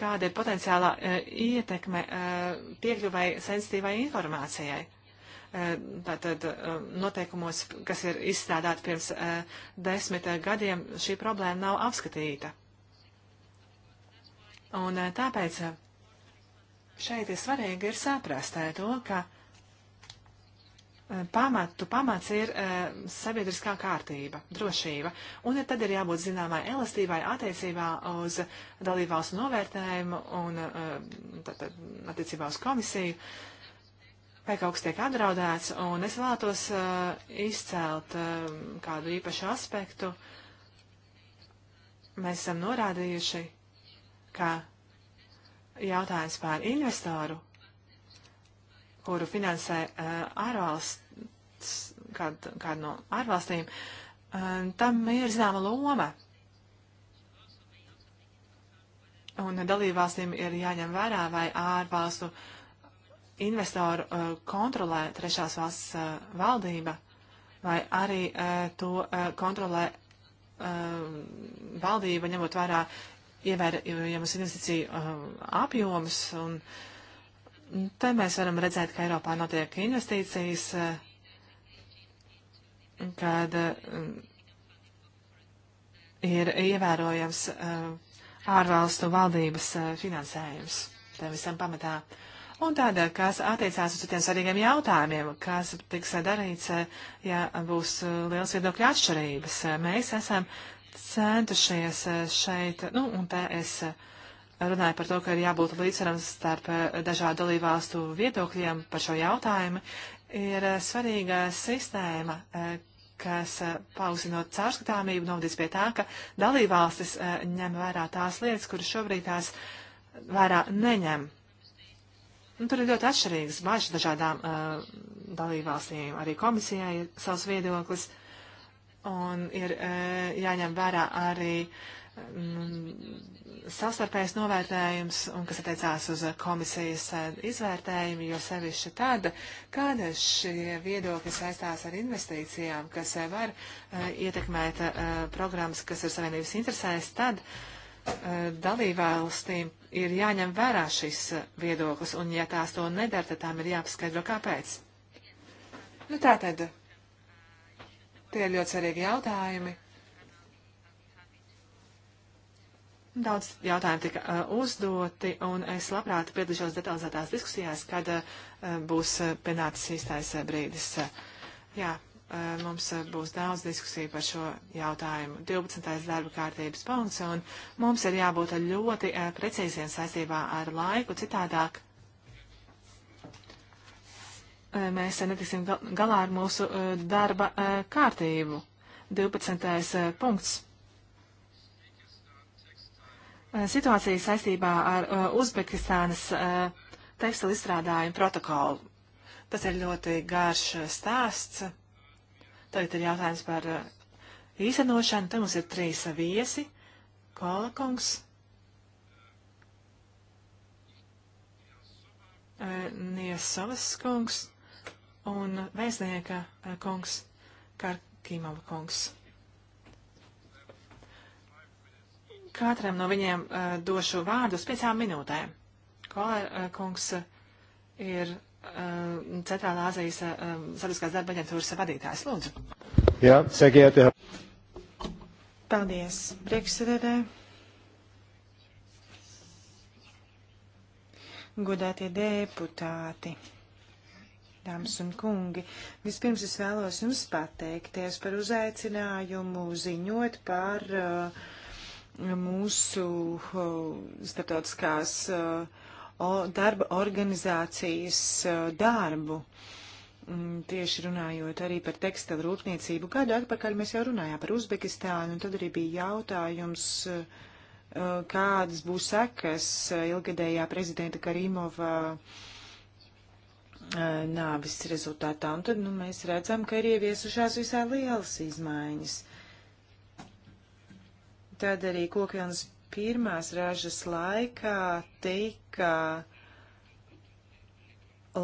kāda ir potenciālā ietekme piekļuvai sensitīvai informācijai tātad noteikumos, kas ir izstrādāti pirms desmit gadiem, šī problēma nav apskatīta. Un tāpēc šeit ir svarīgi ir saprast to, ka pamatu pamats ir sabiedriskā kārtība, drošība, un tad ir jābūt zināmai elastībai attiecībā uz dalībvalstu novērtējumu un tātad attiecībā uz komisiju. Uh, vai kaut kas tiek apdraudēts, un es vēlētos uh, izcelt uh, kādu īpašu aspektu. Mēs esam norādījuši, ka jautājums par investoru, kuru finansē uh, ārvalsts, kādu, kādu no ārvalstīm, uh, tam ir zināma loma. Un dalībvalstīm ir jāņem vērā, vai ārvalstu uh, investoru uh, kontrolē trešās valsts uh, valdība, vai arī uh, to kontrolē valdība, ņemot vērā ievērojamas investīciju apjomus. Un te mēs varam redzēt, ka Eiropā notiek investīcijas, kad ir ievērojams ārvalstu valdības finansējums. Tam visam pamatā uh, un tāda, eh, kas attiecās uz citiem svarīgiem jautājumiem, kas tiks eh, darīts, eh, ja būs liels viedokļu atšķirības. Mēs esam centušies šeit, nu, un te es runāju par to, ka ir jābūt līdzsvaram starp dažādu dalībvalstu viedokļiem par šo jautājumu. Ir svarīga sistēma, kas paaugstinot caurskatāmību novadīs pie tā, ka dalībvalstis ņem vērā tās lietas, kuras šobrīd tās vērā neņem. Un nu, tur ir ļoti atšķirīgas bažas dažādām uh, dalībvalstīm. Arī komisijai ir savs viedoklis. Un ir uh, jāņem vērā arī um, savstarpējs novērtējums, un kas attiecās uz komisijas uh, izvērtējumu, jo sevišķi tāda, kāda šie viedokļi saistās ar investīcijām, kas uh, var uh, ietekmēt uh, programmas, kas ir savienības interesēs, tad uh, dalībvalstīm ir jāņem vērā šis viedoklis, un ja tās to nedara, tad tām ir jāpaskaidro, kāpēc. Nu tā tad. Tie ir ļoti svarīgi jautājumi. Daudz jautājumu tika uh, uzdoti, un es labprāt piedalīšos detalizētās diskusijās, kad uh, būs uh, pienācis īstais uh, brīdis. Uh, jā, mums būs daudz diskusiju par šo jautājumu. 12. darba kārtības punkts, un mums ir jābūt ļoti precīziem saistībā ar laiku, citādāk mēs netiksim galā ar mūsu darba kārtību. 12. punkts. Situācija saistībā ar Uzbekistānas tekstilu izstrādājumu protokolu. Tas ir ļoti garš stāsts. Tagad ir jautājums par uh, īstenošanu. Te mums ir trīs uh, viesi. Kolakungs. Uh, Niesavas kungs un vēstnieka kungs Karkīmala kungs. Katram no viņiem došu vārdu uz piecām minūtēm. Kolēr kungs ir Um, Centrālā Azijas um, sabiedriskās darba aģentūras vadītājs. Lūdzu. Jā, sekiet. Jā. Paldies, priekšsēdētē. Godātie deputāti, dāmas un kungi, vispirms es vēlos jums pateikties par uzaicinājumu ziņot par uh, mūsu uh, starptautiskās uh, darba organizācijas darbu. Mm, tieši runājot arī par tekstilu rūpniecību, gadu atpakaļ mēs jau runājām par Uzbekistānu, un tad arī bija jautājums, kādas būs sekas ilgadējā prezidenta Karimova nāvis rezultātā. Un tad nu, mēs redzam, ka ir ieviesušās visā lielas izmaiņas. Tad arī Kokvilnas pirmās ražas laikā tika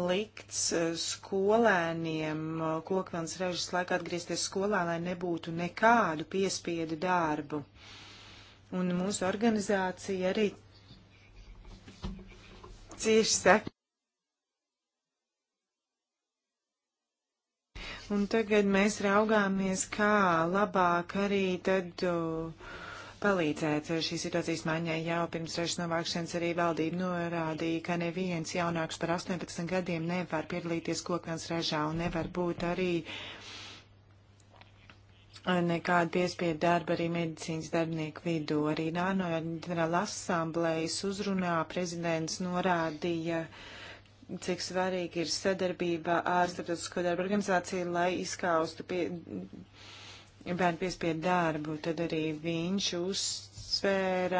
likts eh, skolēniem eh, kokvilnas ražas laikā atgriezties skolā, lai nebūtu nekādu piespiedu darbu. Un mūsu organizācija arī cieši sek. Un tagad mēs raugāmies, kā labāk arī tad. Uh, palīdzēt šīs situācijas maiņai. Jau pirms reizes novākšanas arī valdība norādīja, ka neviens jaunāks par 18 gadiem nevar piedalīties kokvilnas ražā un nevar būt arī nekāda piespiedu darba arī medicīnas darbinieku vidū. Arī Nāno ģenerāla asamblējas uzrunā prezidents norādīja, cik svarīgi ir sadarbība ar starptautisko darba organizāciju, lai izskaustu pie, bērnu piespiedu darbu, tad arī viņš uzsvēra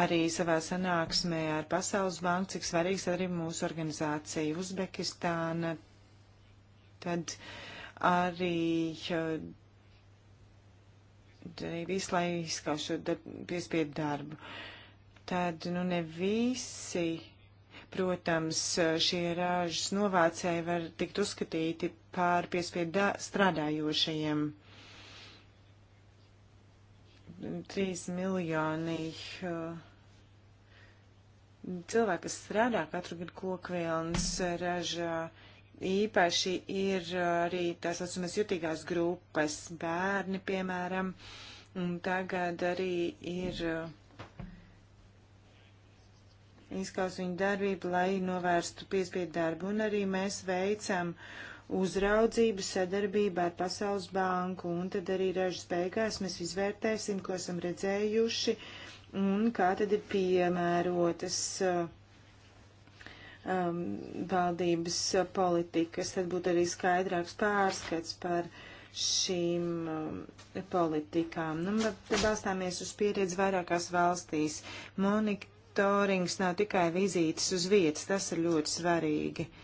arī savā sanāksmē ar Pasaules banku, cik svarīgs arī mūsu organizācija Uzbekistāna. Tad arī, arī visu, lai izskaušu piespiedu darbu. Tad, nu, ne visi, protams, šie rāžas novācēji var tikt uzskatīti pār piespiedu strādājošajiem. 3 miljoni eh, cilvēki, kas strādā katru gadu kokvilnas ražā. Īpaši ir eh, arī tās atsumas jutīgās grupas bērni, piemēram, un tagad arī ir eh, izkaus viņu darbību, lai novērstu piespiedu darbu, un arī mēs veicam uh, uzraudzību sadarbībā ar Pasaules banku, un tad arī ražas beigās mēs izvērtēsim, ko esam redzējuši, un kā tad ir piemērotas uh, um, valdības politikas. Tad būtu arī skaidrāks pārskats par šīm um, politikām. Nu, tad balstāmies uz pieredzi vairākās valstīs. Monitorings nav tikai vizītes uz vietas, tas ir ļoti svarīgi. Uh,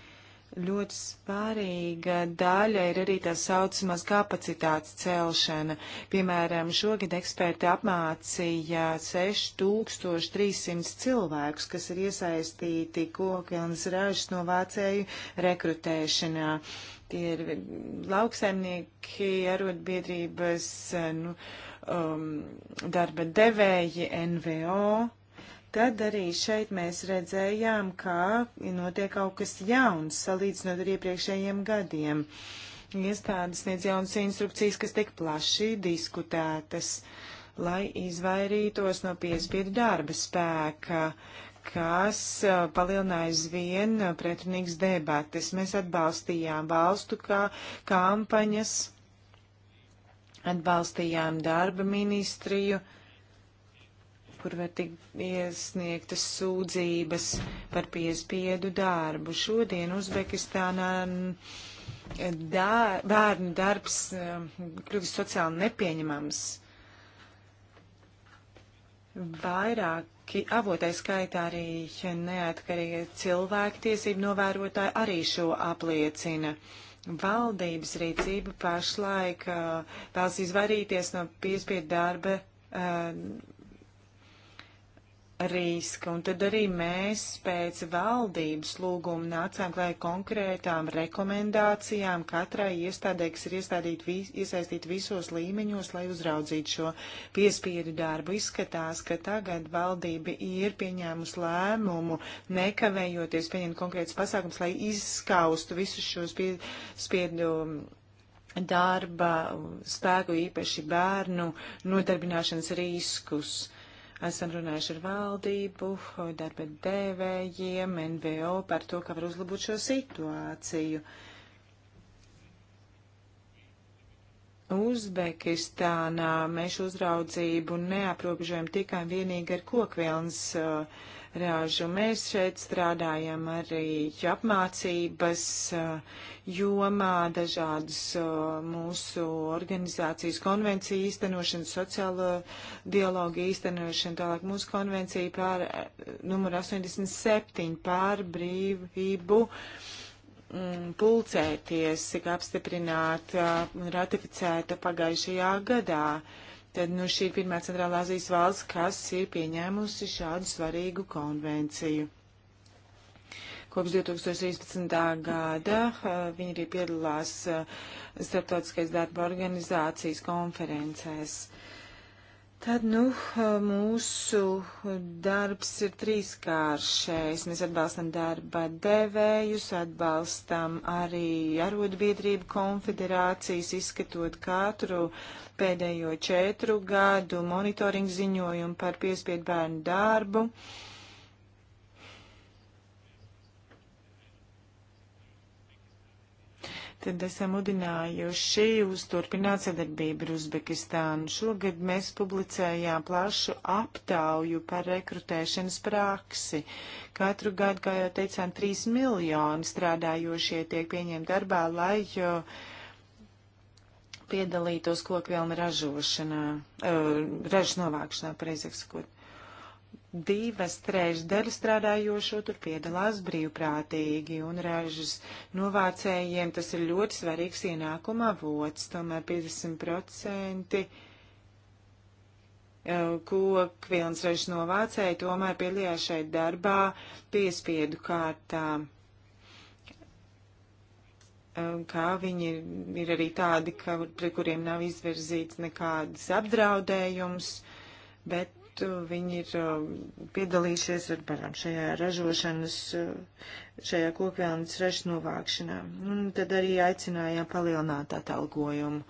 Ļoti svarīga daļa ir arī tā saucamās kapacitātes celšana. Piemēram, šogad eksperti apmācīja 6300 cilvēkus, kas ir iesaistīti kokvilnas ražas novācēju rekrutēšanā. Tie ir lauksaimnieki, arotbiedrības, nu, um, darba devēji, NVO tad arī šeit mēs redzējām, kā notiek kaut kas jauns, salīdzinot ar iepriekšējiem gadiem. Iestādes sniedz jaunas instrukcijas, kas tik plaši diskutētas, lai izvairītos no piespiedu darba spēka, kas uh, palielināja zvien uh, pretrunīgas debates. Mēs atbalstījām valstu kā kampaņas, atbalstījām darba ministriju. Uh, kur var tikt iesniegtas sūdzības par piespiedu darbu. Šodien Uzbekistānā dā, bērnu darbs kļūst sociāli nepieņemams. Vairāki avotai skaitā arī neatkarīgi cilvēktiesību novērotāji arī šo apliecina. Valdības rīcība pašlaik uh, vēlas izvairīties no piespiedu darba uh, riska, un tad arī mēs pēc valdības lūguma nācām klāj konkrētām rekomendācijām katrai iestādē, kas ir iestādīt, vis, iesaistīt visos līmeņos, lai uzraudzītu šo piespiedu darbu. Izskatās, ka tagad valdība ir pieņēmusi lēmumu, nekavējoties pieņemt konkrēts pasākums, lai izskaustu visus šos pie, spiedu um, darba spēku, īpaši bērnu nodarbināšanas riskus. Uh, Esam runājuši ar valdību, darba devējiem, NVO par to, ka var uzlabot šo situāciju. Uzbekistānā mēs uzraudzību neaprobežojam tikai vienīgi ar kokvilnas uh, ražu. Mēs šeit strādājam arī apmācības eh, jomā, dažādas eh, mūsu organizācijas konvenciju īstenošanu, sociālo dialogu īstenošanu, tālāk mūsu konvencija pār eh, numur 87 pār brīvību mm, pulcēties, tika apstiprināta un ratificēta pagājušajā gadā. Uh, tad nu, šī ir pirmā centrālā Azijas valsts, kas ir pieņēmusi šādu svarīgu konvenciju. Kopš 2013. gada uh, viņi arī piedalās uh, starptautiskais darba organizācijas konferencēs. Tad, nu, mūsu darbs ir trīskāršais. Mēs atbalstam darba devējus, atbalstam arī arotbiedrību konfederācijas, izskatot katru pēdējo četru gadu monitoringu ziņojumu par piespiedu bērnu darbu. Uh, tad esam mudinājuši uzturpināt sadarbību ar Uzbekistānu. Šogad mēs publicējām plašu aptauju par rekrutēšanas praksi. Katru gadu, kā jau teicām, 3 miljoni strādājošie tiek pieņemti darbā, lai jau piedalītos kokvielnu ražošanā, uh, ražu novākšanā, pareizāk sakot divas trešdaļas strādājošo tur piedalās brīvprātīgi, un ražas novācējiem tas ir ļoti svarīgs ienākuma avots, tomēr 50% e, kokvilnas ražas novācēji tomēr piedalījās šeit darbā piespiedu kārtā e, kā viņi ir, ir arī tādi, ka, pret kuriem nav izvirzīts nekādas apdraudējums, bet bet uh, viņi ir um, piedalījušies ar barām šajā ražošanas, uh, šajā kokvēlnes režas novākšanā. Un tad arī aicinājām palielināt atalgojumu.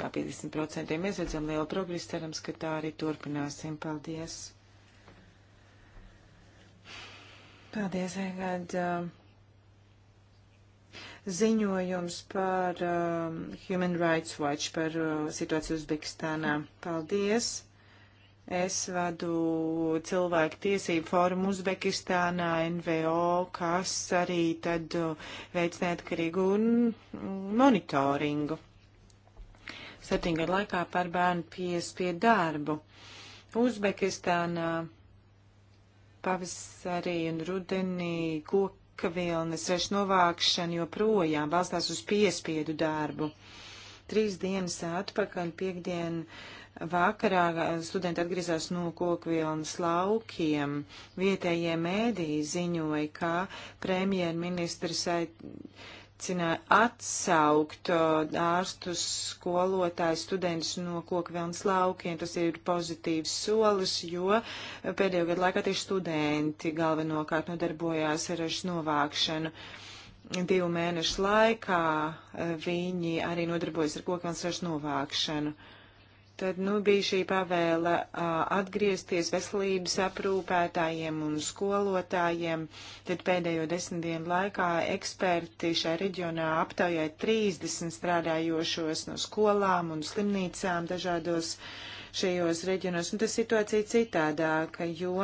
Kā 50% mēs redzam lielu progresu, cerams, ka tā arī turpināsim. Paldies! Paldies, Egad! Um, ziņojums par um, Human Rights Watch, par uh, situāciju Uzbekistānā. Paldies! Es vadu cilvēku tiesību fórumu Uzbekistānā, NVO, kas arī tad uh, veic neatkarīgu mm, monitoringu. Septiņu gadu laikā par bērnu piespiedu darbu. Uzbekistānā pavasarī un rudenī koka vilnas rešu novākšana joprojām balstās uz piespiedu darbu. Trīs dienas atpakaļ piekdienu Vakarā eh, studenti atgriezās no kokvilnas laukiem. Vietējie mēdī ziņoja, ka premjerministrs aicināja atsaukt eh, ārstus, skolotājus, studentus no kokvilnas laukiem. Tas ir pozitīvs solis, jo pēdējo gadu laikā tieši studenti galvenokārt nodarbojās ar ražu novākšanu. Divu mēnešu laikā eh, viņi arī nodarbojas ar kokvilnas ražu novākšanu. Tad nu, bija šī pavēle atgriezties veselības aprūpētājiem un skolotājiem. Tad pēdējo desmit dienu laikā eksperti šajā reģionā aptaujāja 30 strādājošos no skolām un slimnīcām dažādos šajos reģionos. Un tas situācija citādāka, jo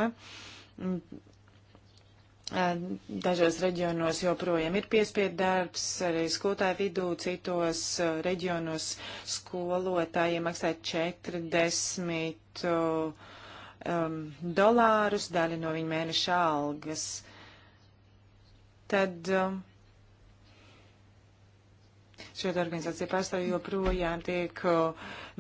Dažos reģionos joprojām ir piespiedu darbs, arī skolotāju vidū, citos reģionos skolotājiem maksā 40 um, dolārus, daļa no viņa mēneša algas. Tad um, šāda organizācija pārstāvja joprojām tiek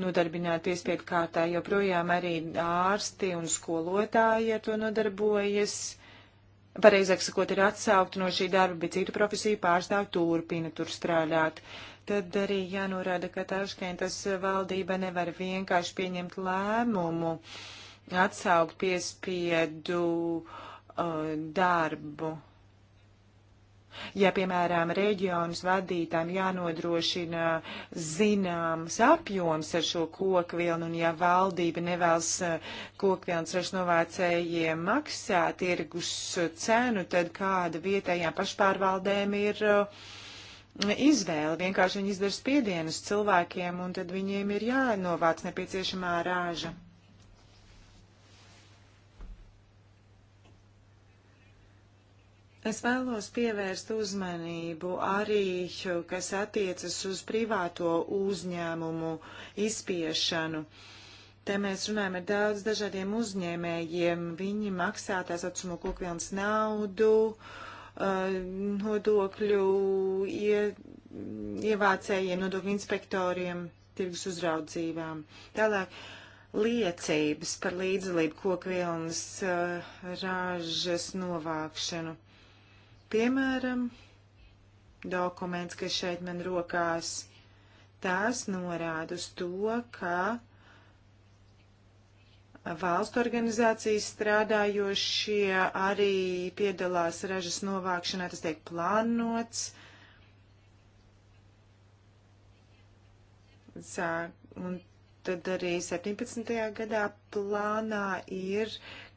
nodarbināta piespiedu kārtā, joprojām arī ārsti un skolotāji ar to nodarbojas pareizāk sakot, ir atsaukti no šī darba, bet citu profesiju pārstāv turpina tur strādāt. Tad arī jānorāda, ka Taškentas valdība nevar vienkārši pieņemt lēmumu atsaukt piespiedu uh, darbu. Ja, piemēram, reģionus vadītājiem jānodrošina zināms apjoms ar šo kokvilnu, un ja valdība nevēlas eh, kokvilnas rašnovācējiem maksāt tirgus cenu, tad kāda vietējām pašpārvaldēm ir eh, izvēle. Vienkārši viņi izdara spiedienus cilvēkiem, un tad viņiem ir jānovāc nepieciešamā rāža. Es vēlos pievērst uzmanību arī, kas attiecas uz privāto uzņēmumu izspiešanu. Te mēs runājam ar daudz dažādiem uzņēmējiem. Viņi maksā tā saucamo kokvilnas naudu, eh, nodokļu ie, ievācējiem, nodokļu inspektoriem, tirgus uzraudzībām. Tālāk liecības par līdzdalību kokvilnas eh, ražas novākšanu. Piemēram, dokuments, kas šeit man rokās, tās norāda uz to, ka valstu organizācijas strādājošie arī piedalās ražas novākšanā, tas tiek plānots. Sāk, un tad arī 17. gadā plānā ir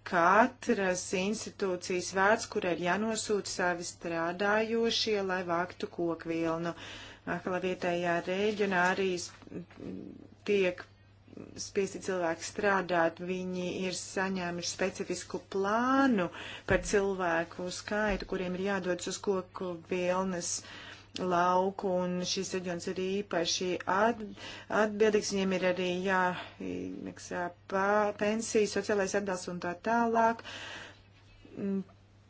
katras institūcijas vērts, kur ir jānosūta savi strādājošie, lai vāktu kokvilnu. Akla vietējā reģionā arī tiek spiesti cilvēki strādāt, viņi ir saņēmuši specifisku plānu par cilvēku skaitu, kuriem ir jādodas uz koku vilnas uh, lauku, un šis reģions ir īpaši at, atbildīgs. Viņiem ir arī jāmaksā pensijas, sociālais atbalsts un tā tālāk. Mm,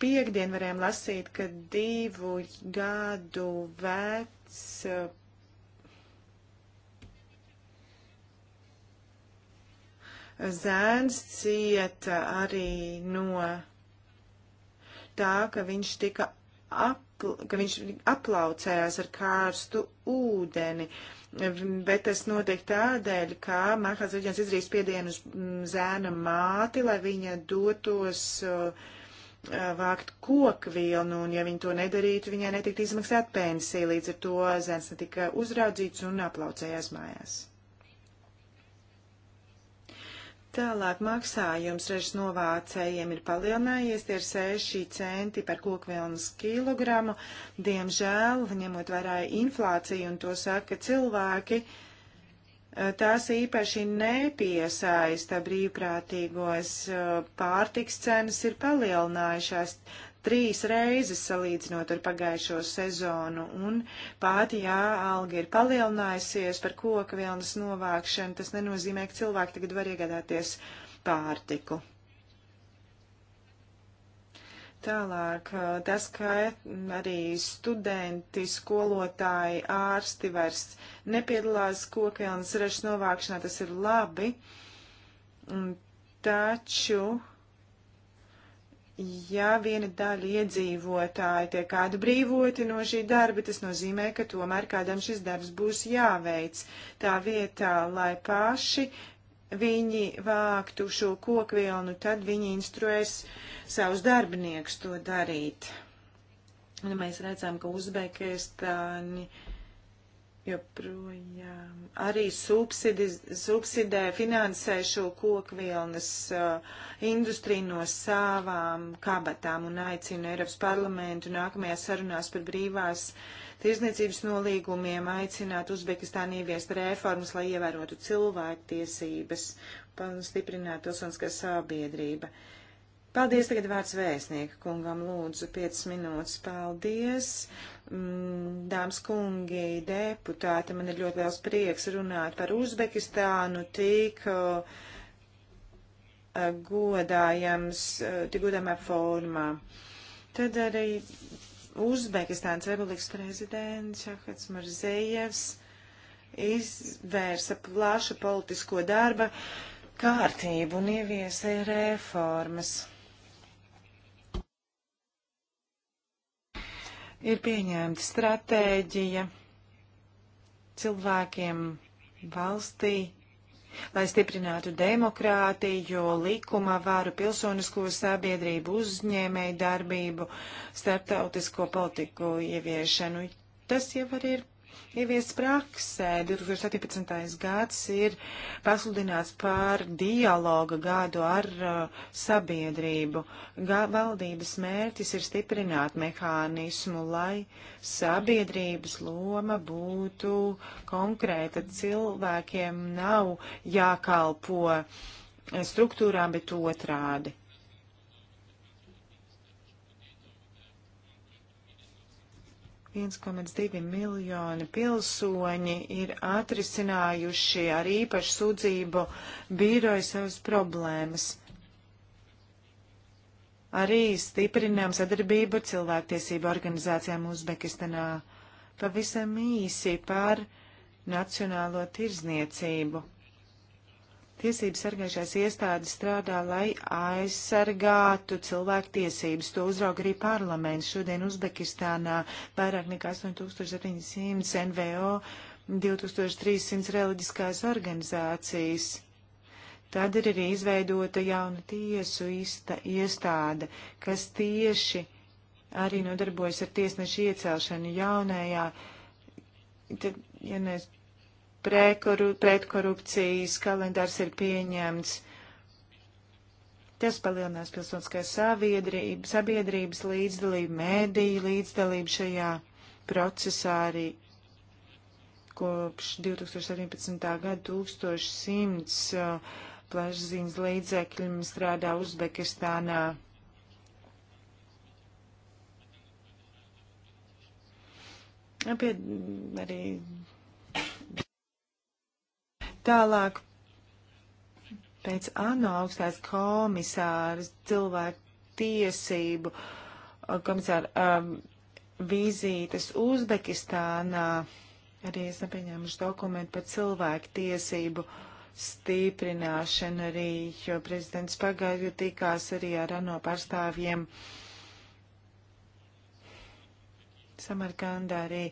Piektdien varējām lasīt, ka divu gadu vecs eh, zēns cieta arī no tā, ka viņš tika ap ka viņš aplaucējās ar kārstu ūdeni. Bet tas notiek tādēļ, ka Mahāns Viģens izdarīs piedienu uz mm, zēna māti, lai viņa dotos uh, uh vākt kokvilnu, un ja viņa to nedarītu, viņai netiktu izmaksāt pensiju, līdz ar to zēns netika uzraudzīts un aplaucējās mājās. Tālāk maksājums režas novācējiem ir palielinājies, tie ir 6 centi par kokvilnas kilogramu. Diemžēl, ņemot vērā inflāciju, un to saka cilvēki, eh, tās īpaši nepiesaista brīvprātīgos eh, pārtiks cenas ir palielinājušās trīs reizes salīdzinot ar pagājušo sezonu, un pāti, jā, alga ir palielinājusies par koka vielnas novākšanu, tas nenozīmē, ka cilvēki tagad var iegādāties pārtiku. Tālāk, tas, ka arī studenti, skolotāji, ārsti vairs nepiedalās koka vielnas ražas novākšanā, tas ir labi, taču ja viena daļa iedzīvotāji tiek kādu brīvoti no šī darba, tas nozīmē, ka tomēr kādam šis darbs būs jāveic. Tā vietā, lai paši viņi vāktu šo kokvilnu, tad viņi instruēs savus darbiniekus to darīt. Un mēs redzam, ka Uzbekistāni. Uh, joprojām arī subsidiz, subsidē finansē šo kokvilnas uh, industriju no savām kabatām un aicina Eiropas parlamentu nākamajā sarunās par brīvās tirzniecības nolīgumiem aicināt Uzbekistānu ieviest reformas, lai ievērotu cilvēktiesības un stiprinātu pilsoniskā sabiedrība. Uh, Paldies, tagad vārds vēstnieku kungam, lūdzu, 5 minūtes. Paldies, mm, dāmas kungi, deputāti, man ir ļoti liels prieks runāt par Uzbekistānu, tik uh, godājams, uh, tik godāmā formā. Tad arī Uzbekistānas republikas prezidents Šahats Marzējevs izvērsa plašu politisko darba kārtību un ieviesa reformas. ir pieņemta stratēģija cilvēkiem valstī, lai stiprinātu demokrātiju, likuma vāru, pilsonisko sabiedrību, uzņēmēju darbību, starptautisko politiku ieviešanu. Tas jau arī ir ieviests praksē. 2017. gads ir pasludināts par dialoga gadu ar uh, sabiedrību. Gā, valdības mērķis ir stiprināt mehānismu, lai sabiedrības loma būtu konkrēta. Cilvēkiem nav jākalpo struktūrām, bet otrādi 1,2 miljoni pilsoņi ir atrisinājuši ar īpašu sūdzību biroju savas problēmas. Arī stiprinām sadarbību ar cilvēktiesību organizācijām Uzbekistanā. Pavisam īsi par nacionālo tirzniecību. Tiesības sargājušās iestādes strādā, lai aizsargātu cilvēku tiesības. To uzrauga arī parlaments. Šodien Uzbekistānā vairāk nekā 8700 NVO, 2300 reliģiskās organizācijas. Tad ir arī izveidota jauna tiesu ista, iestāde, kas tieši arī nodarbojas ar tiesnešu iecelšanu jaunajā. Tad, ja nes, pretkorupcijas kalendārs ir pieņemts. Tas palielinās pilsoniskās sabiedrība, sabiedrības līdzdalību, mēdīju līdzdalību šajā procesā arī kopš 2017. gada 1100 uh, plašsaziņas līdzekļi strādā Uzbekistānā. Pie arī Tālāk pēc ANO augstās komisāras cilvēku tiesību komisāra um, vizītes Uzbekistānā arī esam pieņēmuši dokumentu par cilvēku tiesību stiprināšanu arī, jo prezidents pagaidu tikās arī ar ANO pārstāvjiem. Samarkandā arī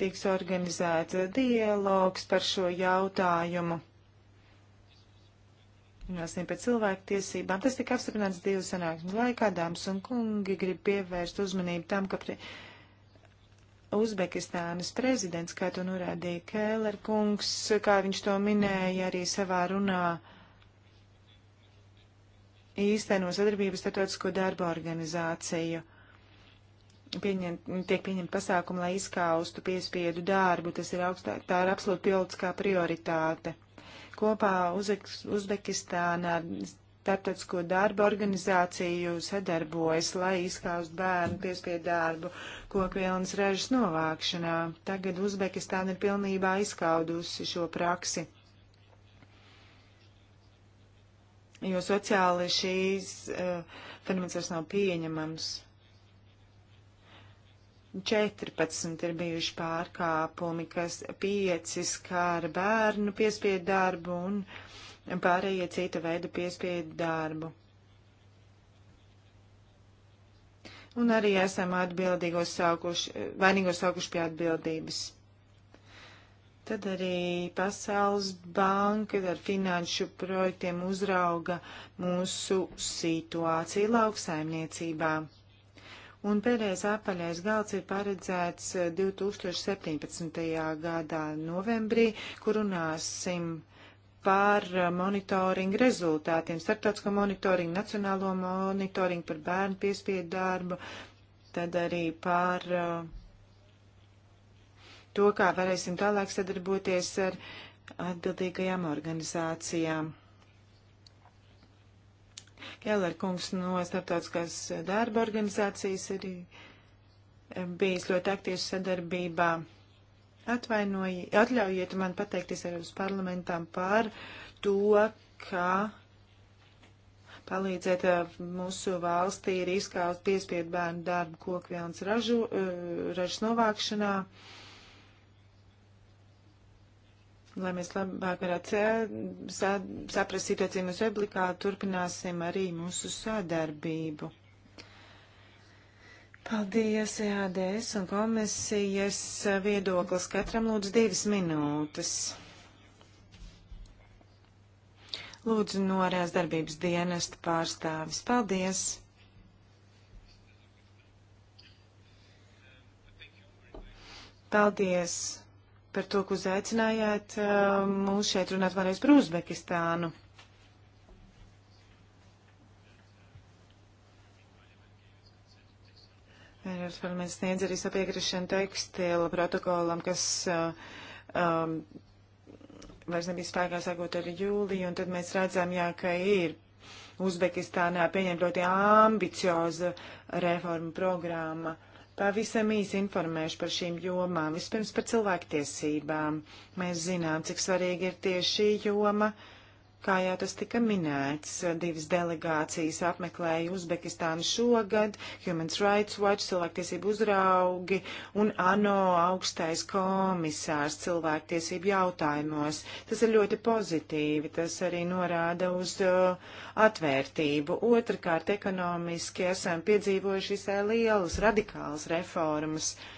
tiks organizēts dialogs par šo jautājumu. Runāsim par cilvēktiesībām. Tas tika apstiprināts divu sanāksmu laikā. Dāmas un kungi grib pievērst uzmanību tam, ka pre... Uzbekistānas prezidents, kā to norādīja Kēler kungs, kā viņš to minēja arī savā runā, īsteno sadarbības starptautisko darba organizāciju. Uh, pieņem, tiek pieņemti pasākumi, lai izskaustu piespiedu darbu. Tas ir augstā, tā ir absolūti pilotiskā prioritāte. Kopā Uzbeks, Uzbekistāna ar Startautisko darba organizāciju sadarbojas, lai izskaustu bērnu piespiedu darbu kokvilnas ražas novākšanā. Tagad Uzbekistāna ir pilnībā izskaudusi šo praksi. Jo sociāli šīs uh, fenomens vairs nav pieņemams. 14 ir bijuši pārkāpumi, kas 5 skāra bērnu piespiedu darbu un pārējie cita veida piespiedu darbu. Un arī esam atbildīgos saukuši, vainīgos saukuši pie atbildības. Tad arī Pasaules banka ar finanšu projektiem uzrauga mūsu situāciju lauksaimniecībā. Un pēdējais apaļais galds ir paredzēts 2017. Eh, gadā novembrī, kur runāsim par eh, monitoringu rezultātiem, starptautisko monitoringu, nacionālo monitoringu par bērnu piespiedu darbu, tad arī par eh, to, kā varēsim tālāk sadarboties ar atbildīgajām organizācijām. Keller kungs no starptautiskās darba organizācijas arī bijis ļoti aktīvs sadarbībā. Atvainoji, atļaujiet man pateikties Eiropas parlamentām par to, ka palīdzēt eh, mūsu valstī ir izkaust piespiedu bērnu darbu kokvilnas ražu, eh, ražas novākšanā. Uh, lai mēs labāk varētu sa, saprast situāciju mūsu republikā, turpināsim arī mūsu sadarbību. Paldies, EADS un komisijas viedoklis. Katram lūdzu divas minūtes. Lūdzu, norēs darbības dienesta pārstāvis. Paldies! Paldies! par to, ka uzaicinājāt um, mūs šeit runāt vēlreiz par Uzbekistānu. Eiropas parlaments sniedz arī sapiekrišanu tekstila protokolam, kas uh, um, vairs nebija spēkā sākot ar jūliju, un tad mēs redzam, jā, ka ir Uzbekistānā pieņemta ļoti ambicioza reforma programma. Uh, Pavisam īsi informēšu par šīm jomām. Vispirms par cilvēktiesībām. Mēs zinām, cik svarīgi ir tieši šī joma. Uh, Kā jau tas tika minēts, divas delegācijas apmeklēja Uzbekistānu šogad, Human Rights Watch, cilvēktiesību uzraugi un ANO augstais komisārs cilvēktiesību jautājumos. Tas ir ļoti pozitīvi, tas arī norāda uz uh, atvērtību. Otrakārt, ekonomiski esam piedzīvojuši visai lielas radikālas reformas. Uh,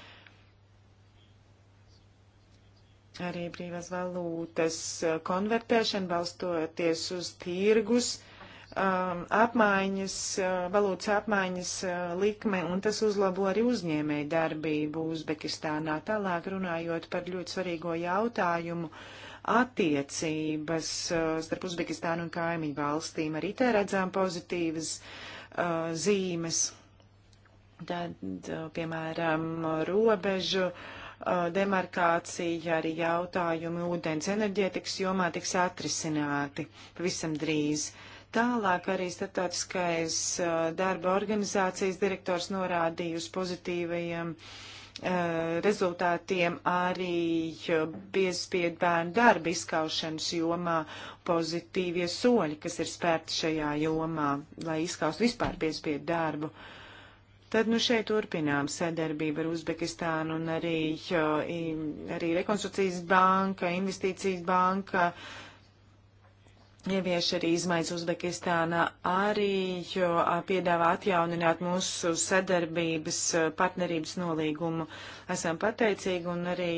Arī brīvās valūtas eh, konvertēšana balstoties uz tirgus um, apmaiņas, eh, valūtas apmaiņas eh, likme, un tas uzlabo arī uzņēmēju darbību Uzbekistānā. Tālāk runājot par ļoti svarīgo jautājumu attiecības starp Uzbekistānu un kaimiņu valstīm. Arī te redzām pozitīvas uh, zīmes. Tad, piemēram, robežu uh, demarkācija, arī jautājumi ūdens enerģētikas jomā tiks atrisināti pavisam drīz. Tālāk arī starptautiskais darba organizācijas direktors norādīja uz pozitīvajiem rezultātiem arī piespiedu bērnu darba izkaušanas jomā pozitīvie soļi, kas ir spērti šajā jomā, lai izskaustu vispār piespiedu darbu. Uh, Tad nu šeit turpinām sadarbību ar Uzbekistānu un arī, arī Rekonstrukcijas banka, Investīcijas banka, uh, ievieš arī izmaiņas Uzbekistānā, arī piedāvā atjaunināt mūsu sadarbības partnerības nolīgumu. Esam pateicīgi un arī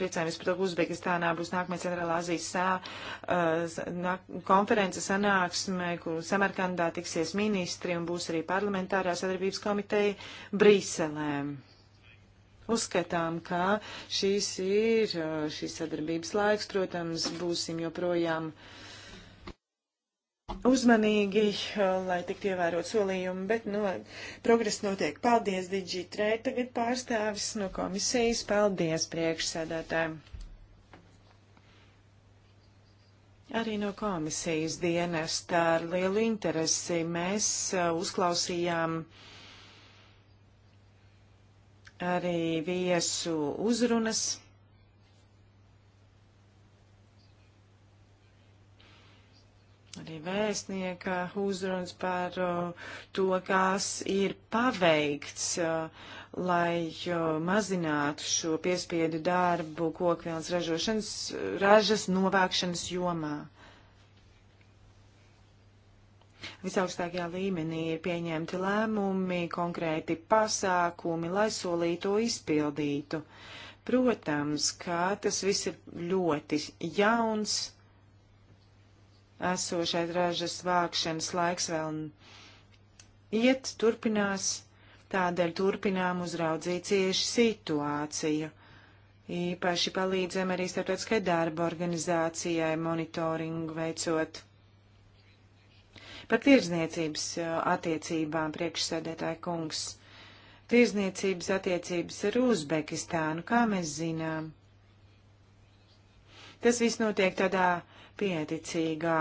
priecājamies par to, ka Uzbekistānā būs nākamais Centrālā Azijas sā, nā, konference sanāksme, kur Samarkandā tiksies ministri un būs arī parlamentārā sadarbības komiteja Brīselē. Uzskatām, ka šīs ir šīs sadarbības laiks, protams, būsim joprojām uh, uzmanīgi, eh, lai tiktu ievērot solījumi, bet, nu, progress notiek. Paldies, Digitrade, tagad pārstāvis no komisijas. Paldies priekšsēdētājiem. Arī no komisijas dienesta ar lielu interesi mēs eh, uzklausījām arī viesu uzrunas arī vēstnieka uzrunas par uh, to, kas ir paveikts, uh, lai uh, mazinātu šo piespiedu darbu kokvilnas ražošanas, ražas novākšanas jomā visaugstākajā līmenī ir pieņemti lēmumi, konkrēti pasākumi, lai solīto izpildītu. Protams, kā tas viss ir ļoti jauns, esošais ražas vākšanas laiks vēl iet, turpinās, tādēļ turpinām uzraudzīt cieši situāciju. Īpaši palīdzam arī starptautiskai darba organizācijai monitoringu veicot. Par tirzniecības attiecībām priekšsēdētāja kungs. Tirzniecības attiecības ar Uzbekistānu, kā mēs zinām. Tas viss notiek tādā uh, pieticīgā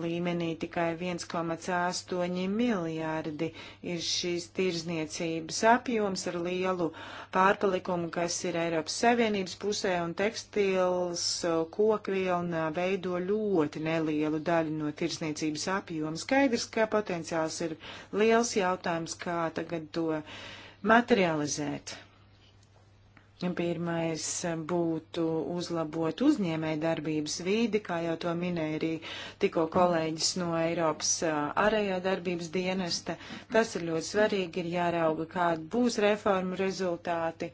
līmenī tikai 1,8 miljārdi ir šīs tirzniecības apjoms ar lielu pārpalikumu, kas ir Eiropas Savienības pusē, un tekstils kokvilna veido ļoti nelielu daļu no tirzniecības apjoma. Skaidrs, ka potenciāls ir liels jautājums, kā tagad to materializēt. Pirmais eh, būtu uzlabot uzņēmēju darbības vīdi, kā jau to minēja arī tikko kolēģis no Eiropas eh, ārējā darbības dienesta. Tas ir ļoti svarīgi, ir jārauga, kāda būs reformu rezultāti,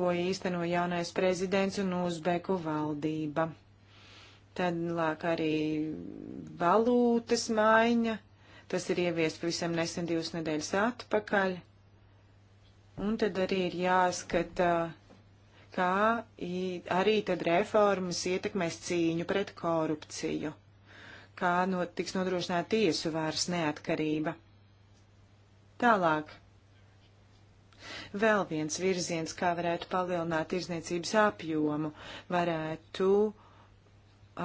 ko īsteno jaunais prezidents un uzbeku valdība. Tad lāk arī valūtas maiņa. Tas ir ieviest pavisam nesen divas nedēļas atpakaļ Un tad arī ir jāskata, kā arī tad reformas ietekmēs cīņu pret korupciju, kā no, tiks nodrošināta tiesu vairs neatkarība. Tālāk. Vēl viens virziens, kā varētu palielināt tirzniecības apjomu, varētu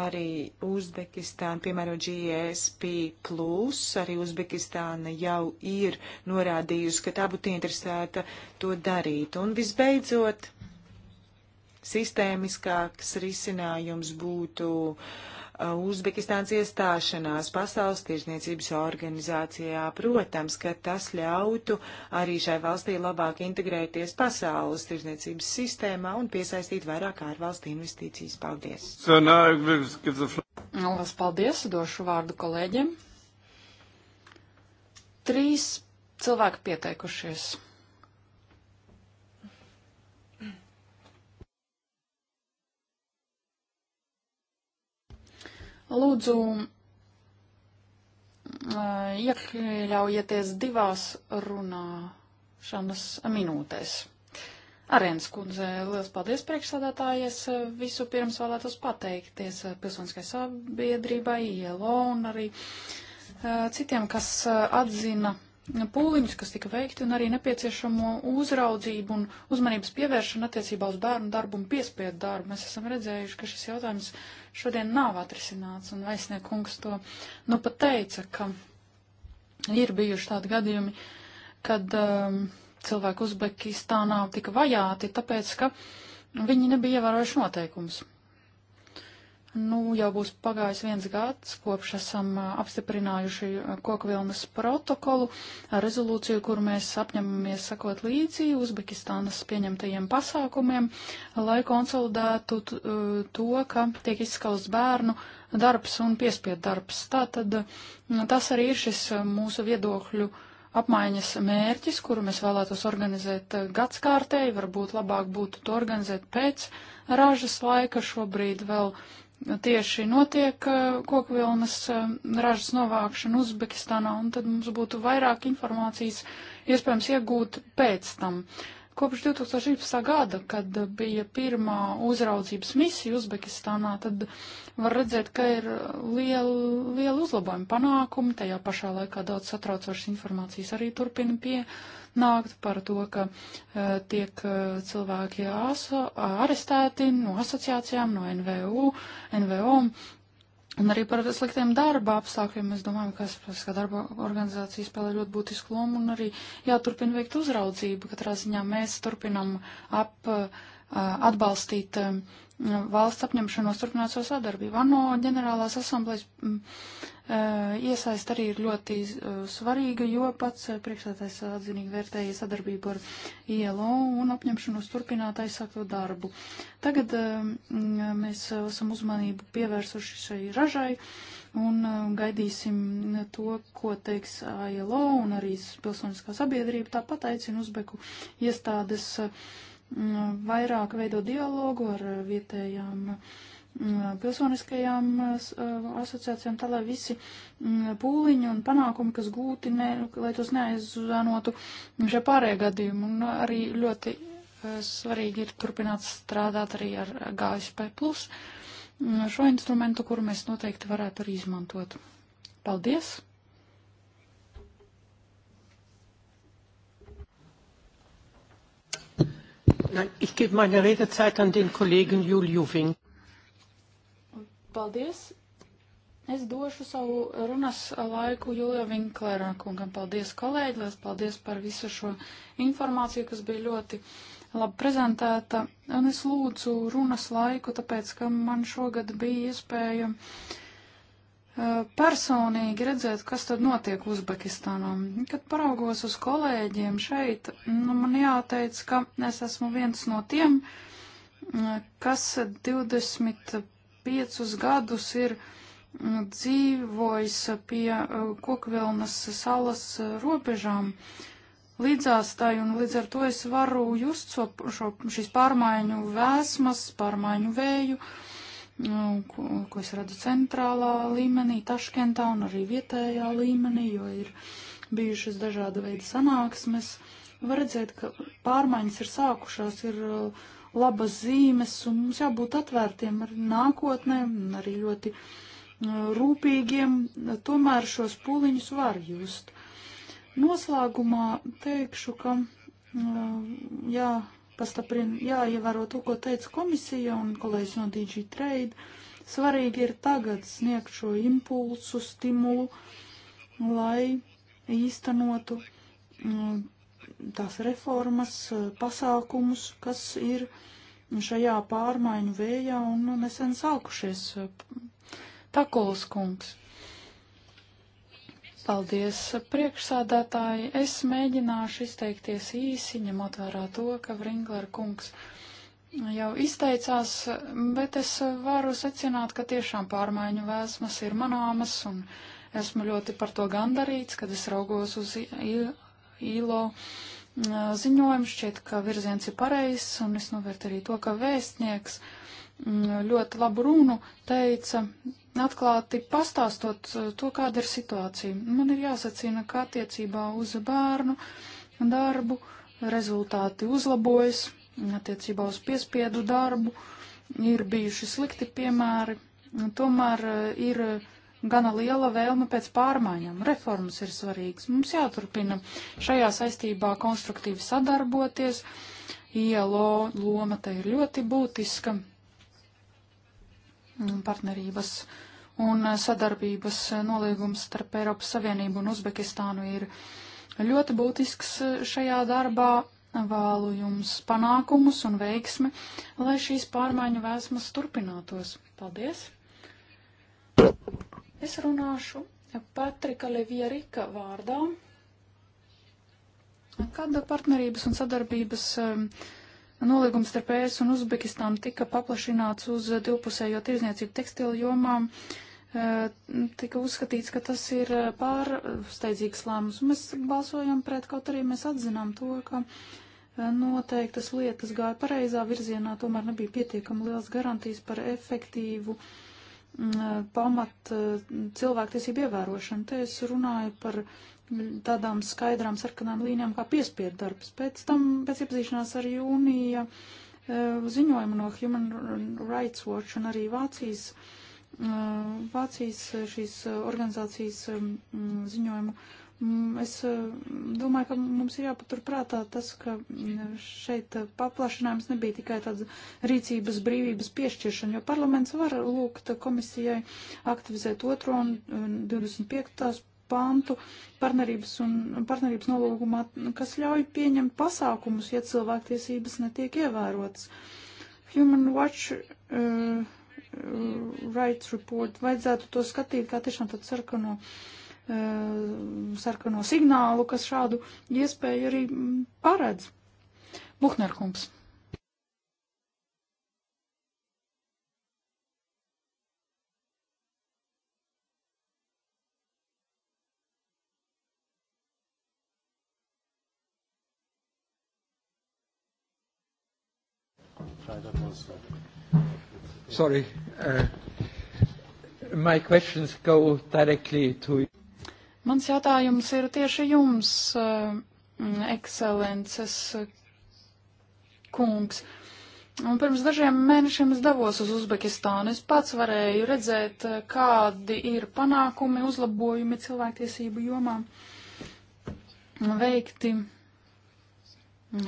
arī Uzbekistāna, piemēram, GSP, plus, arī Uzbekistāna jau ir norādījusi, ka tā būtu interesēta to darīt. Un visbeidzot, sistēmiskāks risinājums būtu Uzbekistāns iestāšanās Pasaules tirzniecības organizācijā. Protams, ka tas ļautu arī šai valstī labāk integrēties pasaules tirzniecības sistēmā un piesaistīt vairāk ārvalstu investīcijas. Paldies! So Lielas paldies! Došu vārdu kolēģiem. Trīs cilvēki pieteikušies. Lūdzu, iekļaujieties divās runāšanas minūtēs. Arēnas kundze, liels paldies priekšsādātājies. Visu pirms vēlētos pateikties pilsoniskai sabiedrībai, ILO un arī citiem, kas atzina pūliņus, kas tika veikti, un arī nepieciešamo uzraudzību un uzmanības pievēršanu attiecībā uz bērnu darbu un piespiedu darbu. Mēs esam redzējuši, ka šis jautājums šodien nav atrisināts, un Vaisniekungs to nu pat teica, ka ir bijuši tādi gadījumi, kad um, cilvēki Uzbekistānā tika vajāti, tāpēc, ka viņi nebija ievērojuši noteikumus. Nu, jau būs pagājis viens gads, kopš esam apstiprinājuši kokvilnas protokolu, rezolūciju, kur mēs apņemamies sakot līdzi Uzbekistānas pieņemtajiem pasākumiem, lai konsolidētu to, ka tiek izskausts bērnu darbs un piespied darbs. Tātad tas arī ir šis mūsu viedokļu apmaiņas mērķis, kuru mēs vēlētos organizēt gadskārtēji, varbūt labāk būtu to organizēt pēc ražas laika. Šobrīd vēl Nu, tieši notiek eh, koku vilnas eh, ražas novākšana Uzbekistānā, un tad mums būtu vairāk informācijas iespējams iegūt pēc tam. Kopš 2016. gada, kad bija pirmā uzraudzības misija Uzbekistānā, tad var redzēt, ka ir liela, liela uzlabojuma panākumi, tajā pašā laikā daudz satraucošas informācijas arī turpina pie, uh, nākt, par to, ka eh, tiek eh, cilvēki aso, arestēti no asociācijām, no NVU, NVO. Un arī par sliktiem darba apstākļiem mēs domājam, ka starptautiskā darba organizācija spēlē ļoti būtisku lomu un arī jāturpina veikt uzraudzību. Katrā ziņā mēs turpinam ap, eh, atbalstīt uh, valsts apņemšanos turpināt savu sadarbību. ANO ģenerālās asamblejas mm, e, iesaist arī ir ļoti e, svarīga, jo pats e, priekšsētājs atzinīgi vērtēja sadarbību ar ILO un apņemšanos turpināt aizsākto darbu. Tagad mēs esam uzmanību pievērsuši šai ražai un gaidīsim to, ko teiks ILO un arī pilsoniskā sabiedrība. Tāpat aicinu uzbeku iestādes. Ja Nu, vairāk veidot dialogu ar vietējām mm, pilsoniskajām asociācijām, tā lai visi mm, pūliņi un panākumi, kas gūti, ne, lai tos neaizzanotu šie pārējie gadījumi. Un arī ļoti svarīgi ir turpināt strādāt arī ar GSP plus mm, šo instrumentu, kuru mēs noteikti varētu arī izmantot. Paldies! Nein, ich gebe meine Redezeit an den Kollegen Jul Juving. Paldies. Es došu savu runas laiku Julija Vinklera kungam. Paldies, kolēģi, liels paldies par visu šo informāciju, kas bija ļoti labi prezentēta. Un es lūdzu runas laiku, tāpēc, ka man šogad bija iespēja uh, Eh, personīgi redzēt, kas tad notiek Uzbekistānā. Kad paraugos uz kolēģiem šeit, nu, man jāteic, ka es esmu viens no tiem, eh, kas 25 gadus ir mm, dzīvojis pie eh, kokvilnas salas robežām līdzās tai, un līdz ar to es varu just šo, šo, šīs pārmaiņu vēsmas, pārmaiņu vēju. Uh, Nu, ko, ko es redzu centrālā līmenī, Taškentā un arī vietējā līmenī, jo ir bijušas dažāda veida sanāksmes. Var redzēt, ka pārmaiņas ir sākušās, ir uh, labas zīmes, un mums jābūt atvērtiem ar nākotnē, arī ļoti uh, rūpīgiem. Tomēr šos pūliņus var just. Noslēgumā teikšu, ka uh, jā, pastaprina jāievēro to, ko teica komisija un kolēģis no DG Trade. Svarīgi ir tagad sniegt šo impulsu, stimulu, lai īstenotu mm, tās reformas, pasākumus, kas ir šajā pārmaiņu vējā un nesen sākušies. Takols kungs. Paldies, priekšsādātāji. Es mēģināšu izteikties īsi, ņemot vērā to, ka Vringler kungs jau izteicās, bet es varu secināt, ka tiešām pārmaiņu vēsmas ir manāmas, un esmu ļoti par to gandarīts, kad es raugos uz īlo ziņojumu. Šķiet, ka virziens ir pareizs, un es novērtu arī to, ka vēstnieks ļoti labu runu teica atklāti pastāstot eh, to, kāda ir situācija. Man ir jāsacina, ka attiecībā uz bērnu darbu rezultāti uzlabojas, attiecībā uz piespiedu darbu ir bijuši slikti piemēri, tomēr eh, ir gana liela vēlme pēc pārmaiņām. Reformas ir svarīgas. Mums jāturpina šajā saistībā konstruktīvi sadarboties. ILO loma te ir ļoti būtiska. Partnerības uh, un sadarbības nolīgums starp Eiropas Savienību un Uzbekistānu ir ļoti būtisks šajā darbā. Vēlu jums panākumus un veiksmi, lai šīs pārmaiņu vēsmas turpinātos. Paldies! Es runāšu Patrika Levierika vārdā. Kāda partnerības un sadarbības um, Nolīgums starp ES un Uzbekistānu tika paplašināts uz divpusējo tirzniecību tekstilu jomām Eh, tika uzskatīts, ka tas ir eh, pārsteidzīgs lēmums. Mēs balsojam pret, kaut arī mēs atzinām to, ka eh, noteiktas lietas gāja pareizā virzienā, tomēr nebija pietiekami liels garantijas par efektīvu mm, pamat cilvēktiesību ievērošanu. Te es runāju par mm, tādām skaidrām sarkanām līnijām kā piespiedu darbs. Pēc tam, pēc iepazīšanās ar jūnija ziņojumu no Human Rights Watch un arī Vācijas uh, Vācijas šīs organizācijas ziņojumu. Es domāju, ka mums ir jāpaturprātā tas, ka šeit paplašinājums nebija tikai tāds rīcības brīvības piešķiršana, jo parlaments var lūgt komisijai aktivizēt otro un 25 pantu partnerības, un, partnerības nolūgumā, kas ļauj pieņemt pasākumus, ja cilvēktiesības netiek ievērotas. Human Watch uh, Uh, rights Report, vajadzētu to skatīt kā tiešām tādu sarkano, uh, sarkano signālu, kas šādu iespēju arī mm, paredz. Buhnerkungs. Freitag muss. Sorry. Uh, my questions go directly to. Mans jautājums ir tieši jums, uh, ekscelences kungs. Un pirms dažiem mēnešiem es devos uz Uzbekistānu. Es pats varēju redzēt, uh, kādi ir panākumi, uzlabojumi cilvēktiesību jomā veikti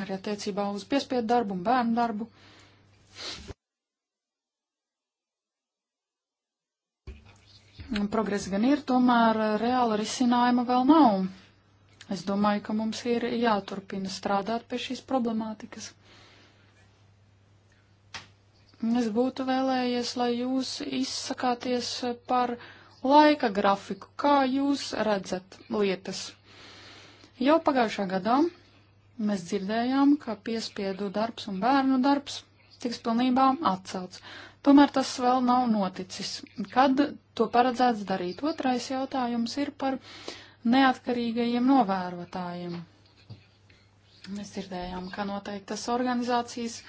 arī attiecībā uz piespiedu darbu un bērnu darbu. progress gan ir, tomēr reāla risinājuma vēl nav. Es domāju, ka mums ir jāturpina strādāt pie šīs problemātikas. Es būtu vēlējies, lai jūs izsakāties par laika grafiku, kā jūs redzat lietas. Jau pagājušā gadā mēs dzirdējām, ka piespiedu darbs un bērnu darbs tiks pilnībā atcelts. Tomēr tas vēl nav noticis. Kad to paredzēts darīt? Otrais jautājums ir par neatkarīgajiem novērotājiem. Mēs dzirdējām, ka noteiktas organizācijas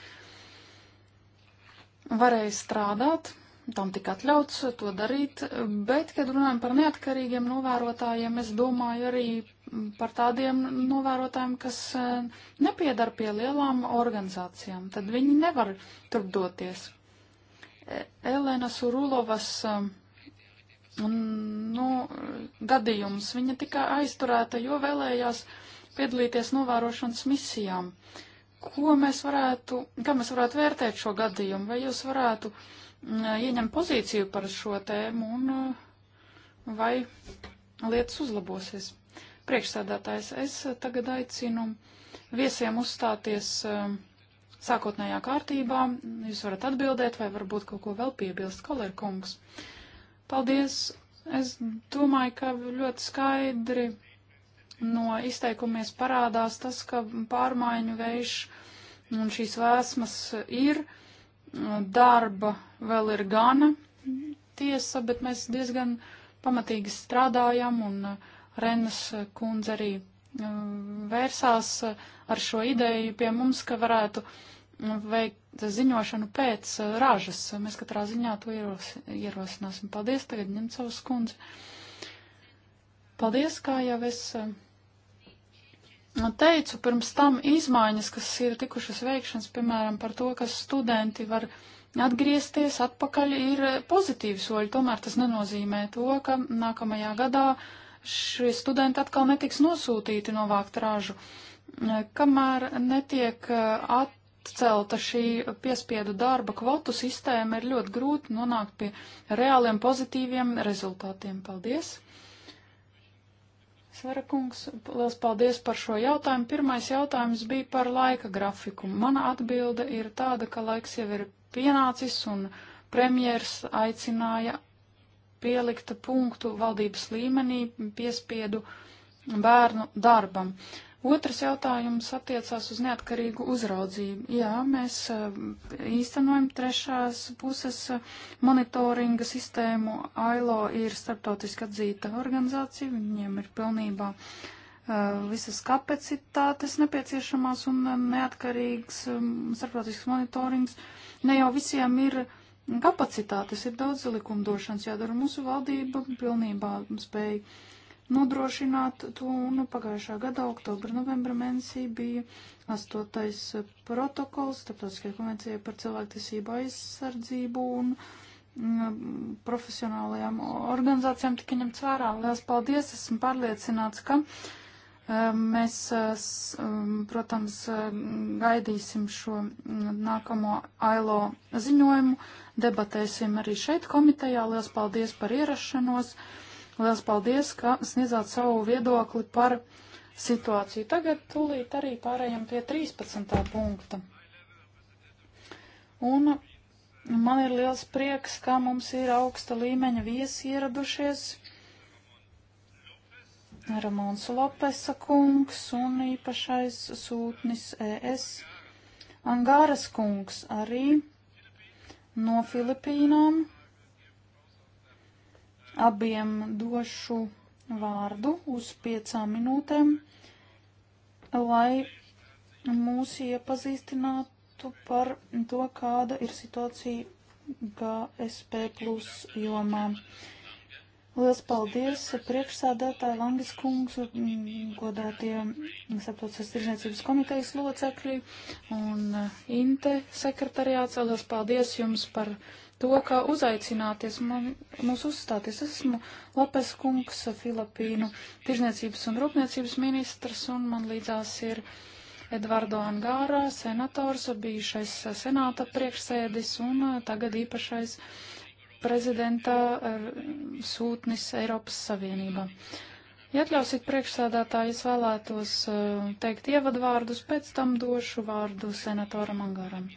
varēja strādāt, tam tika atļauts to darīt, bet, kad runājam par neatkarīgiem novērotājiem, es domāju arī par tādiem novērotājiem, kas eh, nepiedar pie lielām organizācijām, tad viņi nevar tur doties. Elēnas Urulovas um, nu, gadījums. Viņa tika aizturēta, jo vēlējās piedalīties novērošanas misijām. Ko mēs varētu, kā mēs varētu vērtēt šo gadījumu? Vai jūs varētu mm, ieņemt pozīciju par šo tēmu un uh, vai lietas uzlabosies? Priekšsēdētājs, es tagad aicinu viesiem uzstāties um, sākotnējā kārtībā. Jūs varat atbildēt vai varbūt kaut ko vēl piebilst, kolerkungs. Paldies! Es domāju, ka ļoti skaidri no izteikumies parādās tas, ka pārmaiņu vējš un šīs vēsmas ir, darba vēl ir gana tiesa, bet mēs diezgan pamatīgi strādājam un Renas kundze arī Ehm, vērsās eh, ar šo ideju pie mums, ka varētu mm, veikt ziņošanu pēc eh, ražas. Mēs katrā ziņā to ieros, ierosināsim. Paldies, tagad ņemt savu skundzi. Paldies, kā jau es eh, teicu, pirms tam izmaiņas, kas ir tikušas veikšanas, piemēram, par to, ka studenti var atgriezties atpakaļ, ir pozitīvi soļi. Tomēr tas nenozīmē to, ka nākamajā gadā uh, šie studenti atkal netiks nosūtīti novākt ražu. E, kamēr netiek e, atcelta šī piespiedu darba kvotu sistēma, ir ļoti grūti nonākt pie reāliem pozitīviem rezultātiem. Paldies! Svarakungs, liels paldies par šo jautājumu. Pirmais jautājums bija par laika grafiku. Mana atbilde ir tāda, ka laiks jau ir pienācis un premjers aicināja pielikta punktu valdības līmenī piespiedu bērnu darbam. Otrs jautājums attiecās uz neatkarīgu uzraudzību. Jā, mēs eh, īstenojam trešās puses eh, monitoringa sistēmu. AILO ir starptautiski atzīta organizācija, viņiem ir pilnībā eh, visas kapacitātes nepieciešamās un neatkarīgs starptautisks monitorings. Ne jau visiem ir uh, kapacitātes, ir daudz likumdošanas jādara. Mūsu valdība pilnībā spēja nodrošināt to, un pagājušā gada oktobra, novembra mēnesī bija astotais protokols starptautiskajai konvencijai par cilvēktiesību aizsardzību un mm, profesionālajām organizācijām tika ņemts vērā. Lielas paldies, esmu pārliecināts, ka uh, Mēs, eh, protams, gaidīsim šo mm, nākamo ailo ziņojumu, debatēsim arī šeit komitejā. Lielas paldies par ierašanos, lielas paldies, ka sniedzāt savu viedokli par situāciju. Tagad tūlīt arī pārējām pie 13. punkta. Un man ir liels prieks, ka mums ir augsta līmeņa viesi ieradušies Ramons Lopesa kungs un īpašais sūtnis ES. Angāras kungs arī no Filipīnām. Abiem došu vārdu uz piecām minūtēm, lai mūs iepazīstinātu par to, kāda ir situācija GSP plus jomā. Uh, Lielas paldies priekšsādātāji Langis kungs, mm, godātie starptautiskās tirzniecības komitejas locekļi un eh, INTE sekretariāts. Lielas paldies jums par to, kā uzaicināties man, mūs uzstāties. Esmu Lapes kungs, Filipīnu tirzniecības un rūpniecības ministrs, un man līdzās ir Edvardo Angārā, senators, bijušais senāta priekšsēdis un eh, tagad īpašais prezidenta eh, sūtnis Eiropas Savienībā. Ja atļausiet priekšsēdētāji, es vēlētos eh, teikt ievadvārdus, pēc tam došu vārdu senatoram Angaram.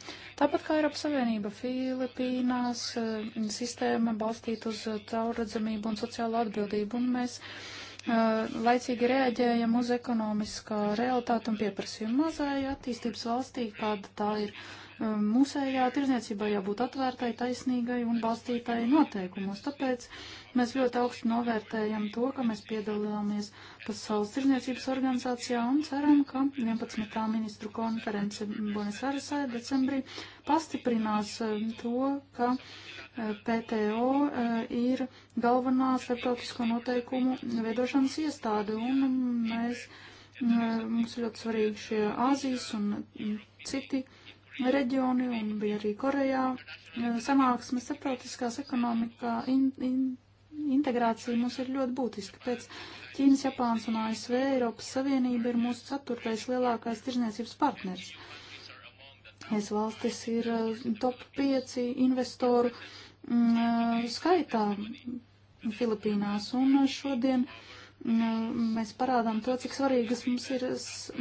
Tāpat kā Eiropas Savienība Filipīnās, eh, sistēma balstīta uz caurredzamību un sociālo atbildību, un mēs laicīgi reaģējam uz ekonomiskā realitāte un pieprasījumu mazai attīstības valstī, kāda tā ir Mūsējā tirzniecībai jābūt atvērtai, taisnīgai un balstītai noteikumos. Tāpēc mēs ļoti augstu novērtējam to, ka mēs piedalāmies Pasaules tirzniecības organizācijā un ceram, ka 11. ministru konference Buenos Airesē decembrī pastiprinās eh, to, ka eh, PTO eh, ir galvenā starptautisko noteikumu veidošanas iestāde, un mēs, mums ir ļoti svarīgi šie Āzijas un mm, citi reģioni un bija arī Korejā sanāksme starptautiskās ekonomikā in, in, integrācija mums ir ļoti būtiska. Pēc Ķīnas, Japānas un ASV Eiropas Savienība ir mūsu ceturtais lielākais tirzniecības partners. Es valstis ir uh, top 5 investoru m, mm, uh, skaitā Filipīnās un uh, šodien m, mm, mēs parādām to, cik svarīgas mums ir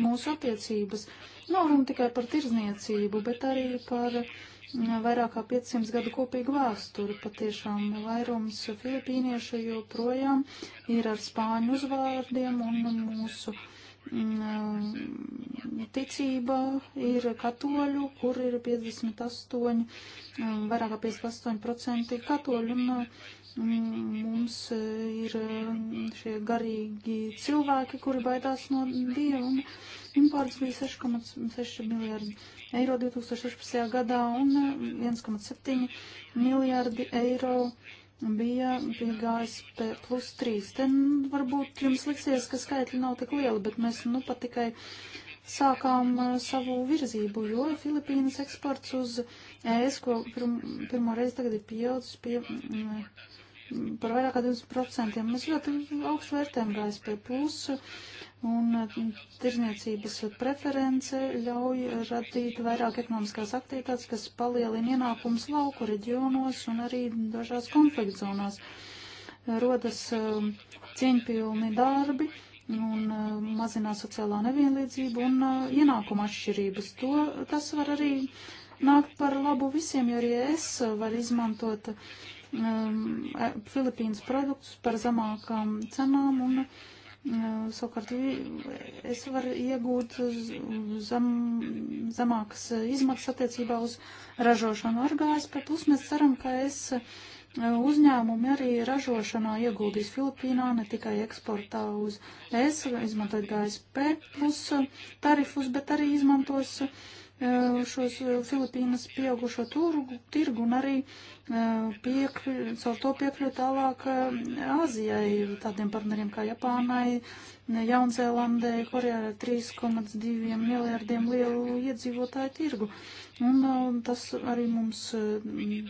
mūsu attiecības. Uh, Nav runa tikai par tirzniecību, bet arī par mm, vairāk kā 500 gadu kopīgu vēsturi. Patiešām vairums filipīniešu joprojām ir ar spāņu uzvārdiem un mūsu mm, ticība ir katoļu, kur ir 58, mm, vairāk kā 58% katoļu, un Mums e, ir e, šie garīgi cilvēki, kuri baidās no Dieva, un imports bija 6,6 miljardi eiro 2016. gadā, un 1,7 e, miljardi eiro bija pie GSP plus 3. Ten varbūt jums liksies, ka skaitļi nav tik lieli, bet mēs nu pat tikai sākām savu virzību, jo Filipīnas eksports uz ES, ko pirm, pirmo reizi tagad ir pieaudzis pie par vairāk kā 20%. Mēs ļoti augstu vērtējam GSP plusu un mm, tirzniecības preference ļauj radīt vairāk ekonomiskās aktivitātes, kas palielina ienākums lauku reģionos un arī dažās konflikta zonās. Rodas mm, cieņpilni darbi un mm, mazinās sociālā nevienlīdzība un ienākuma atšķirības. To, tas var arī nākt par labu visiem, jo arī es varu izmantot uh, um, Filipīnas produktus par zamākām cenām un um, savukārt es varu iegūt zem, zemākas izmaksas attiecībā uz ražošanu ar gāzi, bet plus mēs ceram, ka es uh, uzņēmumi arī ražošanā ieguldīs Filipīnā, ne tikai eksportā uz ES, izmantot GSP plus tarifus, bet arī izmantos uh, šos Filipīnas pieaugušo turgu, tirgu un arī piekļu, caur to piekļūt tālāk eh, Āzijai, tādiem partneriem kā Japānai, Jaunzēlandē, Korejā ar 3,2 miljārdiem lielu iedzīvotāju tirgu. Un, un eh, tas arī mums eh,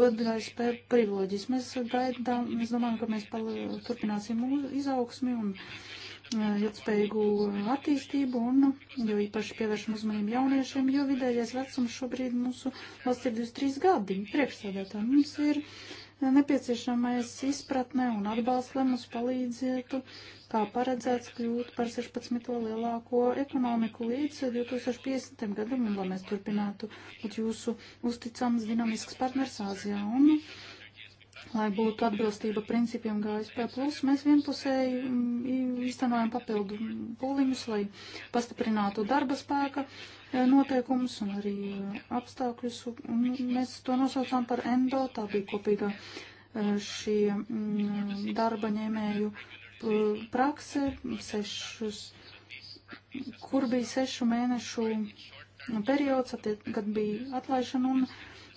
dod gaisa priviloģijas. Mēs gaidām, mēs domājam, ka mēs pal, turpināsim izaugsmi un. Uh, ilgspējīgu attīstību un jo īpaši pievēršam uzmanību jauniešiem, jo vidējais vecums šobrīd mūsu valsts ir 23 gadi priekšsēdētā. Mums ir nepieciešamais izpratne un atbalsts, lai mums palīdzētu, kā paredzēts, kļūt par 16. lielāko ekonomiku līdz 2050. gadam, un lai mēs turpinātu būt jūsu uzticams dinamisks partners Āzijā. Un, lai būtu atbilstība principiem GSP. Plus mēs vienpusēji mm, īstenojam papildu pūliņus, lai pastiprinātu darba spēka e, noteikumus un arī e, apstākļus. Un mēs to nosaucām par ENDO, tā bija kopīga e, šī mm, darba ņēmēju prakse, sešus, kur bija sešu mēnešu periods, kad bija atlaišana un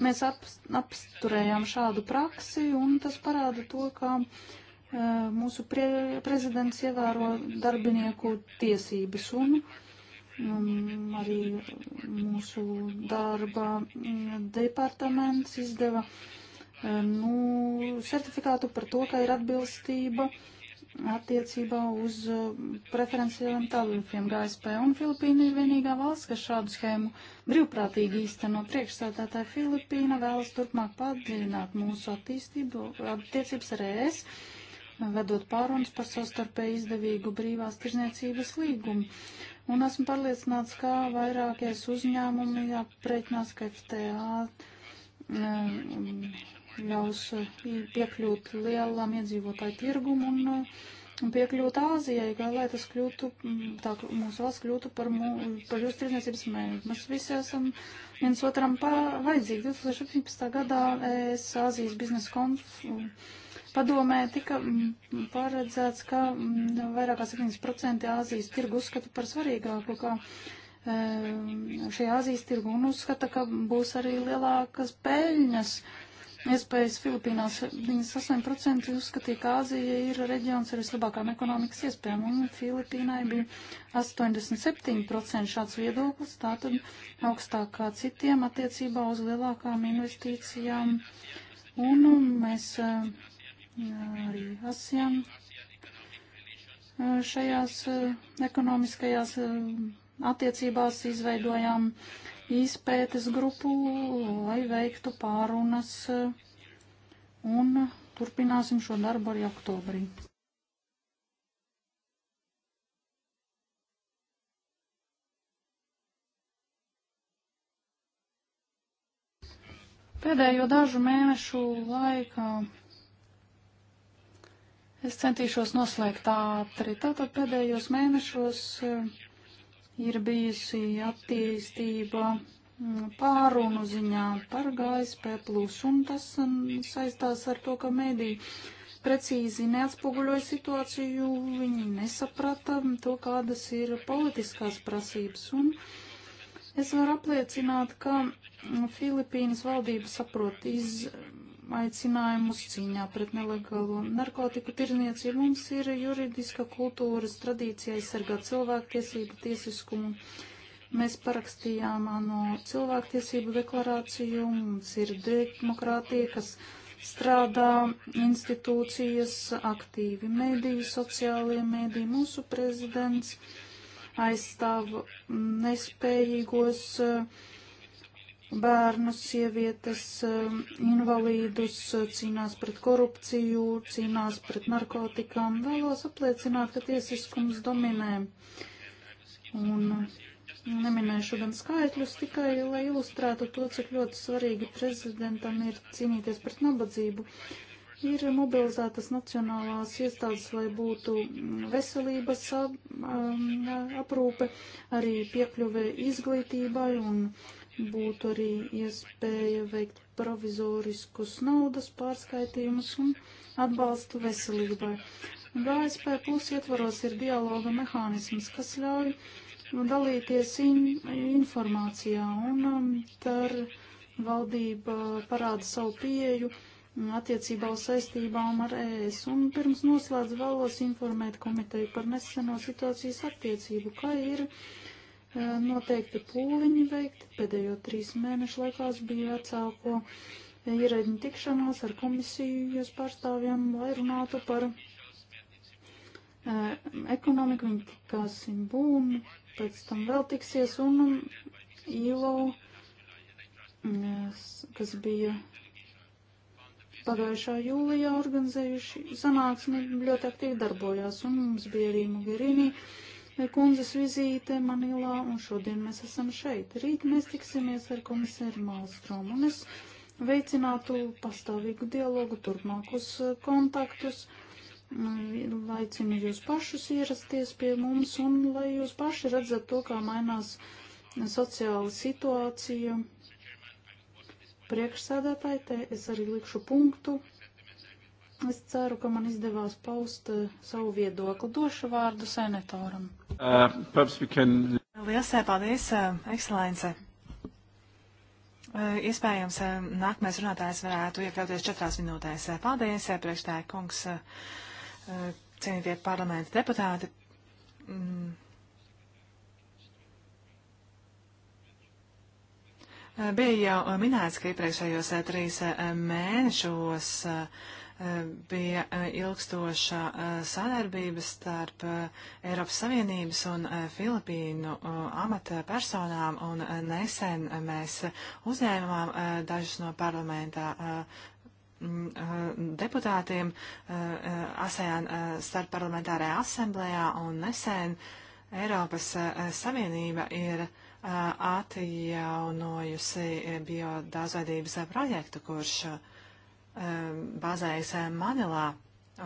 Mēs ap, apsturējām šādu praksi, un tas parāda to, ka e, mūsu pre, prezidents ievēro darbinieku tiesības un um, arī mūsu darba mm, departaments izdeva e, nu, certifikātu par to, ka ir atbilstība uh, attiecībā uz uh, preferenciāliem tālruniem GSP, un Filipīna ir vienīgā valsts, kas šādu schēmu brīvprātīgi īsteno. Priekšstādātāja Filipīna vēlas turpmāk padziļināt mūsu attīstību, attiecības ar ES, vedot pārunas par sastarpēji izdevīgu brīvās tirzniecības līgumu. Un esmu pārliecināts, ka vairākies uzņēmumi aprēķinās, ka FTA um, ļaus eh, piekļūt lielam iedzīvotāju tirgumu un, eh, un piekļūt Āzijai, kā lai tas kļūtu, mm, tā mūsu valsts kļūtu par, mū, par jūsu tirdzniecības mērķi. Mēs visi esam viens otram vajadzīgi. 2017. gadā es Āzijas biznesa konf padomē tika mm, paredzēts, ka mm, vairāk kā 7% Āzijas tirgu uzskata par svarīgāku, kā eh, šajā Āzijas tirgu un uzskata, ka būs arī lielākas peļņas iespējas Filipīnās. 98% uzskatīja, ka Āzija ir reģions ar vislabākām ekonomikas iespējām, un Filipīnai bija 87% šāds viedoklis, tātad augstāk kā citiem attiecībā uz lielākām investīcijām. Un um, mēs uh, arī asiem uh, šajās uh, ekonomiskajās attiecībās izveidojām uh, izpētes grupu, lai veiktu pārunas un turpināsim šo darbu arī oktobrī. Pēdējo dažu mēnešu laikā es centīšos noslēgt ātri. Tātad pēdējos mēnešos uh, ir bijusi attīstība pārunu ziņā par GSP plus, un tas mm, saistās ar to, ka mēdī precīzi neatspoguļoja situāciju, viņi nesaprata to, kādas ir politiskās prasības, un es varu apliecināt, ka Filipīnas valdība saprot iz aicinājumus cīņā pret nelegālo narkotiku tirniecību. Mums ir juridiska kultūras tradīcija aizsargāt cilvēktiesību tiesiskumu. Mēs parakstījām no cilvēktiesību deklarāciju, mums ir demokrātija, kas strādā institūcijas aktīvi, mediju, sociālie mediji, mūsu prezidents aizstāv nespējīgos uh, bērnus, sievietes, um, invalīdus, cīnās pret korupciju, cīnās pret narkotikām. Vēlos apliecināt, ka tiesiskums dominē. Un neminēšu gan skaitļus, tikai lai ilustrētu to, cik ļoti svarīgi prezidentam ir cīnīties pret nabadzību. Ir mobilizētas nacionālās iestādes, lai būtu veselības um, aprūpe, arī piekļuve izglītībai un uh, būtu arī iespēja veikt provizoriskus naudas pārskaitījumus un atbalstu veselībai. GSP plus ietvaros ir dialoga mehānisms, kas ļauj dalīties in, informācijā un um, tar valdība parāda savu pieeju attiecībā uz saistībām ar ES. Un pirms noslēdz vēlos informēt komiteju par neseno situācijas attiecību, kā ir uh, Eh, noteikti pūliņi veikt. Pēdējo trīs mēnešu laikās bija vecāko eh, ierēģiņu tikšanās ar komisijas pārstāvjiem, lai runātu par eh, ekonomiku. Viņi tikās Simbūnu, pēc tam vēl tiksies un um, ILO, mm, kas bija pagājušā jūlijā organizējuši sanāksmi, ļoti aktīvi darbojās. Un mums bija arī Mogherini kundzes vizīte Manilā, un šodien mēs esam šeit. Rīt mēs tiksimies ar komisāru Malstromu, un es veicinātu pastāvīgu dialogu, turpmākus uh, kontaktus. Uh, aicinu jūs pašus ierasties pie mums, un lai jūs paši redzat to, kā mainās sociāla situācija. Priekšsēdētāji, te es arī likšu punktu. Es ceru, ka man izdevās paust uh, savu viedokli. Došu vārdu senatoram. Uh, can... Lielas eh, paldies, uh, ekscelence. Uh, iespējams, uh, nākamais runātājs varētu iekļauties četrās minūtēs. Paldies, uh, priekšstāja kungs, uh, cienītie parlamenta deputāti. Mm. Bija jau minēts, ka iepriekšējos trīs mēnešos uh, bija eh, ilgstoša eh, sadarbība starp eh, Eiropas Savienības un Filipīnu amata personām, un nesen mēs uzņēmām dažus no parlamentā deputātiem ASEAN starpparlamentārajā asemblējā, un nesen Eiropas Savienība ir atjaunojusi biodāzveidības projektu, kurš uh, bāzējas Manilā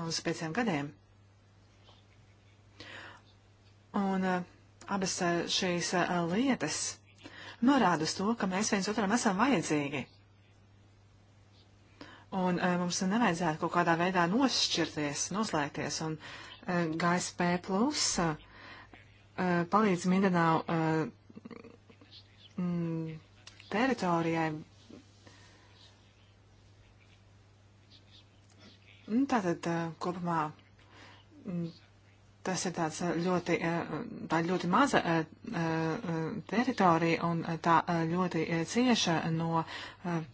uz pieciem gadiem. Un abas šīs lietas norāda uz to, ka mēs viens otram esam vajadzīgi. Un mums nevajadzētu kaut kādā veidā nošķirties, noslēgties. Un GSP plus palīdz Mindanau teritorijai Nu, tātad kopumā mm, tas ir tāds ļoti, tā ļoti maza teritorija un tā ļoti cieša no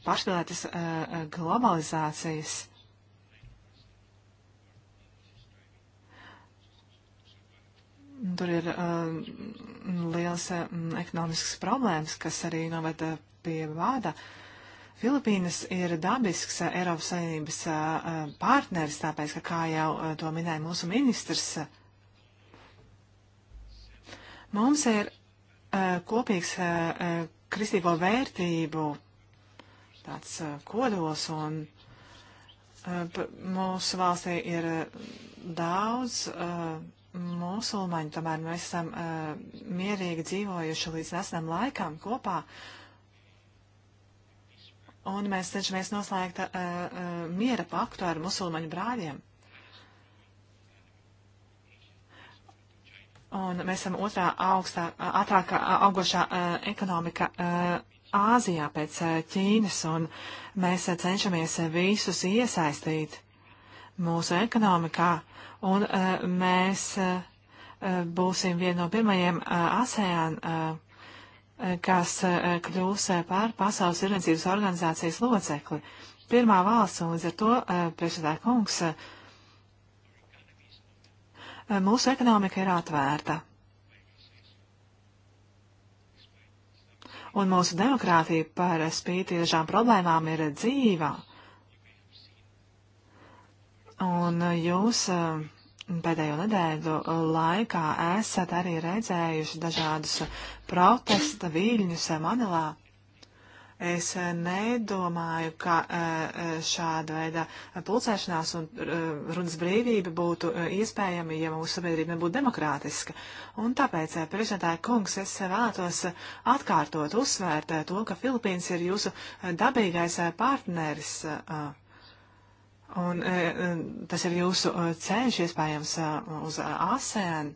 pārspīlētas globalizācijas. Tur ir liels ekonomisks problēmas, kas arī noveda pie vāda. Uh, Filipīnas ir dabisks eh, Eiropas Savienības eh, eh, partneris, tāpēc, ka, kā jau to minēja mūsu ministrs, mums ir kopīgs kristīgo vērtību tāds kodols, un mūsu valstī ir daudz musulmaņu, tomēr mēs esam mierīgi dzīvojuši līdz nesenam laikam kopā. Uh, un mēs cenšamies noslēgt uh, uh, miera paktu ar musulmaņu brāļiem. Un mēs esam otrā augstā, ātrāk augošā uh, ekonomika uh, Āzijā pēc uh, Ķīnas, un mēs cenšamies visus iesaistīt mūsu ekonomikā, un uh, mēs būsim viena no pirmajiem ASEAN kas eh, kļūs eh, par Pasaules tirdzniecības organizācijas locekli. Pirmā valsts un līdz ar to eh, priekšsēdā kungs. Mūsu ekonomika ir atvērta. Un mūsu demokrātija par spīti dažām problēmām ir dzīvā. Un jūs uh, Pēdējo nedēļu uh, laikā esat arī redzējuši dažādus uh, protesta viļņus uh, Manilā. Es nedomāju, ka šāda veida pulcēšanās un runas brīvība būtu iespējama, ja mūsu sabiedrība nebūtu demokrātiska. Un tāpēc, priekšētāja kungs, es vēlētos atkārtot, uzsvērt to, ka Filipīns ir jūsu dabīgais partneris. Uh, Un e, tas ir jūsu e, ceļš, iespējams, e, uz ASEAN.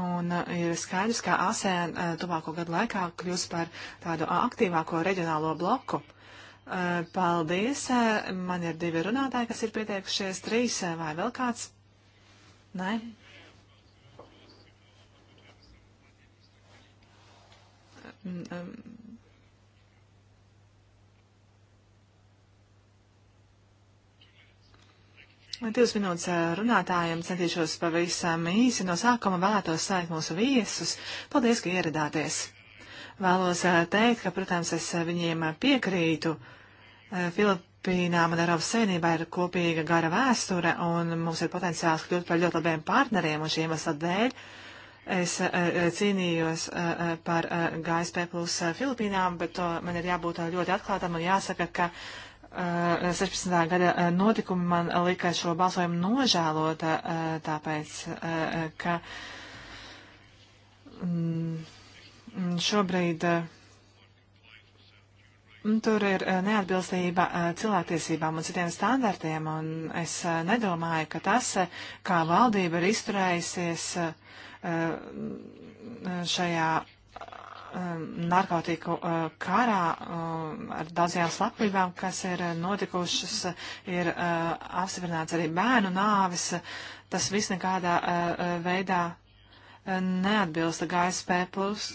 Un ir skaidrs, ka ASEAN tuvāko gadu laikā kļūs par tādu aktīvāko reģionālo bloku. Paldies! Man ir divi runātāji, kas ir pieteikušies, trīs vai vēl kāds? Nē? Mm, um, um. Divas minūtes runātājiem centīšos pavisam īsi no sākuma vēlētos sveikt mūsu viesus. Paldies, ka ieradāties. Vēlos teikt, ka, protams, es viņiem piekrītu. Filipīnām un Eiropas Savienībā ir kopīga gara vēsture, un mums ir potenciāls kļūt par ļoti labiem partneriem, un šī iemesla dēļ es cīnījos par GSP plus Filipīnām, bet to man ir jābūt ļoti atklātam un jāsaka, ka 16. Eh, gada eh, notikumi man lika šo balsojumu nožēlot, eh, tāpēc, ka mm, šobrīd mm, tur ir neatbilstība cilvēktiesībām un citiem standartiem, un es nedomāju, ka tas, kā valdība ir izturējusies šajā Um, narkotiku uh, karā um, ar daudzajām slepkavībām, kas ir uh, notikušas, uh, ir apstiprināts arī bērnu nāvis. Tas viss nekādā veidā neatbilst GSP plus,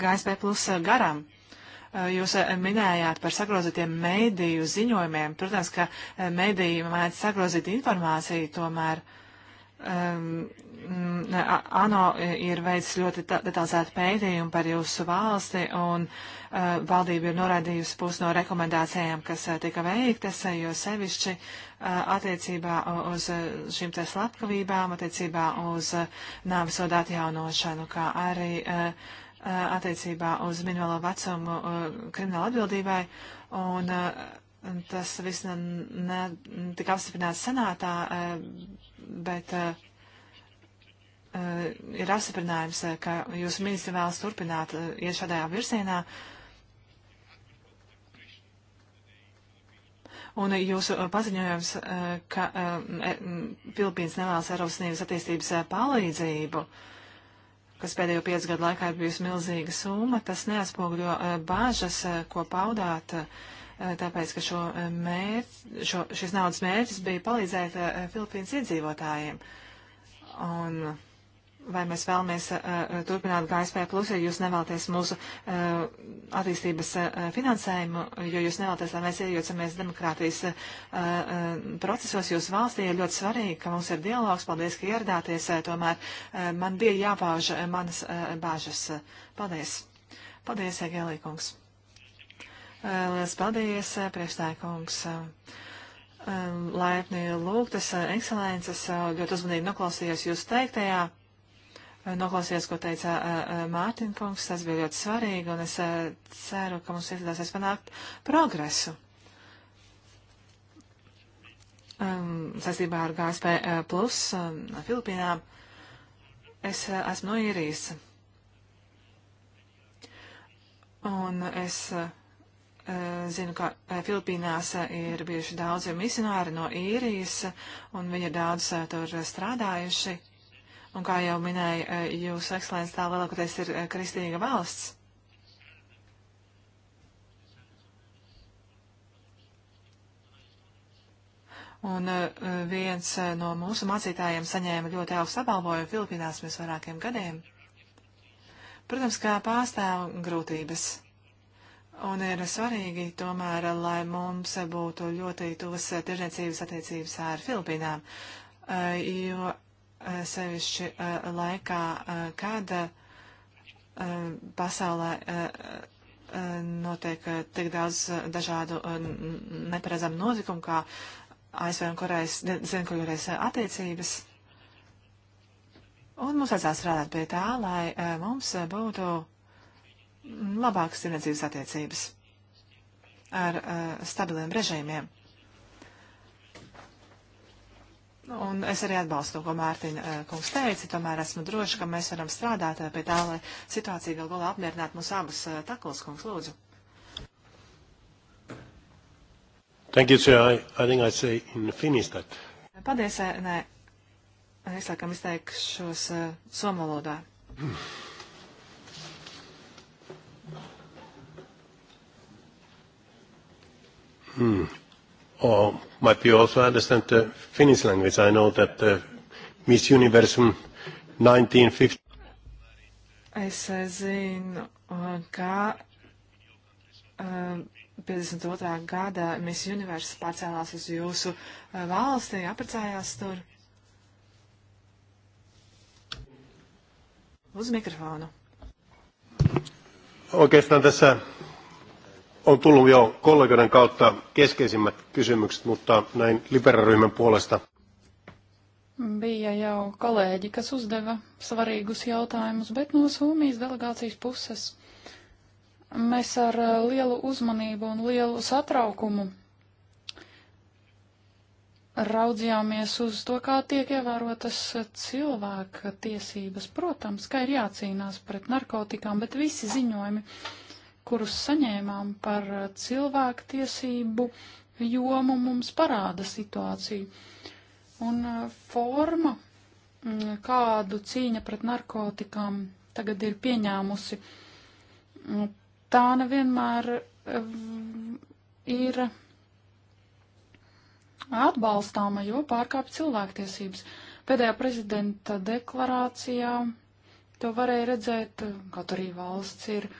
GSP plus garam. Jūs minējāt par sagrozītiem mēdīju ziņojumiem. Protams, ka mēdīji mēdz sagrozīt informāciju, tomēr um, Mm, ANO ir veicis ļoti detalizētu pētījumu par jūsu valsti, un uh, valdība ir noraidījusi pusi no rekomendācijām, kas uh, tika veiktas, uh, jo sevišķi uh, attiecībā uz uh, šīm te slepkavībām, attiecībā uz uh, nāvisodu atjaunošanu, kā arī attiecībā uz minimālo vecumu krimināla atbildībai. Un, Tas viss netika ne, apstiprināts senātā, bet uh, Eh, ir apstiprinājums, eh, ka jūsu ministri vēlas turpināt eh, iet šādajā virsienā. Un jūsu paziņojums, ka Filipīnas nevēlas Eiropas Savienības attīstības palīdzību, kas pēdējo piecu gadu laikā ir bijusi milzīga summa, tas neatspoguļo bāžas, ko paudāt tāpēc, ka šo mērķi, šo, šis naudas mērķis bija palīdzēt Filipīnas iedzīvotājiem. Un vai mēs vēlamies uh, uh turpināt GSP plus, ja jūs nevēlaties mūsu uh, attīstības uh, finansējumu, jo jūs nevēlaties, lai mēs iejaucamies demokrātijas uh, uh, procesos jūsu valstī, ir ļoti svarīgi, ka mums ir dialogs. Paldies, ka ieradāties. Uh, tomēr uh, man bija jāpauž uh, manas uh, bāžas. Paldies. Paldies, Egelī kungs. Uh, liels paldies, uh, priekšstāja kungs. Uh, uh Laipni lūgtas, uh, ekscelences, ļoti uzmanīgi noklausījos jūs teiktajā noklausījos, ko teica Mārtiņa kungs, tas bija ļoti svarīgi, un es ceru, ka mums izdosies panākt progresu. Um, saistībā ar GSP plus um, Filipīnām es esmu no īrijas. Un es uh, zinu, ka Filipīnās ir bijuši daudzi misionāri no īrijas, un viņi ir daudz uh, tur strādājuši Un kā jau minēja eh, jūs, ekscelences, tā lielākoties ir eh, kristīga valsts. Un eh, viens no mūsu mācītājiem saņēma ļoti augstu apbalvojumu Filipīnās pirms vairākiem gadiem. Protams, kā pārstāv grūtības. Un ir svarīgi tomēr, lai mums būtu ļoti tuvas tirzniecības attiecības ar Filipīnām, jo Eh, sevišķi eh, laikā, eh, kad pasaulē notiek tik daudz dažādu neparedzamu notikumu, kā ASV un Korejas, Zienkoļorejas attiecības. Un mums vajadzētu strādāt pie tā, lai mums būtu labākas tirniecības attiecības ar stabiliem režīmiem. Un es arī atbalstu to, ko Mārtiņa eh, kungs teica, tomēr esmu droši, ka mēs varam strādāt eh, pie tā, lai situācija gal galā apmierinātu mūs abas eh, takos, kungs, lūdzu. Thank you, sir. I, I think I say in Finnish that. Paldies, nē. Es laikam izteikšos uh, somalodā. Hmm. Hmm or might you also understand the Finnish language? I know that uh, Miss Universum 1950. Es eh, zinu, eh, ka uh, eh, 52. gada Miss Universe pārcēlās uz jūsu uh, valsti, aprecējās tur. Uz mikrofonu. Oikeastaan tässä on tullut jo kollegoiden kautta keskeisimmät kysymykset, mutta näin liberaryhmän puolesta. Bija jau kolēģi, kas uzdeva svarīgus jautājumus, bet no Somijas delegācijas puses mēs ar eh, lielu uzmanību un lielu satraukumu raudzījāmies uz to, kā tiek ievērotas cilvēka tiesības. Protams, ka ir jācīnās pret narkotikām, bet visi ziņojumi kurus saņēmām par eh, cilvēktiesību jomu, mums parāda situāciju. Un eh, forma, mm, kādu cīņa pret narkotikām tagad ir pieņēmusi, mm, tā nevienmēr eh, ir atbalstāma, jo pārkāpj cilvēktiesības. Pēdējā prezidenta deklarācijā to varēja redzēt, kaut arī valsts ir uh,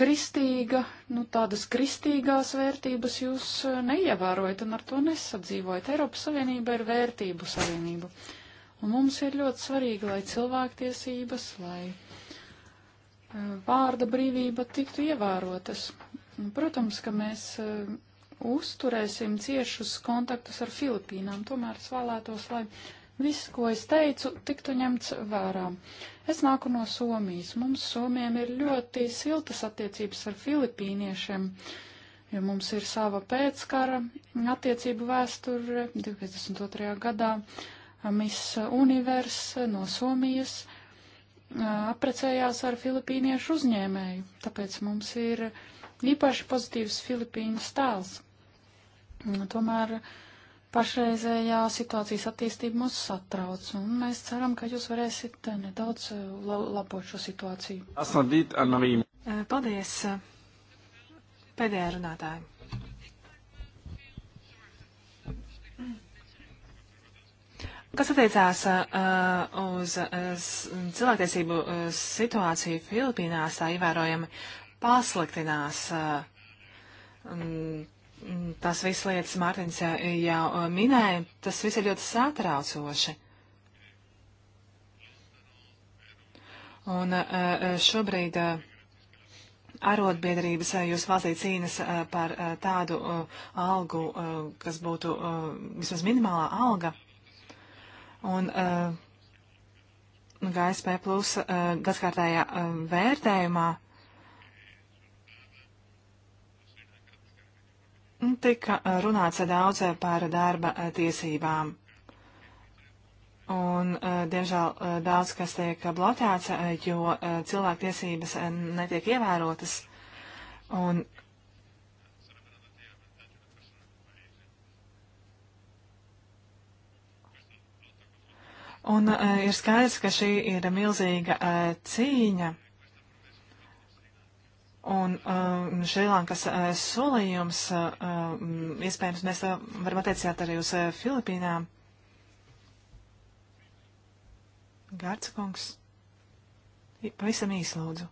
kristīga, nu tādas kristīgās vērtības jūs neievērojat un ar to nesadzīvojat. Eiropas Savienība ir vērtību savienība. Un mums ir ļoti svarīgi, lai cilvēktiesības, lai vārda brīvība tiktu ievērotas. Protams, ka mēs uzturēsim ciešus kontaktus ar Filipīnām, tomēr es vēlētos, lai viss, ko es teicu, tiktu ņemts vērā. Uh, Es nāku no Somijas. Mums Somijam ir ļoti siltas attiecības ar filipīniešiem, jo mums ir sava pēckara attiecību vēsture 22. gadā. Miss Univers no Somijas aprecējās ar filipīniešu uzņēmēju, tāpēc mums ir īpaši pozitīvs Filipīnas tēls. Tomēr uh, pašreizējā situācijas attīstība mūs satrauc, un mēs ceram, ka jūs varēsiet eh, nedaudz eh, labot šo situāciju. Eh, paldies pēdējā runātāja. Kas attiecās uh, uz uh, cilvēktiesību uh, situāciju Filipīnās, tā ievērojami pasliktinās. Uh, um, Mm, tās visas lietas Mārtiņš jau eh, minēja, tas viss ir ļoti satraucoši. Un eh, eh, šobrīd arotbiedrības jūs valstī cīnas par tādu algu, kas būtu vismaz minimālā alga. Un GSP plus gadskārtējā vērtējumā Tika eh, runāts daudz eh, par darba eh, tiesībām. Un, diemžēl, daudz kas tiek bloķēts, jo cilvēktiesības netiek ievērotas. Un, un ir skaidrs, ka šī ir milzīga cīņa. Un um, Šrilankas uh, solījums, uh, mm, iespējams, mēs uh, varam attiecināt arī uz uh, Filipīnām. Gārds kungs, pavisam īsi lūdzu.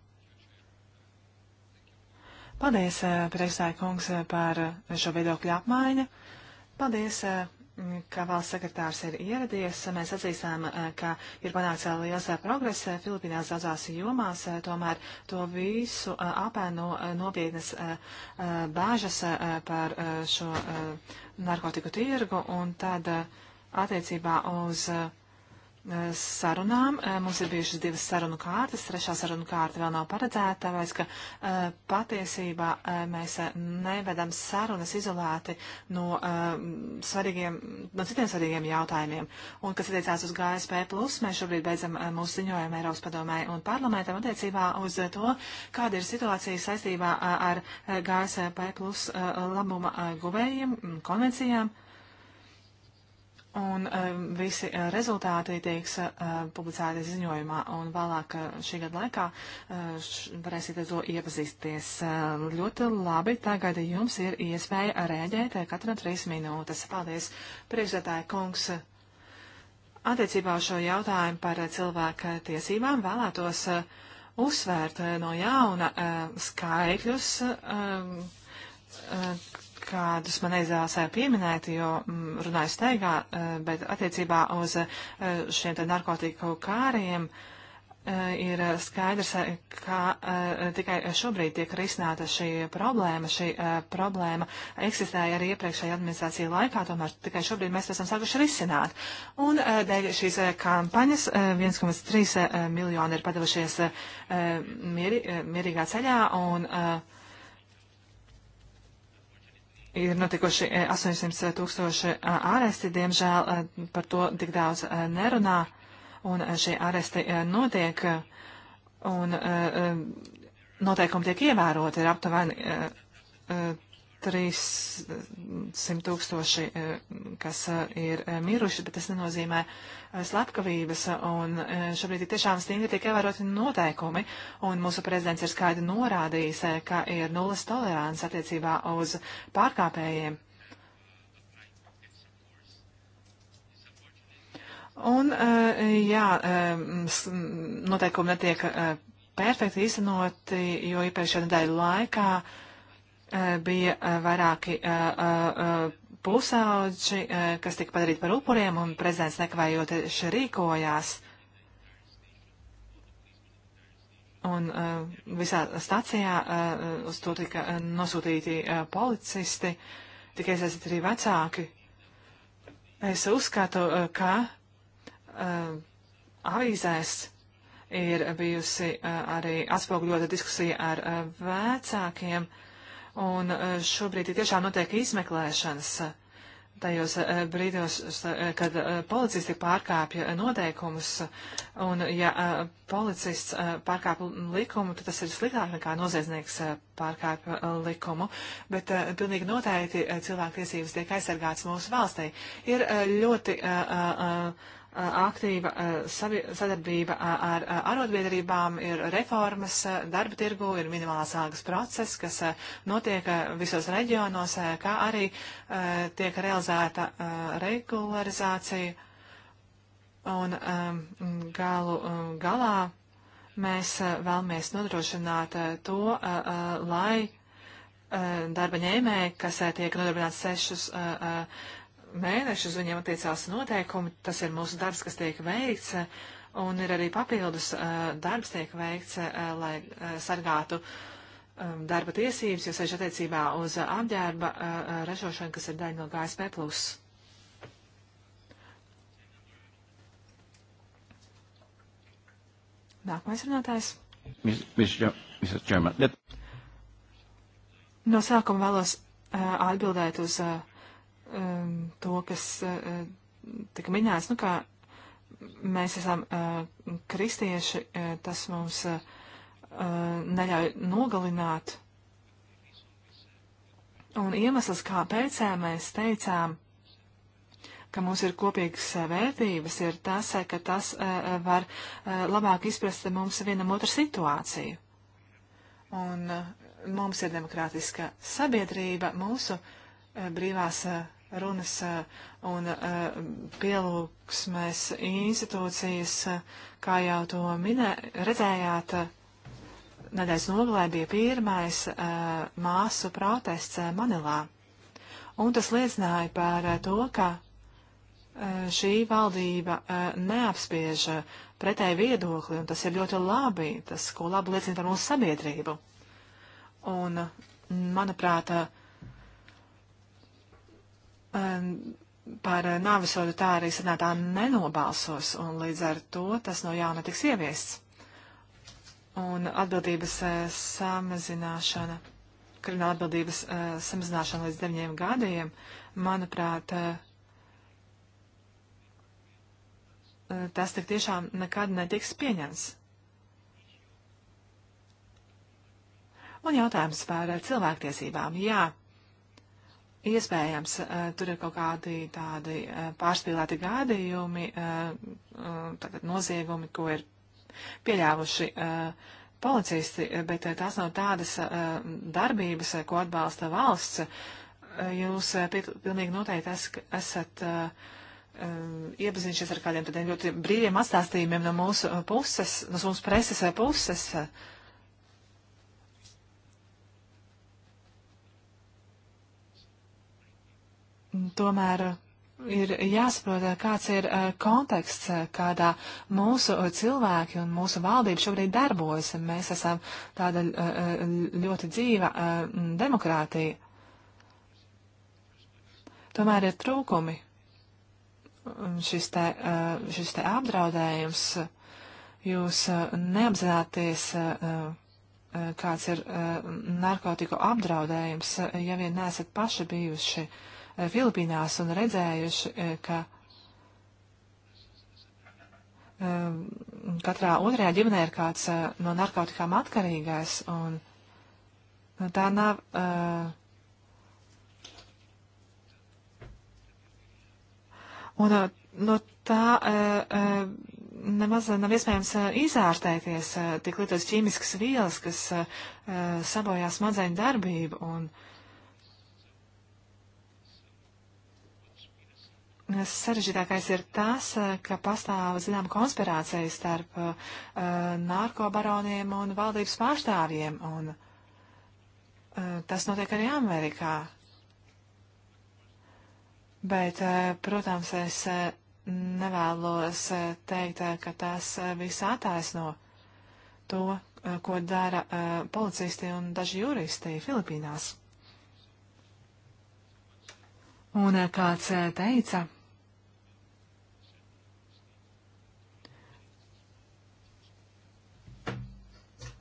Paldies, uh, priekšstāja kungs, uh, par uh, šo viedokļu apmaiņu. Paldies. Uh, ka valsts sekretārs ir ieradies. Mēs atzīstām, eh, ka ir panāks eh, liels eh, progress Filipīnās daudzās jomās, tomēr to visu apēno nopietnas bāžas par šo narkotiku tirgu un tad attiecībā uz uh, Eh, sarunām. Eh, mums ir bijušas divas sarunu kārtas, trešā sarunu kārta vēl nav paredzēta, tāpēc, ka eh, patiesībā mēs nevedam sarunas izolēti no, svarīgiem, no citiem svarīgiem jautājumiem. Un, kas attiecās uz GSP, mēs šobrīd beidzam mūsu ziņojumu Eiropas padomē un parlamentam attiecībā uz to, kāda ir situācija saistībā ar GSP labuma guvējiem, mm, konvencijām. Un um, visi uh, rezultāti tiks uh, publicēti ziņojumā, un vēlāk uh, šī gada laikā uh, š, varēsiet ar to iepazīsties. Uh, ļoti labi, tagad jums ir iespēja rēģēt uh, katram trīs minūtes. Paldies, priekšsētāja kungs. Attiecībā uz šo jautājumu par cilvēka tiesībām vēlētos uh, uzsvērt uh, no jauna uh, skaitļus. Uh, um, kādus man aizvēlēsē eh, pieminēt, jo mm, runāju steigā, eh, bet attiecībā uz eh, šiem te narkotiku kāriem ir skaidrs, ka tikai šobrīd tiek risināta šī problēma. Šī problēma eksistēja arī iepriekšējā administrācija laikā, tomēr tikai šobrīd mēs to esam sākuši risināt. Un dēļ šīs kampaņas 1,3 miljoni ir padavušies mieri, mierīgā ceļā. Un, uh, ir notikuši 800 eh, eh, tūkstoši eh, āresti, diemžēl par to tik daudz nerunā, un šie āresti notiek, un noteikumi tiek ievēroti, ir aptuveni 300 tūkstoši, eh, kas eh, ir eh, miruši, bet tas nenozīmē slepkavības, un šobrīd ir tiešām stingri tiek ievēroti noteikumi, un mūsu prezidents ir skaidri norādījis, ka ir nulles tolerants attiecībā uz pārkāpējiem. Un, jā, noteikumi netiek perfekti īstenoti, jo īpaši nedēļu laikā uh, Eh, bija eh, vairāki eh, pusauģi, kas tika padarīti par upuriem, un prezidents nekavējoties rīkojās. Un uh, visā stacijā uh, uz to tika uh, nosūtīti uh, policisti, tikai es esmu arī vecāki. Es uzskatu, uh, ka uh, avīzēs ir bijusi uh, arī atspoguļota diskusija ar uh, vecākiem. Uh, Un e, šobrīd tiešām notiek izmeklēšanas tajos e, brīdos, e, kad policisti pārkāpja noteikumus, un ja policists pārkāp likumu, tad tas ir sliktāk nekā noziedznieks pārkāp likumu, bet pilnīgi noteikti cilvēktiesības tiek aizsargāts mūsu valstī. Ir ļoti. A, a, a, Eh, aktīva eh, sadarbība eh, ar arotbiedrībām, ir reformas darba tirgu, ir minimālās algas process, kas notiek visos reģionos, kā arī tiek realizēta regularizācija. Un galu galā mēs vēlamies nodrošināt to, lai darba ņēmēji, kas tiek nodarbināts sešus mēnešus viņiem attiecās noteikumi, tas ir mūsu darbs, kas tiek veikts, un ir arī papildus darbs tiek veikts, lai sargātu darba tiesības, jo seši attiecībā uz apģērba ražošanu, kas ir daļa no GSP. Nākamais runātājs. No sākuma vēlos atbildēt uz uh, Um, to, kas uh, tika minēts, nu kā mēs esam uh, kristieši, uh, tas mums neļauj nogalināt. Un iemesls, kāpēc mēs teicām, ka mums ir kopīgas vērtības, ir tas, ka tas var labāk izprast mums vienam otru situāciju. Un mums ir demokrātiska sabiedrība, mūsu brīvās runas eh, un eh, pielūgsmēs institūcijas, eh, kā jau to minē, redzējāt, nedēļas nogalē bija pirmais māsu protests Manilā. Un tas liecināja par to, ka šī valdība neapspiež pretēju viedokli, un tas ir ļoti labi, tas, ko labi liecina par mūsu sabiedrību. Un, manuprāt, uh, par nāvisodu tā arī senātā nenobalsos, un līdz ar to tas no jauna tiks ieviests. Un atbildības eh, samazināšana, krimināla atbildības eh, samazināšana līdz deviņiem gadiem, manuprāt, eh, tas tik tiešām nekad netiks pieņemts. Un jautājums par cilvēktiesībām. Jā, Iespējams, eh, tur ir kaut kādi tādi eh, pārspīlēti gādījumi, eh, tātad noziegumi, ko ir pieļāvuši policisti, bet tās nav tādas darbības, ko atbalsta valsts. Jūs pilnīgi noteikti esat iepazinušies ar kādiem tādiem ļoti brīviem atstāstījumiem no mūsu puses, no mūsu preses puses. Uh, tomēr ir jāsaprot, kāds ir eh, konteksts, eh, kādā mūsu eh, cilvēki un mūsu valdība šobrīd darbojas. Mēs esam tāda ļoti dzīva demokrātija. Tomēr ir trūkumi. Šis te, šis te apdraudējums, jūs neapzināties, kāds ir narkotiku apdraudējums, ja vien neesat paši bijuši uh, Eh, Filipīnās un redzējuši, eh, ka eh, katrā otrajā ģimenē ir kāds no narkotikām atkarīgais, un nu, tā nav. Un no tā nemaz nav iespējams izārstēties, tik lietotas ķīmiskas vielas, kas sabojā smadzeņu darbību. Un, uh, Sarežģītākais ir tas, eh, ka pastāv zinām konspirācija starp uh, narkobaroniem un valdības pārstāvjiem, un uh, tas notiek arī Amerikā. Bet, uh, protams, es nevēlos teikt, ka tas viss attaisno to, ko dara policisti un daži juristi Filipīnās. Un kāds teica,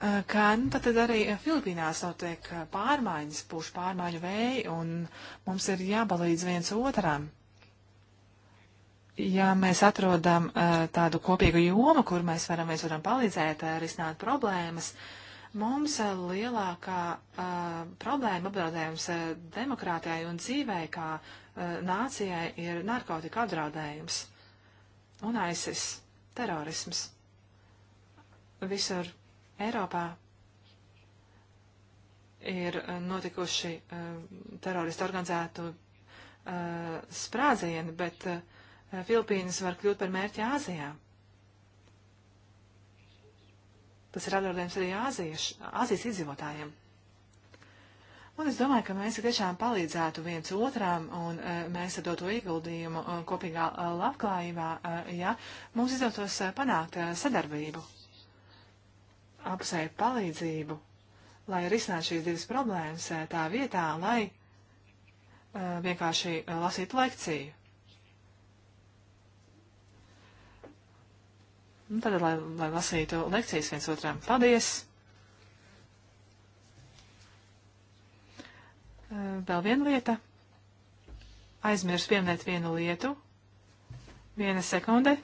Eh, kā nu, tad arī eh, Filipīnās notiek eh, pārmaiņas, pušu pārmaiņu vēji, un mums ir jābalīdz viens otram. Ja mēs atrodam tādu kopīgu jomu, kur mēs varam, mēs varam palīdzēt, risināt problēmas, mums lielākā problēma apdraudējums demokrātijai un dzīvē kā nācijai ir narkotika apdraudējums un ISIS, terorisms. Visur Eiropā ir eh, notikuši eh, teroristu organizētu eh, sprādzieni, bet Filipīnas var kļūt par mērķi Āzijā. Tas ir atbildējums arī Āzijas, Āzijas izdzīvotājiem. Un es domāju, ka mēs tiešām palīdzētu viens otram un mēs ar doto ieguldījumu kopīgā labklājībā, ja mums izdotos panākt sadarbību apusēju palīdzību, lai risinātu šīs divas problēmas eh, tā vietā, lai uh, vienkārši eh, lasītu lekciju. Un nu, tad, lai, lai lasītu lekcijas viens otram, paldies! Uh, vēl viena lieta. Aizmirsu pieminēt vienu lietu. Viena sekunde.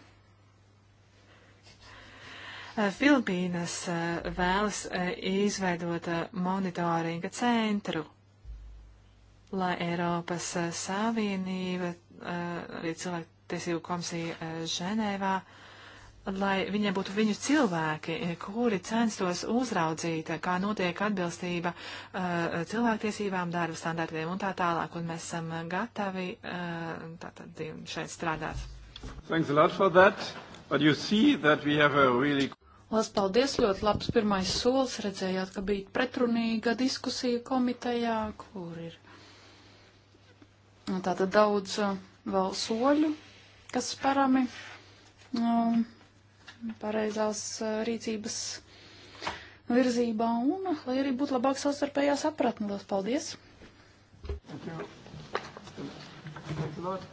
Eh, Filipīnas eh, vēlas eh, izveidot monitoringa centru, lai Eiropas Savienība, arī cilvēku tiesību komisija Ženēvā, lai viņiem būtu viņu cilvēki, kuri censtos uzraudzīt, kā notiek atbilstība cilvēktiesībām, darba standartiem un tā tālāk. Un mēs esam gatavi tātad šeit strādāt. Thanks a lot for that. But you see that we have a really Lielas paldies, ļoti labs pirmais solis. Redzējāt, ka bija pretrunīga diskusija komitejā, kur ir tātad daudz vēl soļu, kas parami um, pareizās rīcības virzībā un, lai arī būtu labāk savstarpējā sapratne. Lielas paldies! Thank you. Thank you, Lord.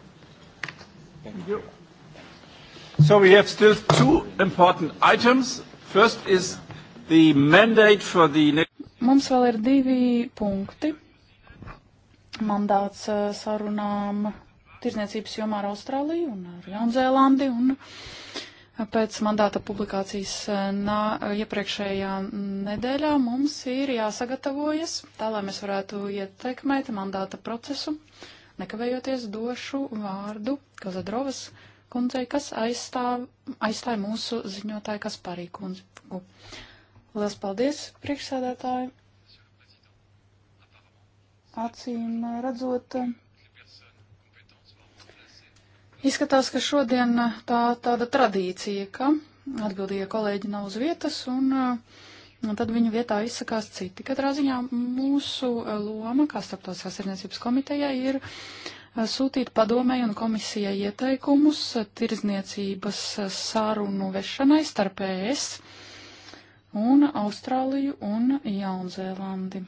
Thank you. So we have still two important items. First is the mandate for the... Mums vēl ir divi punkti. Mandāts eh, sarunām tirzniecības jomā ar Austrāliju un ar Jaunzēlandi. Un pēc mandāta publikācijas eh, nā, iepriekšējā nedēļā mums ir jāsagatavojas, tā lai mēs varētu ietekmēt mandāta procesu. Nekavējoties došu vārdu Kazadrovas kundzei, kas aizstāv, aizstāja mūsu ziņotāju Kasparī kundzi. Lielas paldies, priekšsēdētāji! Acīm redzot, izskatās, ka šodien tā tāda tradīcija, ka atbildīgie kolēģi nav uz vietas un uh, Un tad viņu vietā izsakās citi. Katrā ziņā mūsu loma, kā starptautiskās saimniecības komitejai, ir sūtīt padomēju un komisijai ieteikumus tirzniecības sarunu vešanai starp ES un Austrāliju un Jaunzēlandi.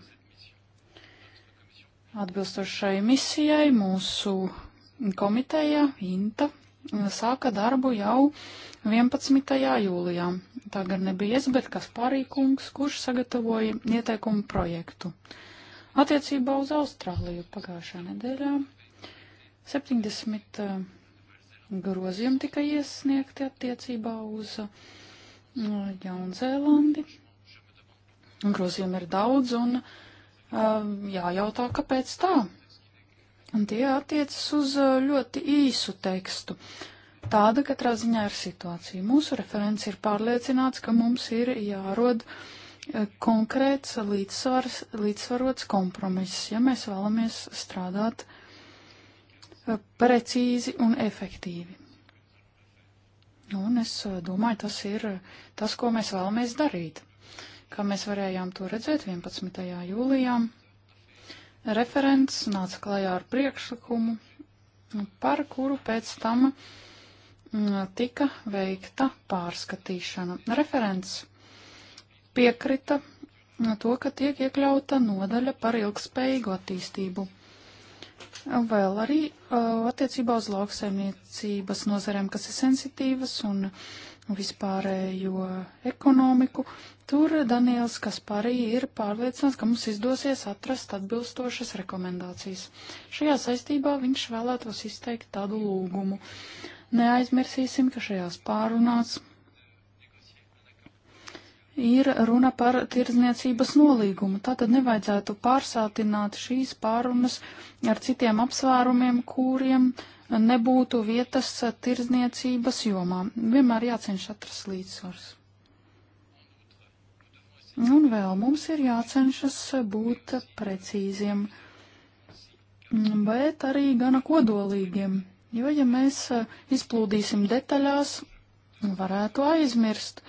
Atbilstošai misijai mūsu komiteja INTA sāka darbu jau 11. jūlijā. Tā gan nebija es, bet Kasparīkungs, kurš sagatavoja ieteikumu projektu. Attiecībā uz Austrāliju pagājušā nedēļā 70 eh, grozījumi tika iesniegti attiecībā uz eh, Jaunzēlandi. Grozījumi ir daudz un eh, jājautā, kāpēc tā. Un tie attiecas uz ļoti īsu tekstu. Tāda katrā ziņā ir situācija. Mūsu referents ir pārliecināts, ka mums ir jārod konkrēts līdzsvars, līdzsvarots kompromiss, ja mēs vēlamies strādāt uh, Eh, precīzi un efektīvi. Un es eh, domāju, tas ir eh, tas, ko mēs vēlamies darīt. Kā mēs varējām to redzēt 11. jūlijā, referents nāca klajā ar priekšlikumu, par kuru pēc tam mm, tika veikta pārskatīšana. Referents piekrita mm, to, ka tiek iekļauta nodaļa par ilgspējīgu attīstību Vēl arī uh, attiecībā uz lauksaimniecības nozarēm, kas ir sensitīvas un vispārējo ekonomiku, tur Daniels Kasparī ir pārliecināts, ka mums izdosies atrast atbilstošas rekomendācijas. Šajā saistībā viņš vēlētos izteikt tādu lūgumu. Neaizmirsīsim, ka šajās pārunās ir runa par tirdzniecības nolīgumu. Tātad nevajadzētu pārsātināt šīs pārunas ar citiem apsvērumiem, kuriem nebūtu vietas tirdzniecības jomā. Vienmēr jācenš atrast līdzsvars. Un vēl mums ir jācenšas būt precīziem, bet arī gana kodolīgiem, jo ja mēs izplūdīsim detaļās, varētu aizmirst,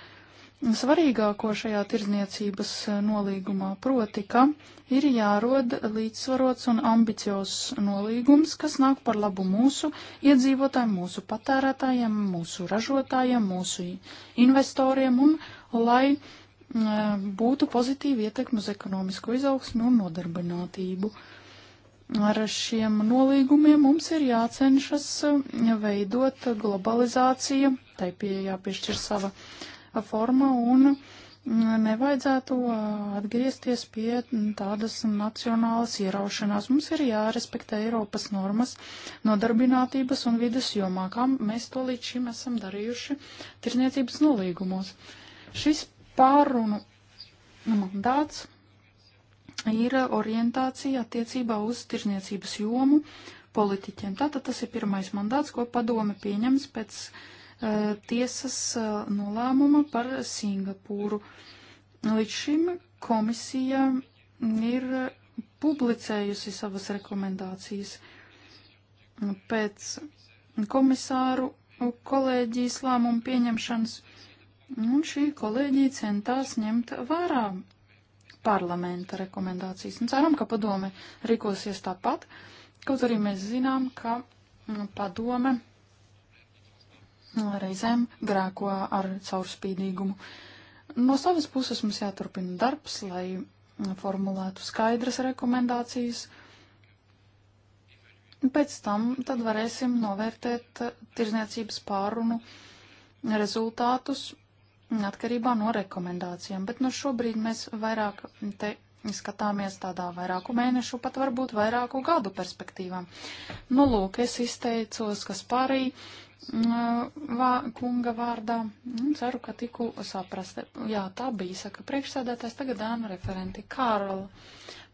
svarīgāko šajā tirdzniecības eh, nolīgumā, proti, ka ir jārod līdzsvarots un ambiciozs nolīgums, kas nāk par labu mūsu iedzīvotājiem, mūsu patērētājiem, mūsu ražotājiem, mūsu investoriem un lai eh, būtu pozitīva ietekme uz ekonomisko izaugsmu un nodarbinātību. Ar šiem nolīgumiem mums ir jācenšas eh, veidot globalizācija, tai pie, jāpiešķir sava uh, forma un mm, nevajadzētu atgriezties pie tādas nacionālas ieraušanās. Mums ir jārespektē Eiropas normas nodarbinātības un vidas jomā, kā mēs to līdz šim esam darījuši tirzniecības nolīgumos. Šis pārunu mandāts ir orientācija attiecībā uz tirzniecības jomu politiķiem. Tātad tas ir pirmais mandāts, ko padome pieņems pēc uh, Uh, tiesas uh, nolēmuma par Singapūru. Līdz šim komisija ir publicējusi savas rekomendācijas. Pēc komisāru kolēģijas lēmumu pieņemšanas, un šī kolēģija centās ņemt vērā parlamenta rekomendācijas. Un ceram, ka padome rīkosies tāpat, kaut arī mēs zinām, ka padome reizēm grēko ar caurspīdīgumu. No savas puses mums jāturpina darbs, lai formulētu skaidras rekomendācijas. Pēc tam tad varēsim novērtēt tirzniecības pārunu rezultātus atkarībā no rekomendācijām. Bet no nu, šobrīd mēs vairāk te skatāmies tādā vairāku mēnešu, pat varbūt vairāku gadu perspektīvām. Nu, lūk, es izteicos, kas pārī vā, kunga vārdā. Nu, ceru, ka tiku saprast. Jā, tā bija, saka priekšsēdētājs, tagad Dāna referenti Kārla.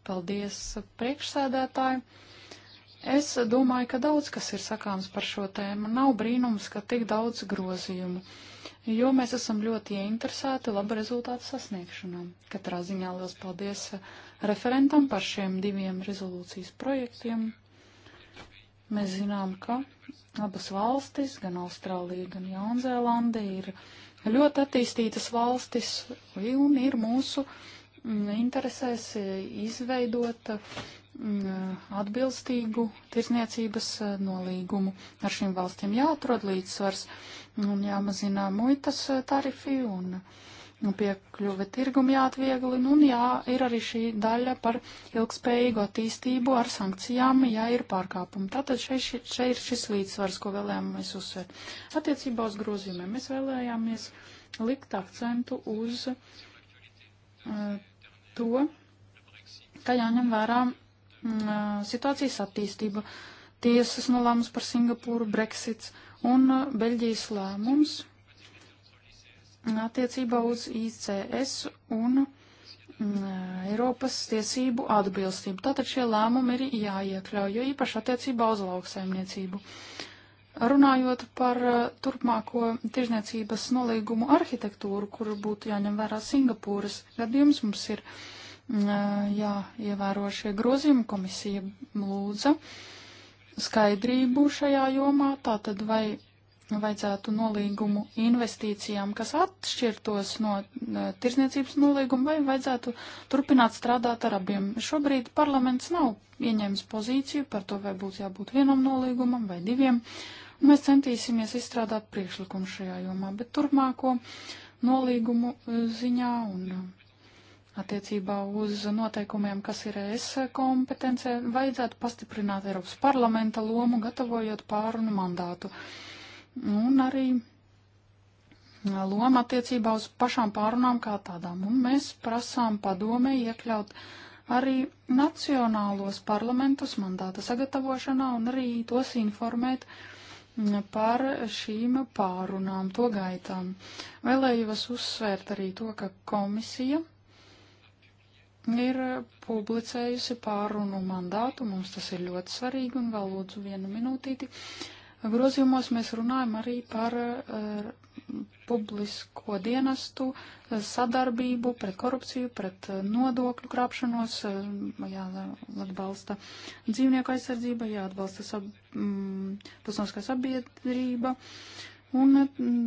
Paldies, priekšsēdētāji. Es domāju, ka daudz kas ir sakāms par šo tēmu. Nav brīnums, ka tik daudz grozījumu, jo mēs esam ļoti ieinteresēti laba rezultāta sasniegšanā. Katrā ziņā liels paldies referentam par šiem diviem rezolūcijas projektiem Mēs zinām, ka abas valstis, gan Austrālija, gan Jaunzēlanda, ir ļoti attīstītas valstis un ir mūsu mm, interesēs e, izveidot mm, e, atbilstīgu tirsniecības e, nolīgumu ar šīm valstīm. Jāatrod līdzsvars un jāmazina muitas tarifi un uh, Nu, piekļuve tirgum jāatvieglina, nu, un jā, ir arī šī daļa par ilgspējīgu attīstību ar sankcijām, ja ir pārkāpumi. Tātad šeit, šeit ir šis līdzsvars, ko vēlējāmies uzsvērt. Attiecībā uz grozījumiem mēs vēlējāmies likt akcentu uz uh, to, ka jāņem vērā uh, situācijas attīstība, tiesas nolēmums par Singapūru, Brexits un uh, Beļģijas lēmums attiecībā uz ICS un mm, Eiropas tiesību atbilstību. Tātad šie lēmumi ir jāiekļauj, jo īpaši attiecībā uz lauksaimniecību. Runājot par eh, turpmāko tirzniecības nolīgumu arhitektūru, kuru būtu jāņem vērā Singapūras gadījums, mums ir mm, jāievēro šie grozījumi, komisija lūdza skaidrību šajā jomā, tātad vai vajadzētu nolīgumu investīcijām, kas atšķirtos no eh, tirsniecības nolīguma, vai vajadzētu turpināt strādāt ar abiem. Šobrīd parlaments nav ieņēmis pozīciju par to, vai būtu jābūt vienam nolīgumam vai diviem. Mēs centīsimies izstrādāt priekšlikumu šajā jomā, bet turpmāko nolīgumu eh, ziņā un attiecībā uz noteikumiem, kas ir ES kompetencē, vajadzētu pastiprināt Eiropas parlamenta lomu, gatavojot pārunu mandātu. Uh, un arī loma attiecībā uz pašām pārunām kā tādām. Un mēs prasām padomē iekļaut arī nacionālos parlamentus mandāta sagatavošanā un arī tos informēt par šīm pārunām, to gaitām. Vēlējos uzsvērt arī to, ka komisija ir publicējusi pārunu mandātu, mums tas ir ļoti svarīgi un vēl lūdzu vienu minūtīti. Uh, grozījumos mēs runājam arī par eh, publisko dienestu eh, sadarbību pret korupciju, pret eh, nodokļu krāpšanos, jāatbalsta dzīvnieku aizsardzība, jāatbalsta sab, mm, pilsoniskā sabiedrība. Un mm,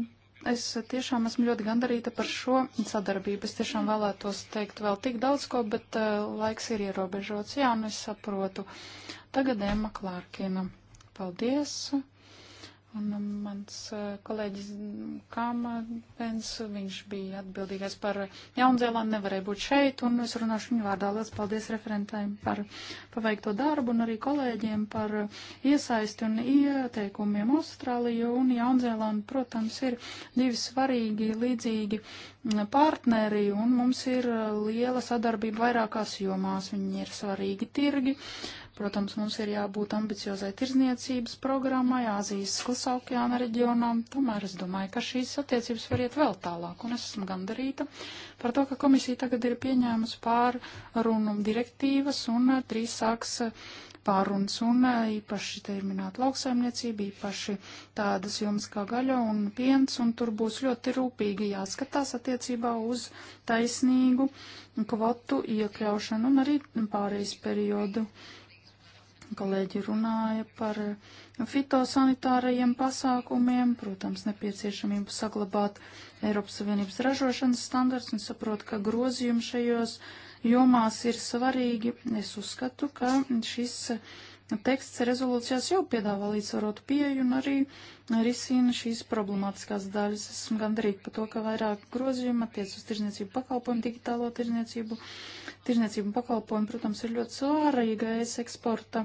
es tiešām esmu ļoti gandarīta par šo sadarbību. Es tiešām vēlētos teikt vēl tik daudz ko, bet uh, laiks ir ierobežots. Jā, un nu es saprotu. Tagad Emma Klārkina. Paldies! Un um, mans uh, kolēģis Kāmens, uh, viņš bija atbildīgais par Jaunzēlandu, nevarēja būt šeit, un es runāšu viņu vārdā. Lielas paldies referentēm par paveikto darbu un arī kolēģiem par iesaisti un ieteikumiem Austrāliju un Jaunzēlandu. Protams, ir divi svarīgi līdzīgi partneri, un mums ir uh, liela sadarbība vairākās jomās. Viņi ir svarīgi tirgi. Uh, Protams, mums ir jābūt ambiciozai tirzniecības programmai, Āzijas klusā okeāna reģionām. Tomēr es domāju, ka šīs attiecības var iet vēl tālāk, un es esmu gandarīta par to, ka komisija tagad ir pieņēmusi pārrunu direktīvas un drīz sāks pārunas, un īpaši te ir minēta lauksaimniecība, īpaši tādas jums kā gaļa un piens, un tur būs ļoti rūpīgi jāskatās attiecībā uz taisnīgu kvotu iekļaušanu un arī pārējais periodu Kolēģi runāja par fitosanitārajiem pasākumiem, protams, nepieciešamību saglabāt Eiropas Savienības ražošanas standarts un saprotu, ka grozījumi šajos jomās ir svarīgi. Es uzskatu, ka šis teksts rezolūcijās jau piedāvā līdzsvarotu pieeju un arī risina šīs problemātiskās daļas. Esmu gandrīz par to, ka vairāk grozījumi attiec uz tirzniecību pakalpojumu, digitālo tirzniecību. Uh, Tirzniecība un pakalpojumi, protams, ir ļoti svarīga es eksporta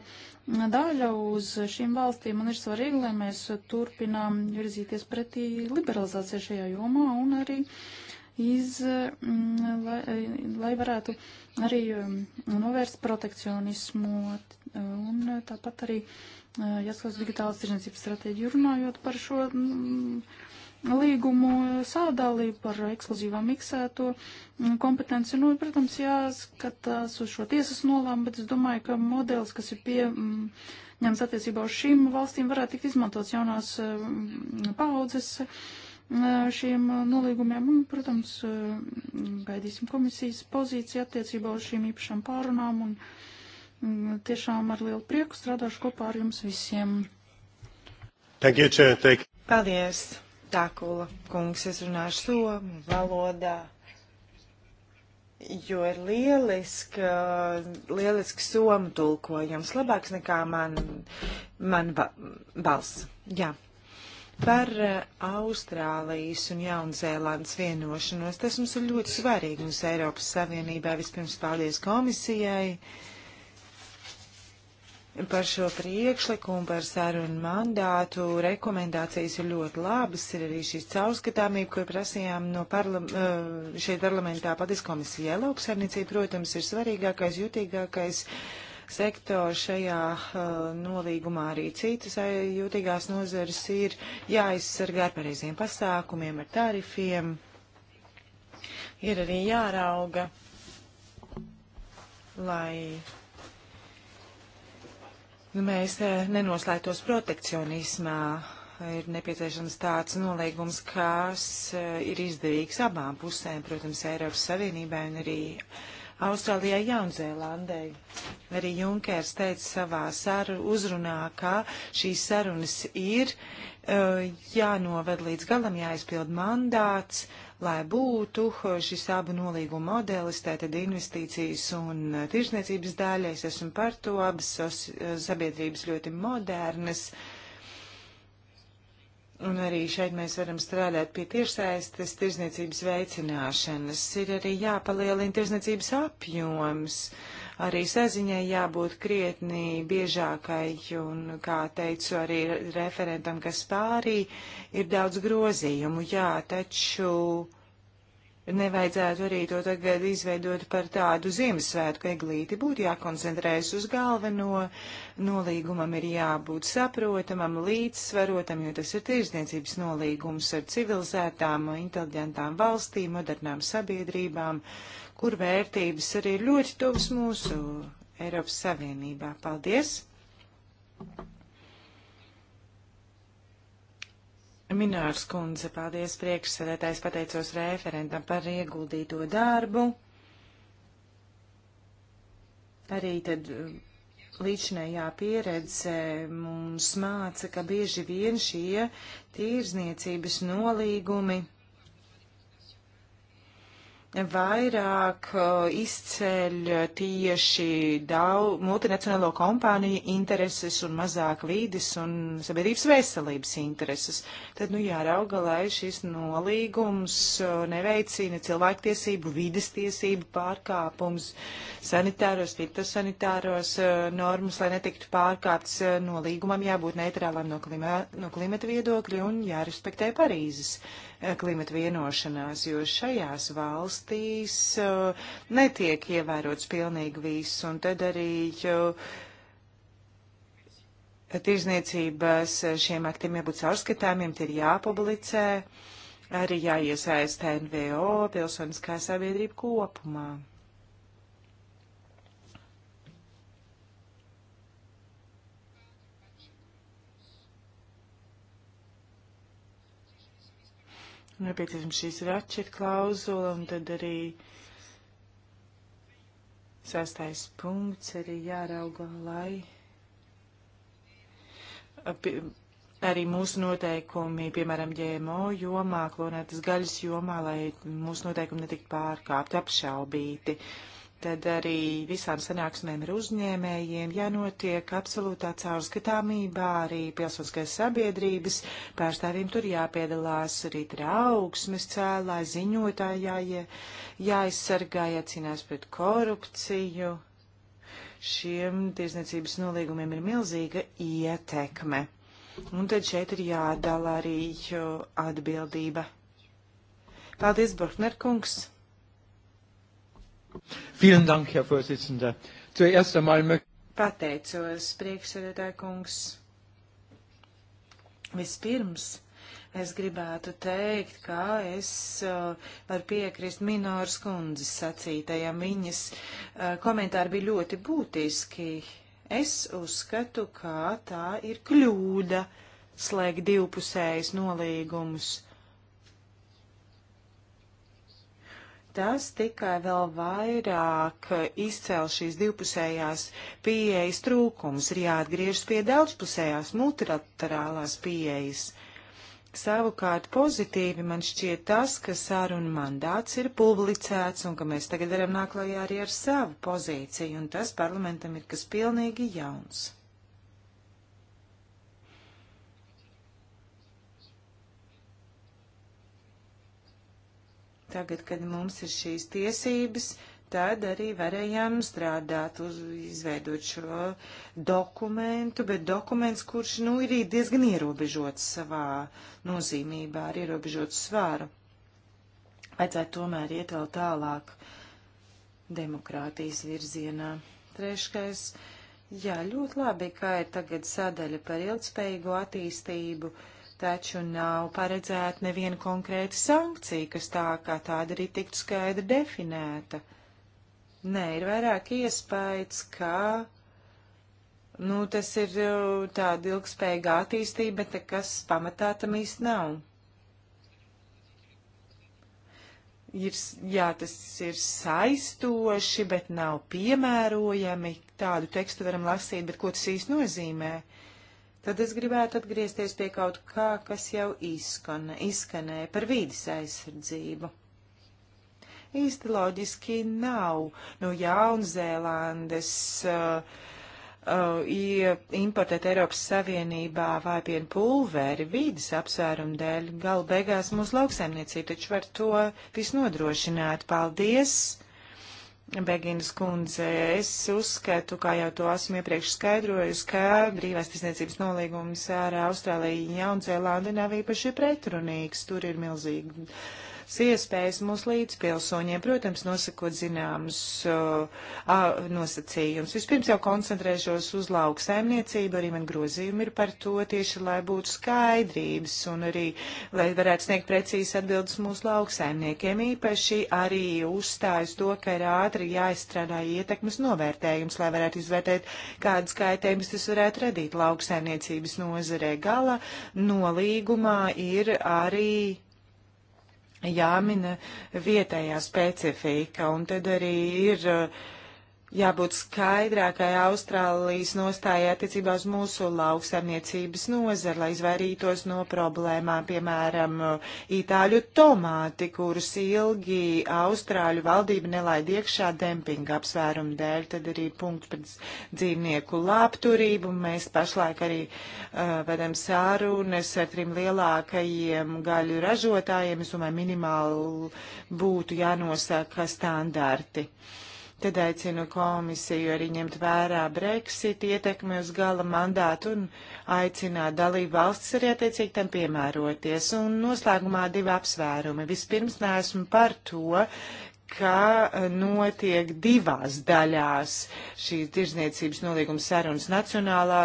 daļa uz šīm valstīm un ir svarīgi, lai mēs turpinām virzīties pretī liberalizācijai šajā jomā un arī iz, mm, lai, lai varētu arī mm, novērst protekcionismu un tāpat arī uh, jāskatās digitālas tirdzniecības stratēģiju runājot par šo līgumu sādālību, par ekskluzīvām miksēto kompetenci. Nu, protams, jāskatās uz šo tiesas nolēmu, bet es domāju, ka modelis, kas ir pieņemts attiecībā uz šīm valstīm, varētu tikt izmantots jaunās э, paudzes э, šiem э, nolīgumiem. Un, protams, gaidīsim komisijas pozīciju attiecībā uz šīm īpašām pārunām. Un, uh, Uh, tiešām ar lielu prieku strādāšu kopā ar jums visiem. Thank you, Chair. Thank you. Paldies, Tākula kungs. Es runāšu somu valodā. Jo ir lieliski, uh, lieliski somu tulkojums, labāks nekā man, man ba balss. Jā. Par uh, Austrālijas un Jaunzēlandes vienošanos. Tas mums ir ļoti svarīgi mums Eiropas Savienībā. Vispirms paldies komisijai. Uh, par šo priekšlikumu, par sarunu mandātu. Rekomendācijas ir ļoti labas, ir arī šīs caurskatāmība, ko prasījām no parlam eh, šeit parlamentā paties komisijai. Lauksaimniecība, protams, ir svarīgākais, jutīgākais sektors šajā uh, nolīgumā. Arī citas eh, jutīgās nozares ir jāizsargā ar pareiziem pasākumiem, ar tarifiem. Ir arī jārauga, lai mēs eh, nenoslēgtos protekcionismā. Ir nepieciešams tāds nolīgums, kas eh, ir izdevīgs abām pusēm, protams, Eiropas Savienībai un arī Austrālijai, Jaunzēlandei. Arī Junkers teica savā saru uzrunā, ka šīs sarunas ir eh, jānoved līdz galam, jāizpild mandāts, uh, lai būtu šis abu nolīgu modelis, tātad investīcijas un tirsniecības daļa. Es esmu par to, abas sabiedrības ļoti modernas. Un arī šeit mēs varam strādāt pie tiešsaistes tirzniecības veicināšanas. Ir arī jāpalielina tirzniecības apjoms. Uh, arī saziņai jābūt krietni biežākai, un, kā teicu, arī referentam, kas pārī ir daudz grozījumu, jā, taču nevajadzētu arī to tagad izveidot par tādu Ziemassvētku eglīti. Būtu jākoncentrējas uz galveno, nolīgumam ir jābūt saprotamam, līdzsvarotam, jo tas ir tirsniecības nolīgums ar civilizētām, inteliģentām valstīm, modernām sabiedrībām, kur vērtības arī ir ļoti tuvas mūsu Eiropas Savienībā. Paldies! Minārs kundze, paldies priekšsēdētājs, pateicos referentam par ieguldīto darbu. Arī tad um, līdzinējā pieredze mums māca, ka bieži vien šie tīrzniecības nolīgumi vairāk izceļ tieši daudz multinacionālo kompāniju intereses un mazāk vīdes un sabiedrības veselības intereses. Tad, nu, jārauga, lai šis nolīgums neveicina cilvēktiesību, vides tiesību pārkāpums, sanitāros, fitosanitāros normas, lai netiktu pārkāpts nolīgumam, jābūt neitrālam no, klima, no klimata viedokļa un jārespektē Parīzes klimata vienošanās, jo šajās valstīs uh, netiek ievērots pilnīgi viss, un tad arī uh, tirzniecības uh, šiem aktiem jābūt caurskatāmiem, tie ir jāpublicē, arī jāiesaista NVO, pilsoniskā sabiedrība kopumā. nepieciešams šīs ratšet klauzula un tad arī sastais punkts arī jārauga, lai arī mūsu noteikumi, piemēram, ģēmo jomā, klonētas gaļas jomā, lai mūsu noteikumi netiktu pārkāpti, apšaubīti. Uh, Tad arī visām sanāksmēm ar uzņēmējiem jānotiek absolūtā caurskatāmībā, arī pilsoniskais sabiedrības pārstāvjiem tur jāpiedalās, arī trauksmes cēlā, ziņotājā jā, jāizsargā, jācīnās pret korupciju. Šiem tirsniecības nolīgumiem ir milzīga ietekme. Un tad šeit ir jādala arī atbildība. Paldies, Borkner kungs! Vielen Dank, Herr Vorsitzender. Zuerst einmal möchte Pateicos, priekšsēdētāja kungs. Vispirms es gribētu teikt, ka es uh, varu piekrist Minoras kundzes sacītajam. Viņas uh, komentāri bija ļoti būtiski. Es uzskatu, ka tā ir kļūda slēgt divpusējas nolīgumus. Uh, Tas tikai vēl vairāk izcēl šīs divpusējās pieejas trūkums, ir jāatgriežas pie daudzpusējās multilaterālās pieejas. Savukārt pozitīvi man šķiet tas, ka saruna mandāts ir publicēts un ka mēs tagad varam nāklājā arī ar savu pozīciju, un tas parlamentam ir kas pilnīgi jauns. Tagad, kad mums ir šīs tiesības, tad arī varējām strādāt, uz, izveidot šo dokumentu, bet dokuments, kurš nu, ir diezgan ierobežots savā nozīmībā, ar ierobežotu svāru. Vajadzētu tomēr iet vēl tālāk demokrātijas virzienā. Trešais. Jā, ļoti labi, kā ir tagad sadaļa par ilgspējīgu attīstību. Uh, taču nav paredzēta neviena konkrēta sankcija, kas tā kā tāda arī tiktu skaidri definēta. Nē, ir vairāk iespējas, ka, nu, tas ir uh, tāda ilgspējīga attīstība, bet kas pamatā tam īsti nav. Ir, jā, tas ir saistoši, bet nav piemērojami. Tādu tekstu varam lasīt, bet ko tas īsti nozīmē? Uh, Tad es gribētu atgriezties pie kaut kā, kas jau izskana, izskanēja par vīdes aizsardzību. Īsti loģiski nav no nu, Jaunzēlandes uh, uh, importēt Eiropas Savienībā vaipienu pulveri vīdes apsvērumu dēļ. Galu beigās mūsu lauksaimniecība taču var to visu nodrošināt. Paldies! Beginas kundze, es uzskatu, kā jau to esmu iepriekš skaidrojusi, ka brīvās tirsniecības nolīgums ar Austrāliju Jaunzēlandi nav īpaši pretrunīgs. Tur ir milzīgi iespējas mūsu līdzpilsoņiem, protams, nosakot zināmus uh, nosacījumus. Vispirms jau koncentrēšos uz lauksaimniecību, arī man grozījumi ir par to tieši, lai būtu skaidrības un arī, lai varētu sniegt precīzi atbildes mūsu lauksaimniekiem. Īpaši arī uzstājas to, ka ir ātri jāizstrādā ietekmes novērtējums, lai varētu izvērtēt, kādas kaitējumus tas varētu radīt lauksaimniecības nozarē. Gala nolīgumā ir arī jāmina vietējā specifika, un tad arī ir uh, jābūt skaidrākai Austrālijas nostājai attiecībā uz mūsu lauksaimniecības nozari, lai izvairītos no problēmām, piemēram, itāļu tomāti, kurus ilgi Austrāļu valdība nelaid iekšā dempinga apsvērumu dēļ, tad arī punkts pret dzīvnieku labturību. Mēs pašlaik arī uh, vedam sārunes ar trim lielākajiem gaļu ražotājiem. Es domāju, minimāli būtu jānosaka standarti. Uh, Tad aicinu komisiju arī ņemt vērā Brexit ietekmi uz gala mandātu un aicināt dalību valstis arī attiecīgi tam piemēroties. Un noslēgumā divi apsvērumi. Vispirms neesmu par to, ka eh, notiek divās daļās šīs tirzniecības nolīguma sarunas nacionālā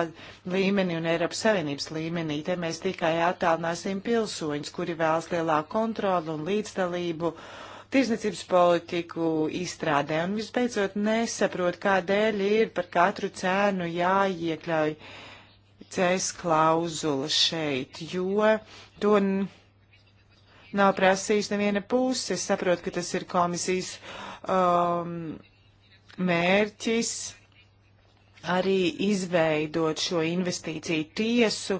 līmenī un Eiropas Savienības līmenī. Te mēs tikai attālināsim pilsoņus, kuri vēlas lielāku kontroli un līdzdalību tirzniecības politiku izstrādē. Un visbeidzot nesaprot, kādēļ ir par katru cēnu jāiekļauj cēs klauzula šeit, jo to nav prasījis neviena puse. Es saprotu, ka tas ir komisijas um, mērķis arī izveidot šo investīciju tiesu,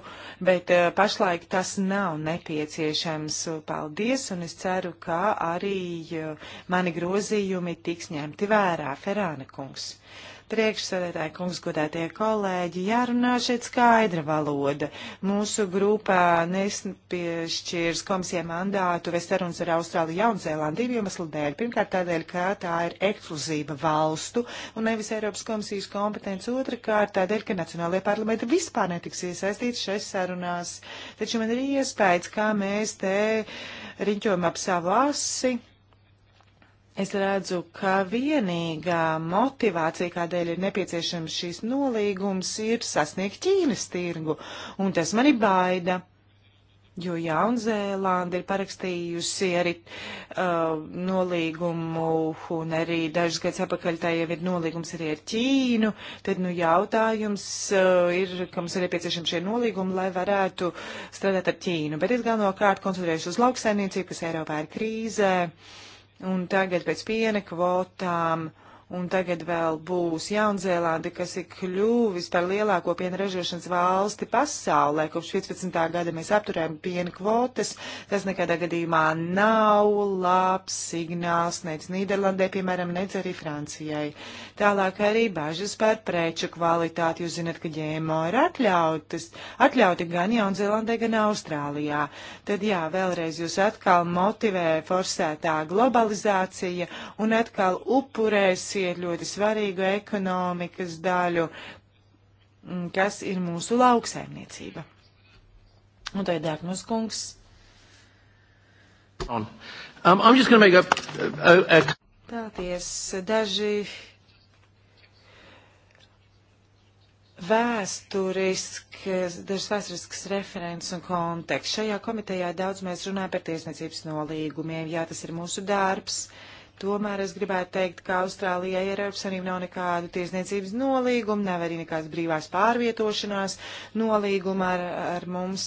bet uh, pašlaik tas nav nepieciešams. Paldies, un es ceru, ka arī uh, mani grozījumi tiks ņemti vērā, Ferāna kungs. Priekšsēdētāji, kungs, godētie kolēģi, jārunā šeit skaidra valoda. Mūsu grupā nespiešķirs komisija mandātu vai sarunas ar Austrāliju Jaunzēlānu divu iemeslu dēļ. Pirmkārt tādēļ, ka tā ir ekskluzīva valstu un nevis Eiropas komisijas kompetence. Otrakārt tādēļ, ka Nacionālajie parlamenti vispār netiks iesaistīti šais sarunās. Taču man ir iespējas, kā mēs te riņķojam ap savu asi Es redzu, ka vienīgā motivācija, kādēļ ir nepieciešams šīs nolīgums, ir sasniegt Ķīnas tirgu, un tas mani baida, jo Jaunzēlanda ir parakstījusi arī uh, nolīgumu, un arī dažus gadus apakaļ tā jau ir nolīgums arī ar Ķīnu, tad, nu, jautājums uh, ir, ka mums ir nepieciešami šie nolīgumi, lai varētu strādāt ar Ķīnu, bet es galvenokārt koncentrēšu uz lauksaimniecību, kas Eiropā ir krīzē. Uh, Un tagad pēc piena kvotām. Uh, un tagad vēl būs Jaunzēlanda, kas ir kļuvis par lielāko piena ražošanas valsti pasaulē. Kopš 15. gada mēs apturējam piena kvotas. Tas nekādā gadījumā nav labs signāls nec Nīderlandē, piemēram, nec arī Francijai. Tālāk arī bažas par preču kvalitāti. Jūs zinat, ka ģēmo ir atļautas, atļauti gan Jaunzēlandē, gan Austrālijā. Tad jā, vēlreiz jūs atkal motivē forsētā globalizācija un atkal upurēs ir ļoti svarīgu ekonomikas daļu, mm, kas ir mūsu lauksaimniecība. Un tā ir Dārknos kungs. Um, a, a, a... Tāties daži vēsturisks, dažs vēsturisks referents un konteksts. Šajā komitejā daudz mēs runājam par tiesniecības nolīgumiem. Jā, tas ir mūsu darbs. Uh, Tomēr es gribētu teikt, ka Austrālijai ar Eiropas Savienību nav nekādu tiesniecības nolīgumu, nav arī nekādas brīvās pārvietošanās nolīguma ar, ar mums.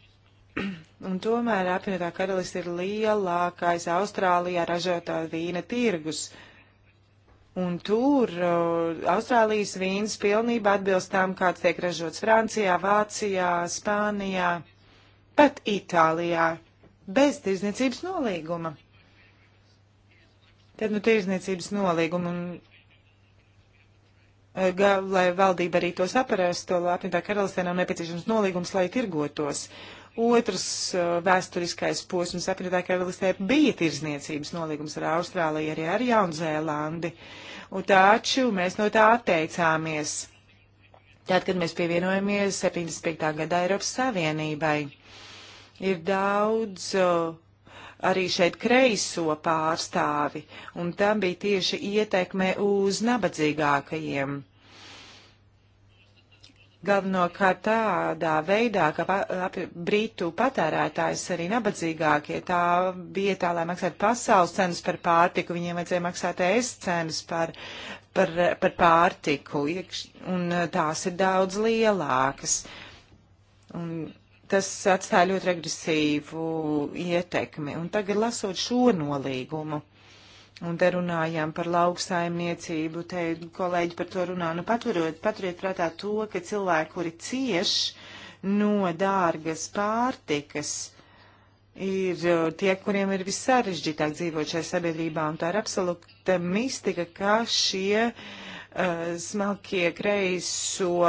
Un tomēr apvienotā karalista ir lielākais Austrālijā ražotā vīna tirgus. Un tur uh, Austrālijas vīns pilnībā atbilst tam, kāds tiek ražots Francijā, Vācijā, Spānijā, pat Itālijā, bez tirzniecības nolīguma. Tad, nu, tirzniecības nolīgumu un e, Gal, lai valdība arī to saprastu, to apvienotā karalistē nav nepieciešams nolīgums, lai tirgotos. Otrs e, vēsturiskais posms apvienotā karalistē bija tirzniecības nolīgums ar Austrāliju, arī ar Jaunzēlandi. Un taču mēs no tā atteicāmies. Tad, kad mēs pievienojamies 75. gadā Eiropas Savienībai, ir daudz uh, arī šeit kreiso pārstāvi, un tam bija tieši ietekme uz nabadzīgākajiem. Galvenokārt tādā veidā, ka pa, ap, britu patērētājs arī nabadzīgākie tā vietā, lai maksātu pasaules cenas par pārtiku, viņiem vajadzēja maksāt es cenas par, par, par pārtiku, un tās ir daudz lielākas. Un tas atstāja ļoti regresīvu ietekmi. Un tagad lasot šo nolīgumu, un te runājām par lauksaimniecību, te kolēģi par to runā, nu paturot, paturiet prātā to, ka cilvēki, kuri cieš no dārgas pārtikas, ir uh, tie, kuriem ir vissarežģītāk dzīvot šajā sabiedrībā, un tā ir absolūta mistika, ka šie uh, Eh, smalkie kreiso,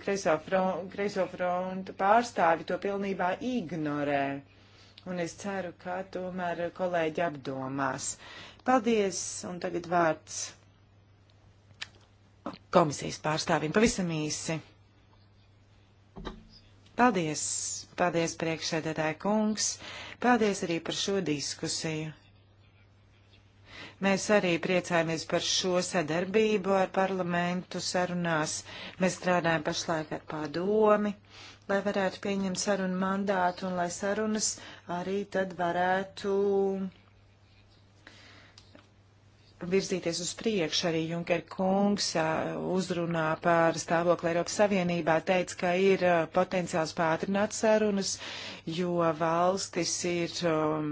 kreiso, front, kreiso frontu pārstāvi to pilnībā ignorē. Un es ceru, ka tomēr kolēģi apdomās. Paldies, un tagad vārds komisijas pārstāvim pavisam īsi. Paldies, paldies priekšsēdētāja kungs, paldies arī par šo diskusiju. Mēs arī priecājamies par šo sadarbību ar parlamentu sarunās. Mēs strādājam pašlaik ar padomi, lai varētu pieņemt sarunu mandātu un lai sarunas arī tad varētu virzīties uz priekšu. Arī Junker kungs uzrunā par stāvokli Eiropas Savienībā teica, ka ir potenciāls pātrināt sarunas, jo valstis ir um,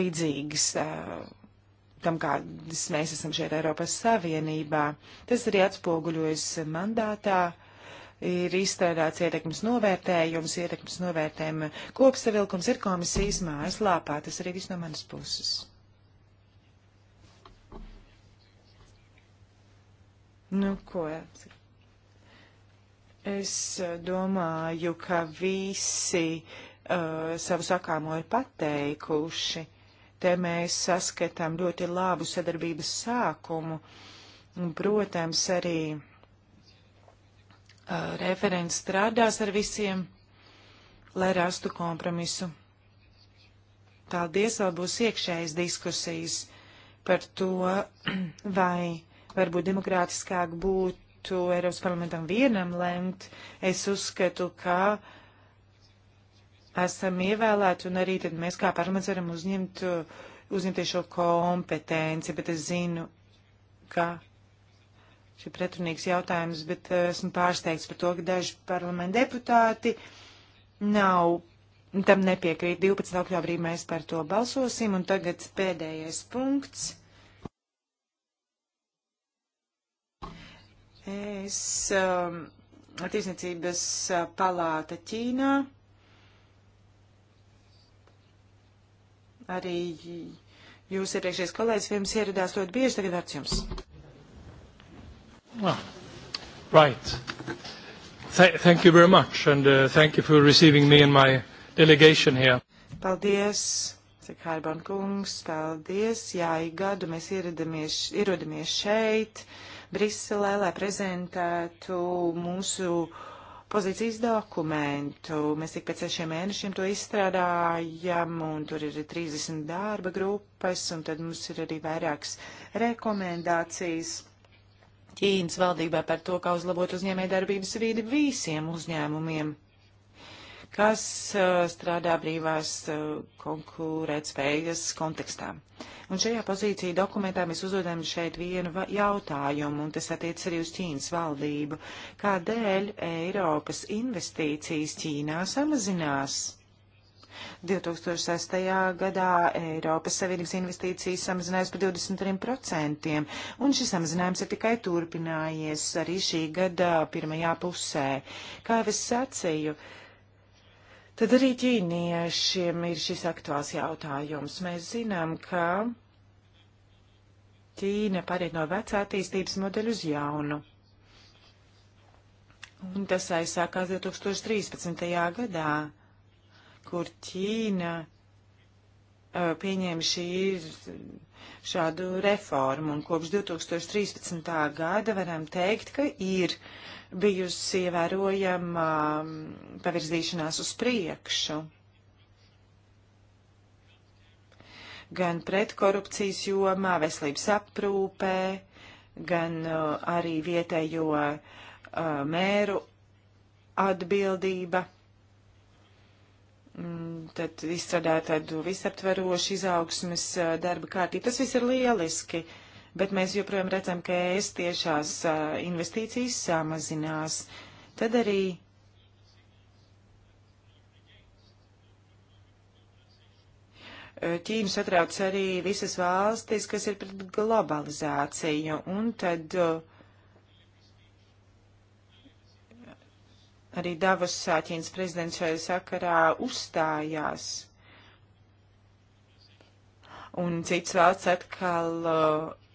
līdzīgas. Uh, tam, kādas mēs esam šeit Eiropas Savienībā. Tas arī atspoguļojas mandātā. Ir izstrādāts ietekmes novērtējums, ietekmes novērtējuma kopsavilkums ir komisijas mājas lāpā. Tas arī viss no manas puses. Nu, ko? Es eh, domāju, ka visi uh, savu sakāmo ir pateikuši. Te mēs saskatām ļoti labu sadarbības sākumu, un, protams, arī uh, referents strādās ar visiem, lai rastu kompromisu. Paldies, vēl būs iekšējas diskusijas par to, vai varbūt demokrātiskāk būtu Eiropas parlamentam vienam lemt. Es uzskatu, ka uh, esam ievēlēti, un arī tad mēs kā parlaments varam uzņemt, uzņemties šo kompetenci, bet es zinu, ka šī pretrunīgs jautājums, bet eh, esmu pārsteigts par to, ka daži parlamenta deputāti nav, tam nepiekrīt. 12. oktobrī mēs par to balsosim, un tagad pēdējais punkts. Es um, Tiesniecības palāta Ķīnā. Arī jūs iepriekšējais kolēģis pirms ieradās ļoti bieži, tagad vārds jums. Well, ah, right. Th thank you very much and uh, thank you for receiving me and my delegation here. Paldies, cik Hārban kungs, paldies. Jā, ik gadu mēs ierodamies, ierodamies šeit, Briselē, lai prezentētu mūsu uh, pozīcijas dokumentu. Mēs tik pēc sešiem mēnešiem to izstrādājam, un tur ir 30 darba grupas, un tad mums ir arī vairākas rekomendācijas. Ķīnas valdībā par to, kā uzlabot uzņēmē darbības vīdi visiem uzņēmumiem kas strādā brīvās konkurētspējas kontekstā. Un šajā pozīcija dokumentā mēs uzdodam šeit vienu jautājumu, un tas attiec arī uz Ķīnas valdību. Kādēļ Eiropas investīcijas Ķīnā samazinās? 2006. gadā Eiropas Savienības investīcijas samazinājās par 23%, un šis samazinājums ir tikai turpinājies arī šī gada pirmajā pusē. Kā jau es sacīju, uh, Tad arī ķīniešiem ir šis aktuāls jautājums. Mēs zinām, ka Ķīna pāriet no vecā attīstības modeļa uz jaunu. Un tas aizsākās 2013. gadā, kur Ķīna uh, pieņēma šī šādu reformu, un kopš 2013. gada varam teikt, ka ir bijusi ievērojama um, pavirzīšanās uz priekšu. Gan pretkorupcijas jomā, veselības aprūpē, gan uh, arī vietējo uh, mēru atbildība. Mm, tad izstrādāt tādu visaptverošu izaugsmes uh, darba kārtību. Tas viss ir lieliski. Uh, bet mēs joprojām redzam, ka es tiešās investīcijas samazinās. Tad arī Ķīnu satrauc arī visas valstis, kas ir pret globalizāciju, un tad arī Davas Ķīnas prezidents šajā sakarā uzstājās. Un cits valsts atkal uh,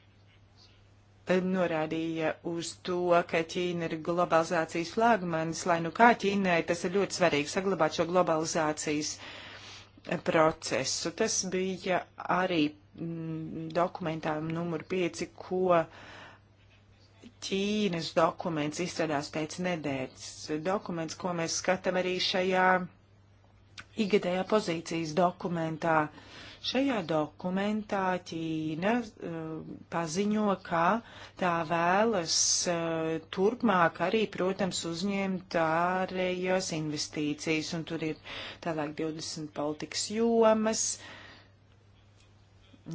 norādīja uz to, ka Ķīna ir globalizācijas flagmanis, lai nu kā Ķīnai tas ir ļoti svarīgi saglabāt šo globalizācijas eh, procesu. Tas bija arī mm, dokumentā numur 5, ko Ķīnas dokuments izstrādās pēc nedēļas. Dokuments, ko mēs skatām arī šajā igadējā pozīcijas dokumentā. Uh, Šajā dokumentā Ķīna uh, paziņo, ka tā vēlas uh, turpmāk arī, protams, uzņemt ārējos investīcijas, un tur ir tālāk 20 politikas jomas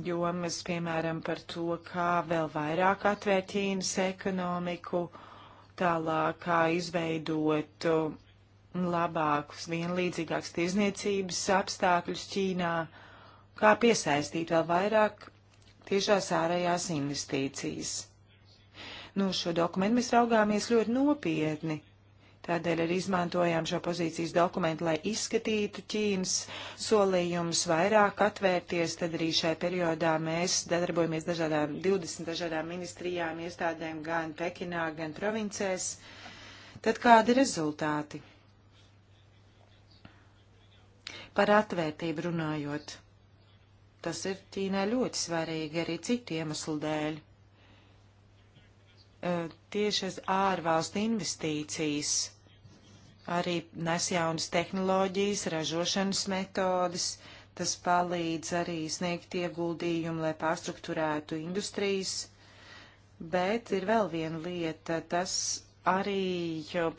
jomas, piemēram, par to, kā vēl vairāk atvērt Ķīnas ekonomiku, tālāk kā izveidot eh, labākus, vienlīdzīgākus tirzniecības apstākļus Ķīnā. Uh, kā piesaistīt vēl vairāk tiešās ārējās investīcijas. Nu, šo dokumentu mēs raugāmies ļoti nopietni. Tādēļ arī izmantojām šo pozīcijas dokumentu, lai izskatītu Ķīnas solījumus vairāk atvērties. Tad arī šai periodā mēs darbojamies dažādām 20 dažādām ministrijām, iestādēm gan Pekinā, gan provincēs. Tad kādi rezultāti? Par atvērtību runājot. Tas ir Ķīnai ļoti svarīgi arī citu iemeslu dēļ. Tieši aiz ārvalstu investīcijas arī nes jaunas tehnoloģijas, ražošanas metodes, tas palīdz arī sniegt ieguldījumu, lai pārstruktūrētu industrijas, bet ir vēl viena lieta, tas arī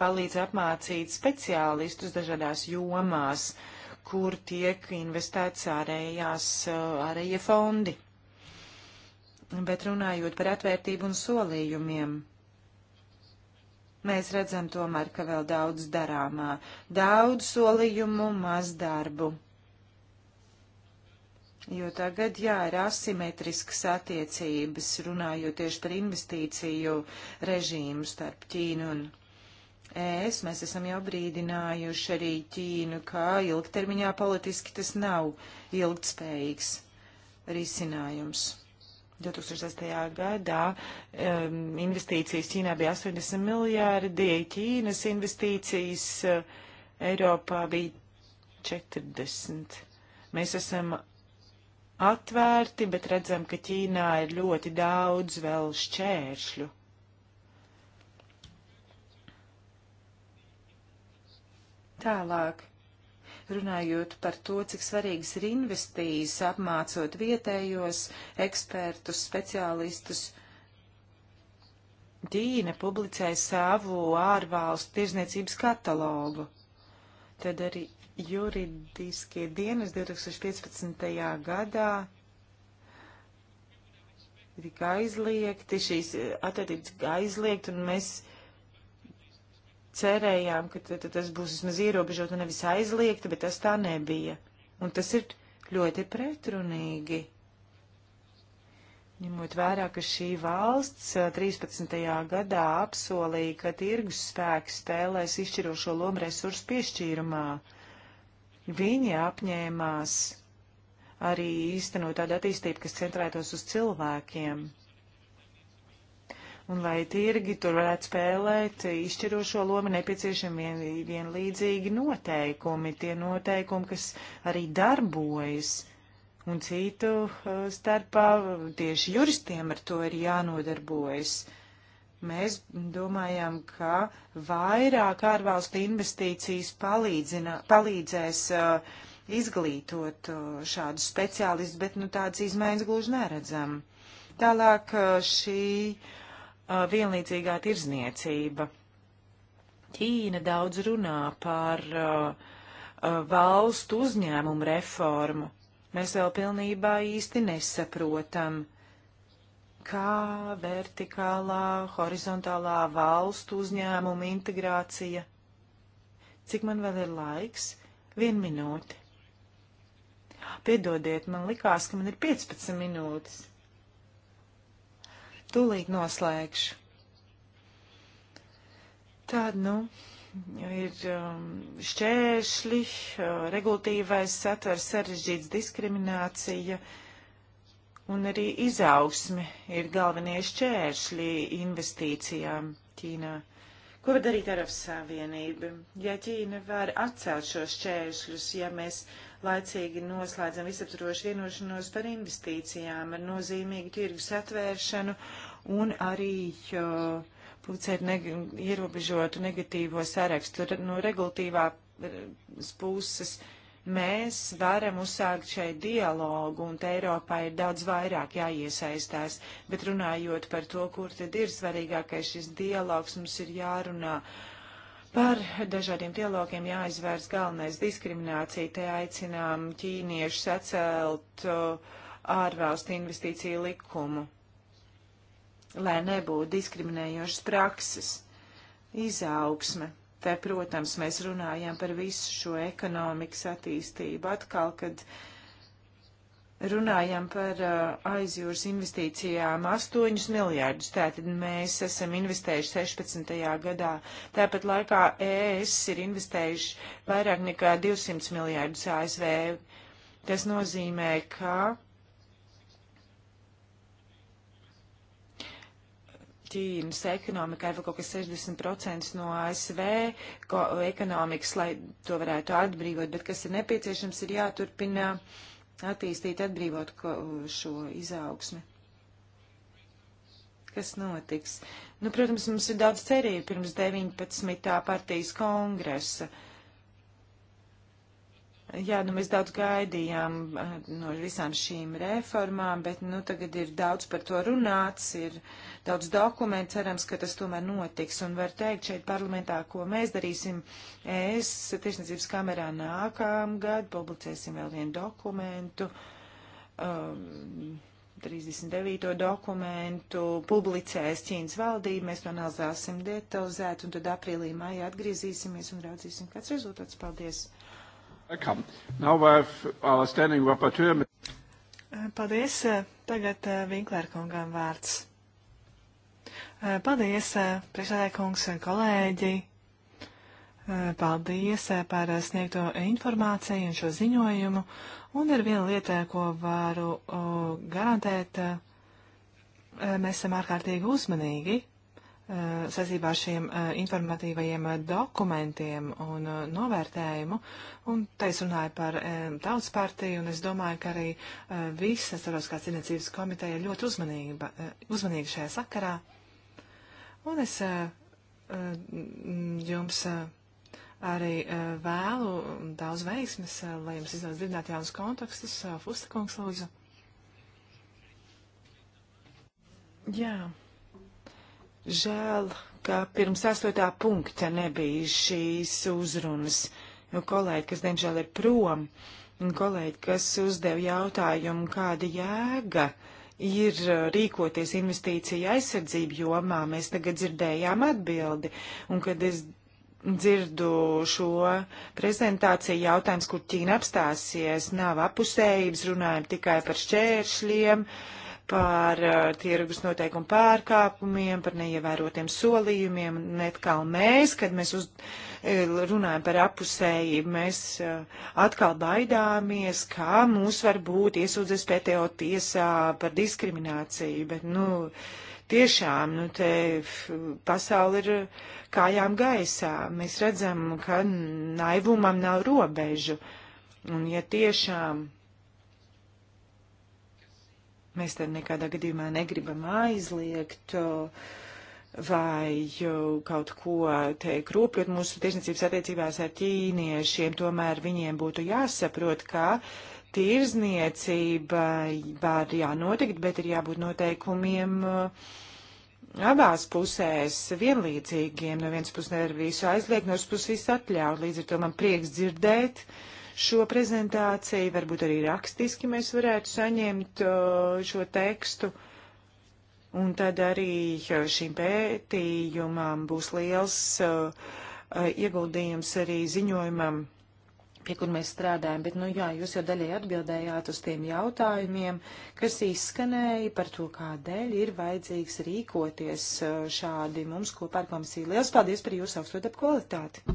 palīdz apmācīt speciālistus dažādās jomās. Uh, kur tiek investēts ārējās, eh, ārējie fondi. Bet runājot par atvērtību un solījumiem, mēs redzam tomēr, ka vēl daudz darāmā, daudz solījumu, maz darbu. Jo tagad, jā, ir asimetriskas attiecības, runājot tieši par investīciju režīmu starp Ķīnu un ES mēs esam jau brīdinājuši arī Ķīnu, ka ilgtermiņā politiski tas nav ilgtspējīgs risinājums. 2006. gadā um, investīcijas Ķīnā bija 80 miljārdi, Ķīnas investīcijas uh, Eiropā bija 40. Mēs esam atvērti, bet redzam, ka Ķīnā ir ļoti daudz vēl šķēršļu. Tālāk, runājot par to, cik svarīgas ir investīcijas, apmācot vietējos ekspertus, speciālistus. Dīne publicēja savu ārvalstu tirzniecības katalogu. Tad arī juridiskie dienas 2015. gadā tika aizliegti, šīs attiecības aizliegt, un mēs cerējām, ka tas būs vismaz ierobežot un nevis aizliegta, bet tas tā nebija. Un tas ir ļoti pretrunīgi. Ņemot vērā, ka šī valsts 13. gadā apsolīja, ka tirgus spēks spēlēs izšķirošo lomu resursu piešķīrumā, viņi apņēmās arī īstenot tādu attīstību, kas centrētos uz cilvēkiem un lai tirgi tur varētu spēlēt izšķirošo lomu, nepieciešami vien, vienlīdzīgi noteikumi, tie noteikumi, kas arī darbojas. Un citu uh, starpā tieši juristiem ar to ir jānodarbojas. Mēs domājam, ka vairāk ārvalstu investīcijas palīdzēs uh, izglītot uh, šādus speciālistus, bet nu, tādas izmaiņas gluži neredzam. Tālāk uh, šī uh, Uh, vienlīdzīgā tirzniecība. Ķīna daudz runā par uh, uh, valstu uzņēmumu reformu. Mēs vēl pilnībā īsti nesaprotam, kā vertikālā, horizontālā valstu uzņēmuma integrācija. Cik man vēl ir laiks? Vienu minūti. Piedodiet, man likās, ka man ir 15 minūtes tūlīt noslēgšu. Tad, nu, ir um, šķēršļi, uh, regulatīvais satvers sarežģīts diskriminācija un arī izaugsme ir galvenie šķēršļi investīcijām Ķīnā. Ko var darīt Eiropas Savienība? Ja Ķīna var atcelt šos šķēršļus, ja mēs laicīgi noslēdzam visaptvarošu vienošanos par investīcijām ar nozīmīgu tirgus atvēršanu un arī publicēt neg ierobežotu negatīvo sarakstu no regulatīvā eh, puses. Mēs varam uzsākt šeit dialogu, un te Eiropā ir daudz vairāk jāiesaistās, bet runājot par to, kur tad ir svarīgākais šis dialogs, mums ir jārunā uh, Par dažādiem dialogiem jāizvērst galvenais diskriminācija. Te aicinām ķīniešus atcelt uh, ārvalstu investīciju likumu, lai nebūtu diskriminējošas prakses. Izaugsme. Te, protams, mēs runājam par visu šo ekonomikas attīstību. Atkal, kad uh, runājam par uh, aizjūras investīcijām 8 miljārdus. Tātad mēs esam investējuši 16. gadā. Tāpat laikā ES ir investējuši vairāk nekā 200 miljārdus ASV. Tas nozīmē, ka Ķīnas ekonomika ir vēl kaut kas 60% no ASV ekonomikas, lai to varētu atbrīvot, bet kas ir nepieciešams, ir jāturpina uh, attīstīt, atbrīvot šo izaugsmi. Kas notiks? Nu, protams, mums ir daudz cerību pirms 19. partijas kongresa. Jā, nu mēs daudz gaidījām eh, no visām šīm reformām, bet nu tagad ir daudz par to runāts, ir uh, daudz dokumentu. Cerams, ka tas tomēr notiks. Un var teikt šeit parlamentā, ko mēs darīsim. Es tirsniecības kamerā nākamgad publicēsim vēl vienu dokumentu. Um, 39. dokumentu publicēs Ķīnas valdība, mēs to analizēsim detalizēt, un tad aprīlī mājā atgriezīsimies un raudzīsim, kāds rezultāts. Paldies! Paldies! Tagad eh, Vinklērkungam vārds. Eh, paldies, eh, priekšsēdētājs, eh, kolēģi! Paldies par sniegto informāciju un šo ziņojumu. Un ir viena lieta, ko varu garantēt. Mēs esam ārkārtīgi uzmanīgi saistībā ar šiem informatīvajiem dokumentiem un novērtējumu. Un te es runāju par tautas partiju, un es domāju, ka arī visas starptautiskās tirniecības komiteja ir ļoti uzmanīga, uzmanīga šajā sakarā. Un es jums arī vēlu daudz veiksmes, lai jums izdodas dzirdēt jaunus kontekstus. Fusta kungs, lūdzu. Jā. Žēl, ka pirms astotā punkta nebija šīs uzrunas. Jo kolēģi, kas diemžēl ir prom, un kolēģi, kas uzdeva jautājumu, kāda jēga uh, ir rīkoties investīcija aizsardzību jomā. Mēs tagad dzirdējām atbildi, un kad es dzirdu šo prezentāciju jautājums, kur Ķīna apstāsies, nav apusējības, runājam tikai par šķēršļiem. Uh, par uh, tirgus noteikumu pārkāpumiem, par neievērotiem solījumiem, net kā mēs, kad mēs uz, eh, runājam par apusējību, mēs uh, atkal baidāmies, kā mūs var būt iesūdzēs PTO tiesā par diskrimināciju, bet, nu, tiešām, nu, te pasauli ir kājām gaisā. Mēs redzam, ka naivumam nav robežu. Un, ja tiešām Mēs te nekādā gadījumā negribam aizliegt vai kaut ko teikt rūpjot mūsu tirsniecības attiecībās ar ķīniešiem. Tomēr viņiem būtu jāsaprot, ka tirzniecība var jānotikt, bet ir jābūt noteikumiem. Uh, abās pusēs vienlīdzīgiem. No vienas puses nevar visu aizliegt, no otras puses visu atļaut. Līdz ar to man prieks dzirdēt, uh, šo prezentāciju, varbūt arī rakstiski mēs varētu saņemt uh, šo tekstu. Un tad arī uh, šīm pētījumam būs liels uh, ieguldījums arī ziņojumam pie kur mēs strādājam, bet, nu jā, jūs jau daļai atbildējāt uz tiem jautājumiem, kas izskanēja par to, kādēļ ir vajadzīgs rīkoties šādi mums kopā ar komisiju. Liels paldies par jūsu augstot ap kvalitāti!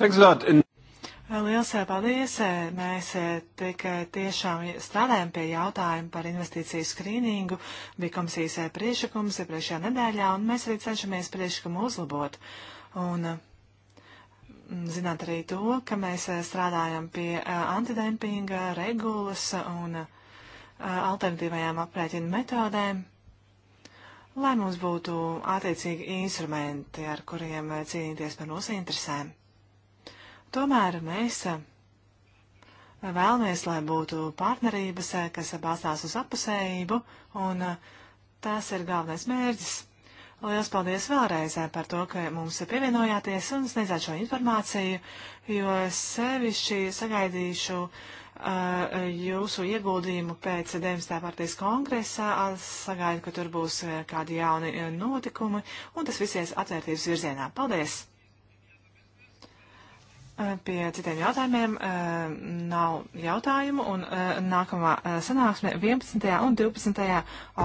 Thanks a lot. In... Liels eh, paldies! Eh, mēs eh, tikai tiešām strādājam pie jautājuma par investīciju skrīningu. Bija komisijas priešakums iepriekšējā nedēļā, un mēs arī cenšamies priešakumu uzlabot. Un, mm, zināt arī to, ka mēs strādājam pie antidempinga regulas un alternatīvajām aprēķinu metodēm lai mums būtu attiecīgi instrumenti, ar kuriem cīnīties par mūsu interesēm. Tomēr mēs eh, vēlamies, lai būtu partnerības, eh, kas balstās uz apusējību, un eh, tas ir galvenais mērķis. Lielas paldies vēlreiz par to, ka mums pievienojāties un sniedzāt šo informāciju, jo sevišķi sagaidīšu uh, jūsu ieguldījumu pēc 19. partijas kongresā. Sagaidu, ka tur būs kādi jauni notikumi, un tas visies atvērtības virzienā. Paldies! Pie citiem jautājumiem nav jautājumu, un nākamā sanāksme 11. un 12.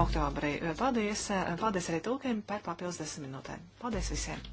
oktobrī. Paldies, paldies arī tulkiem par papildus desmit minūtēm. Paldies visiem!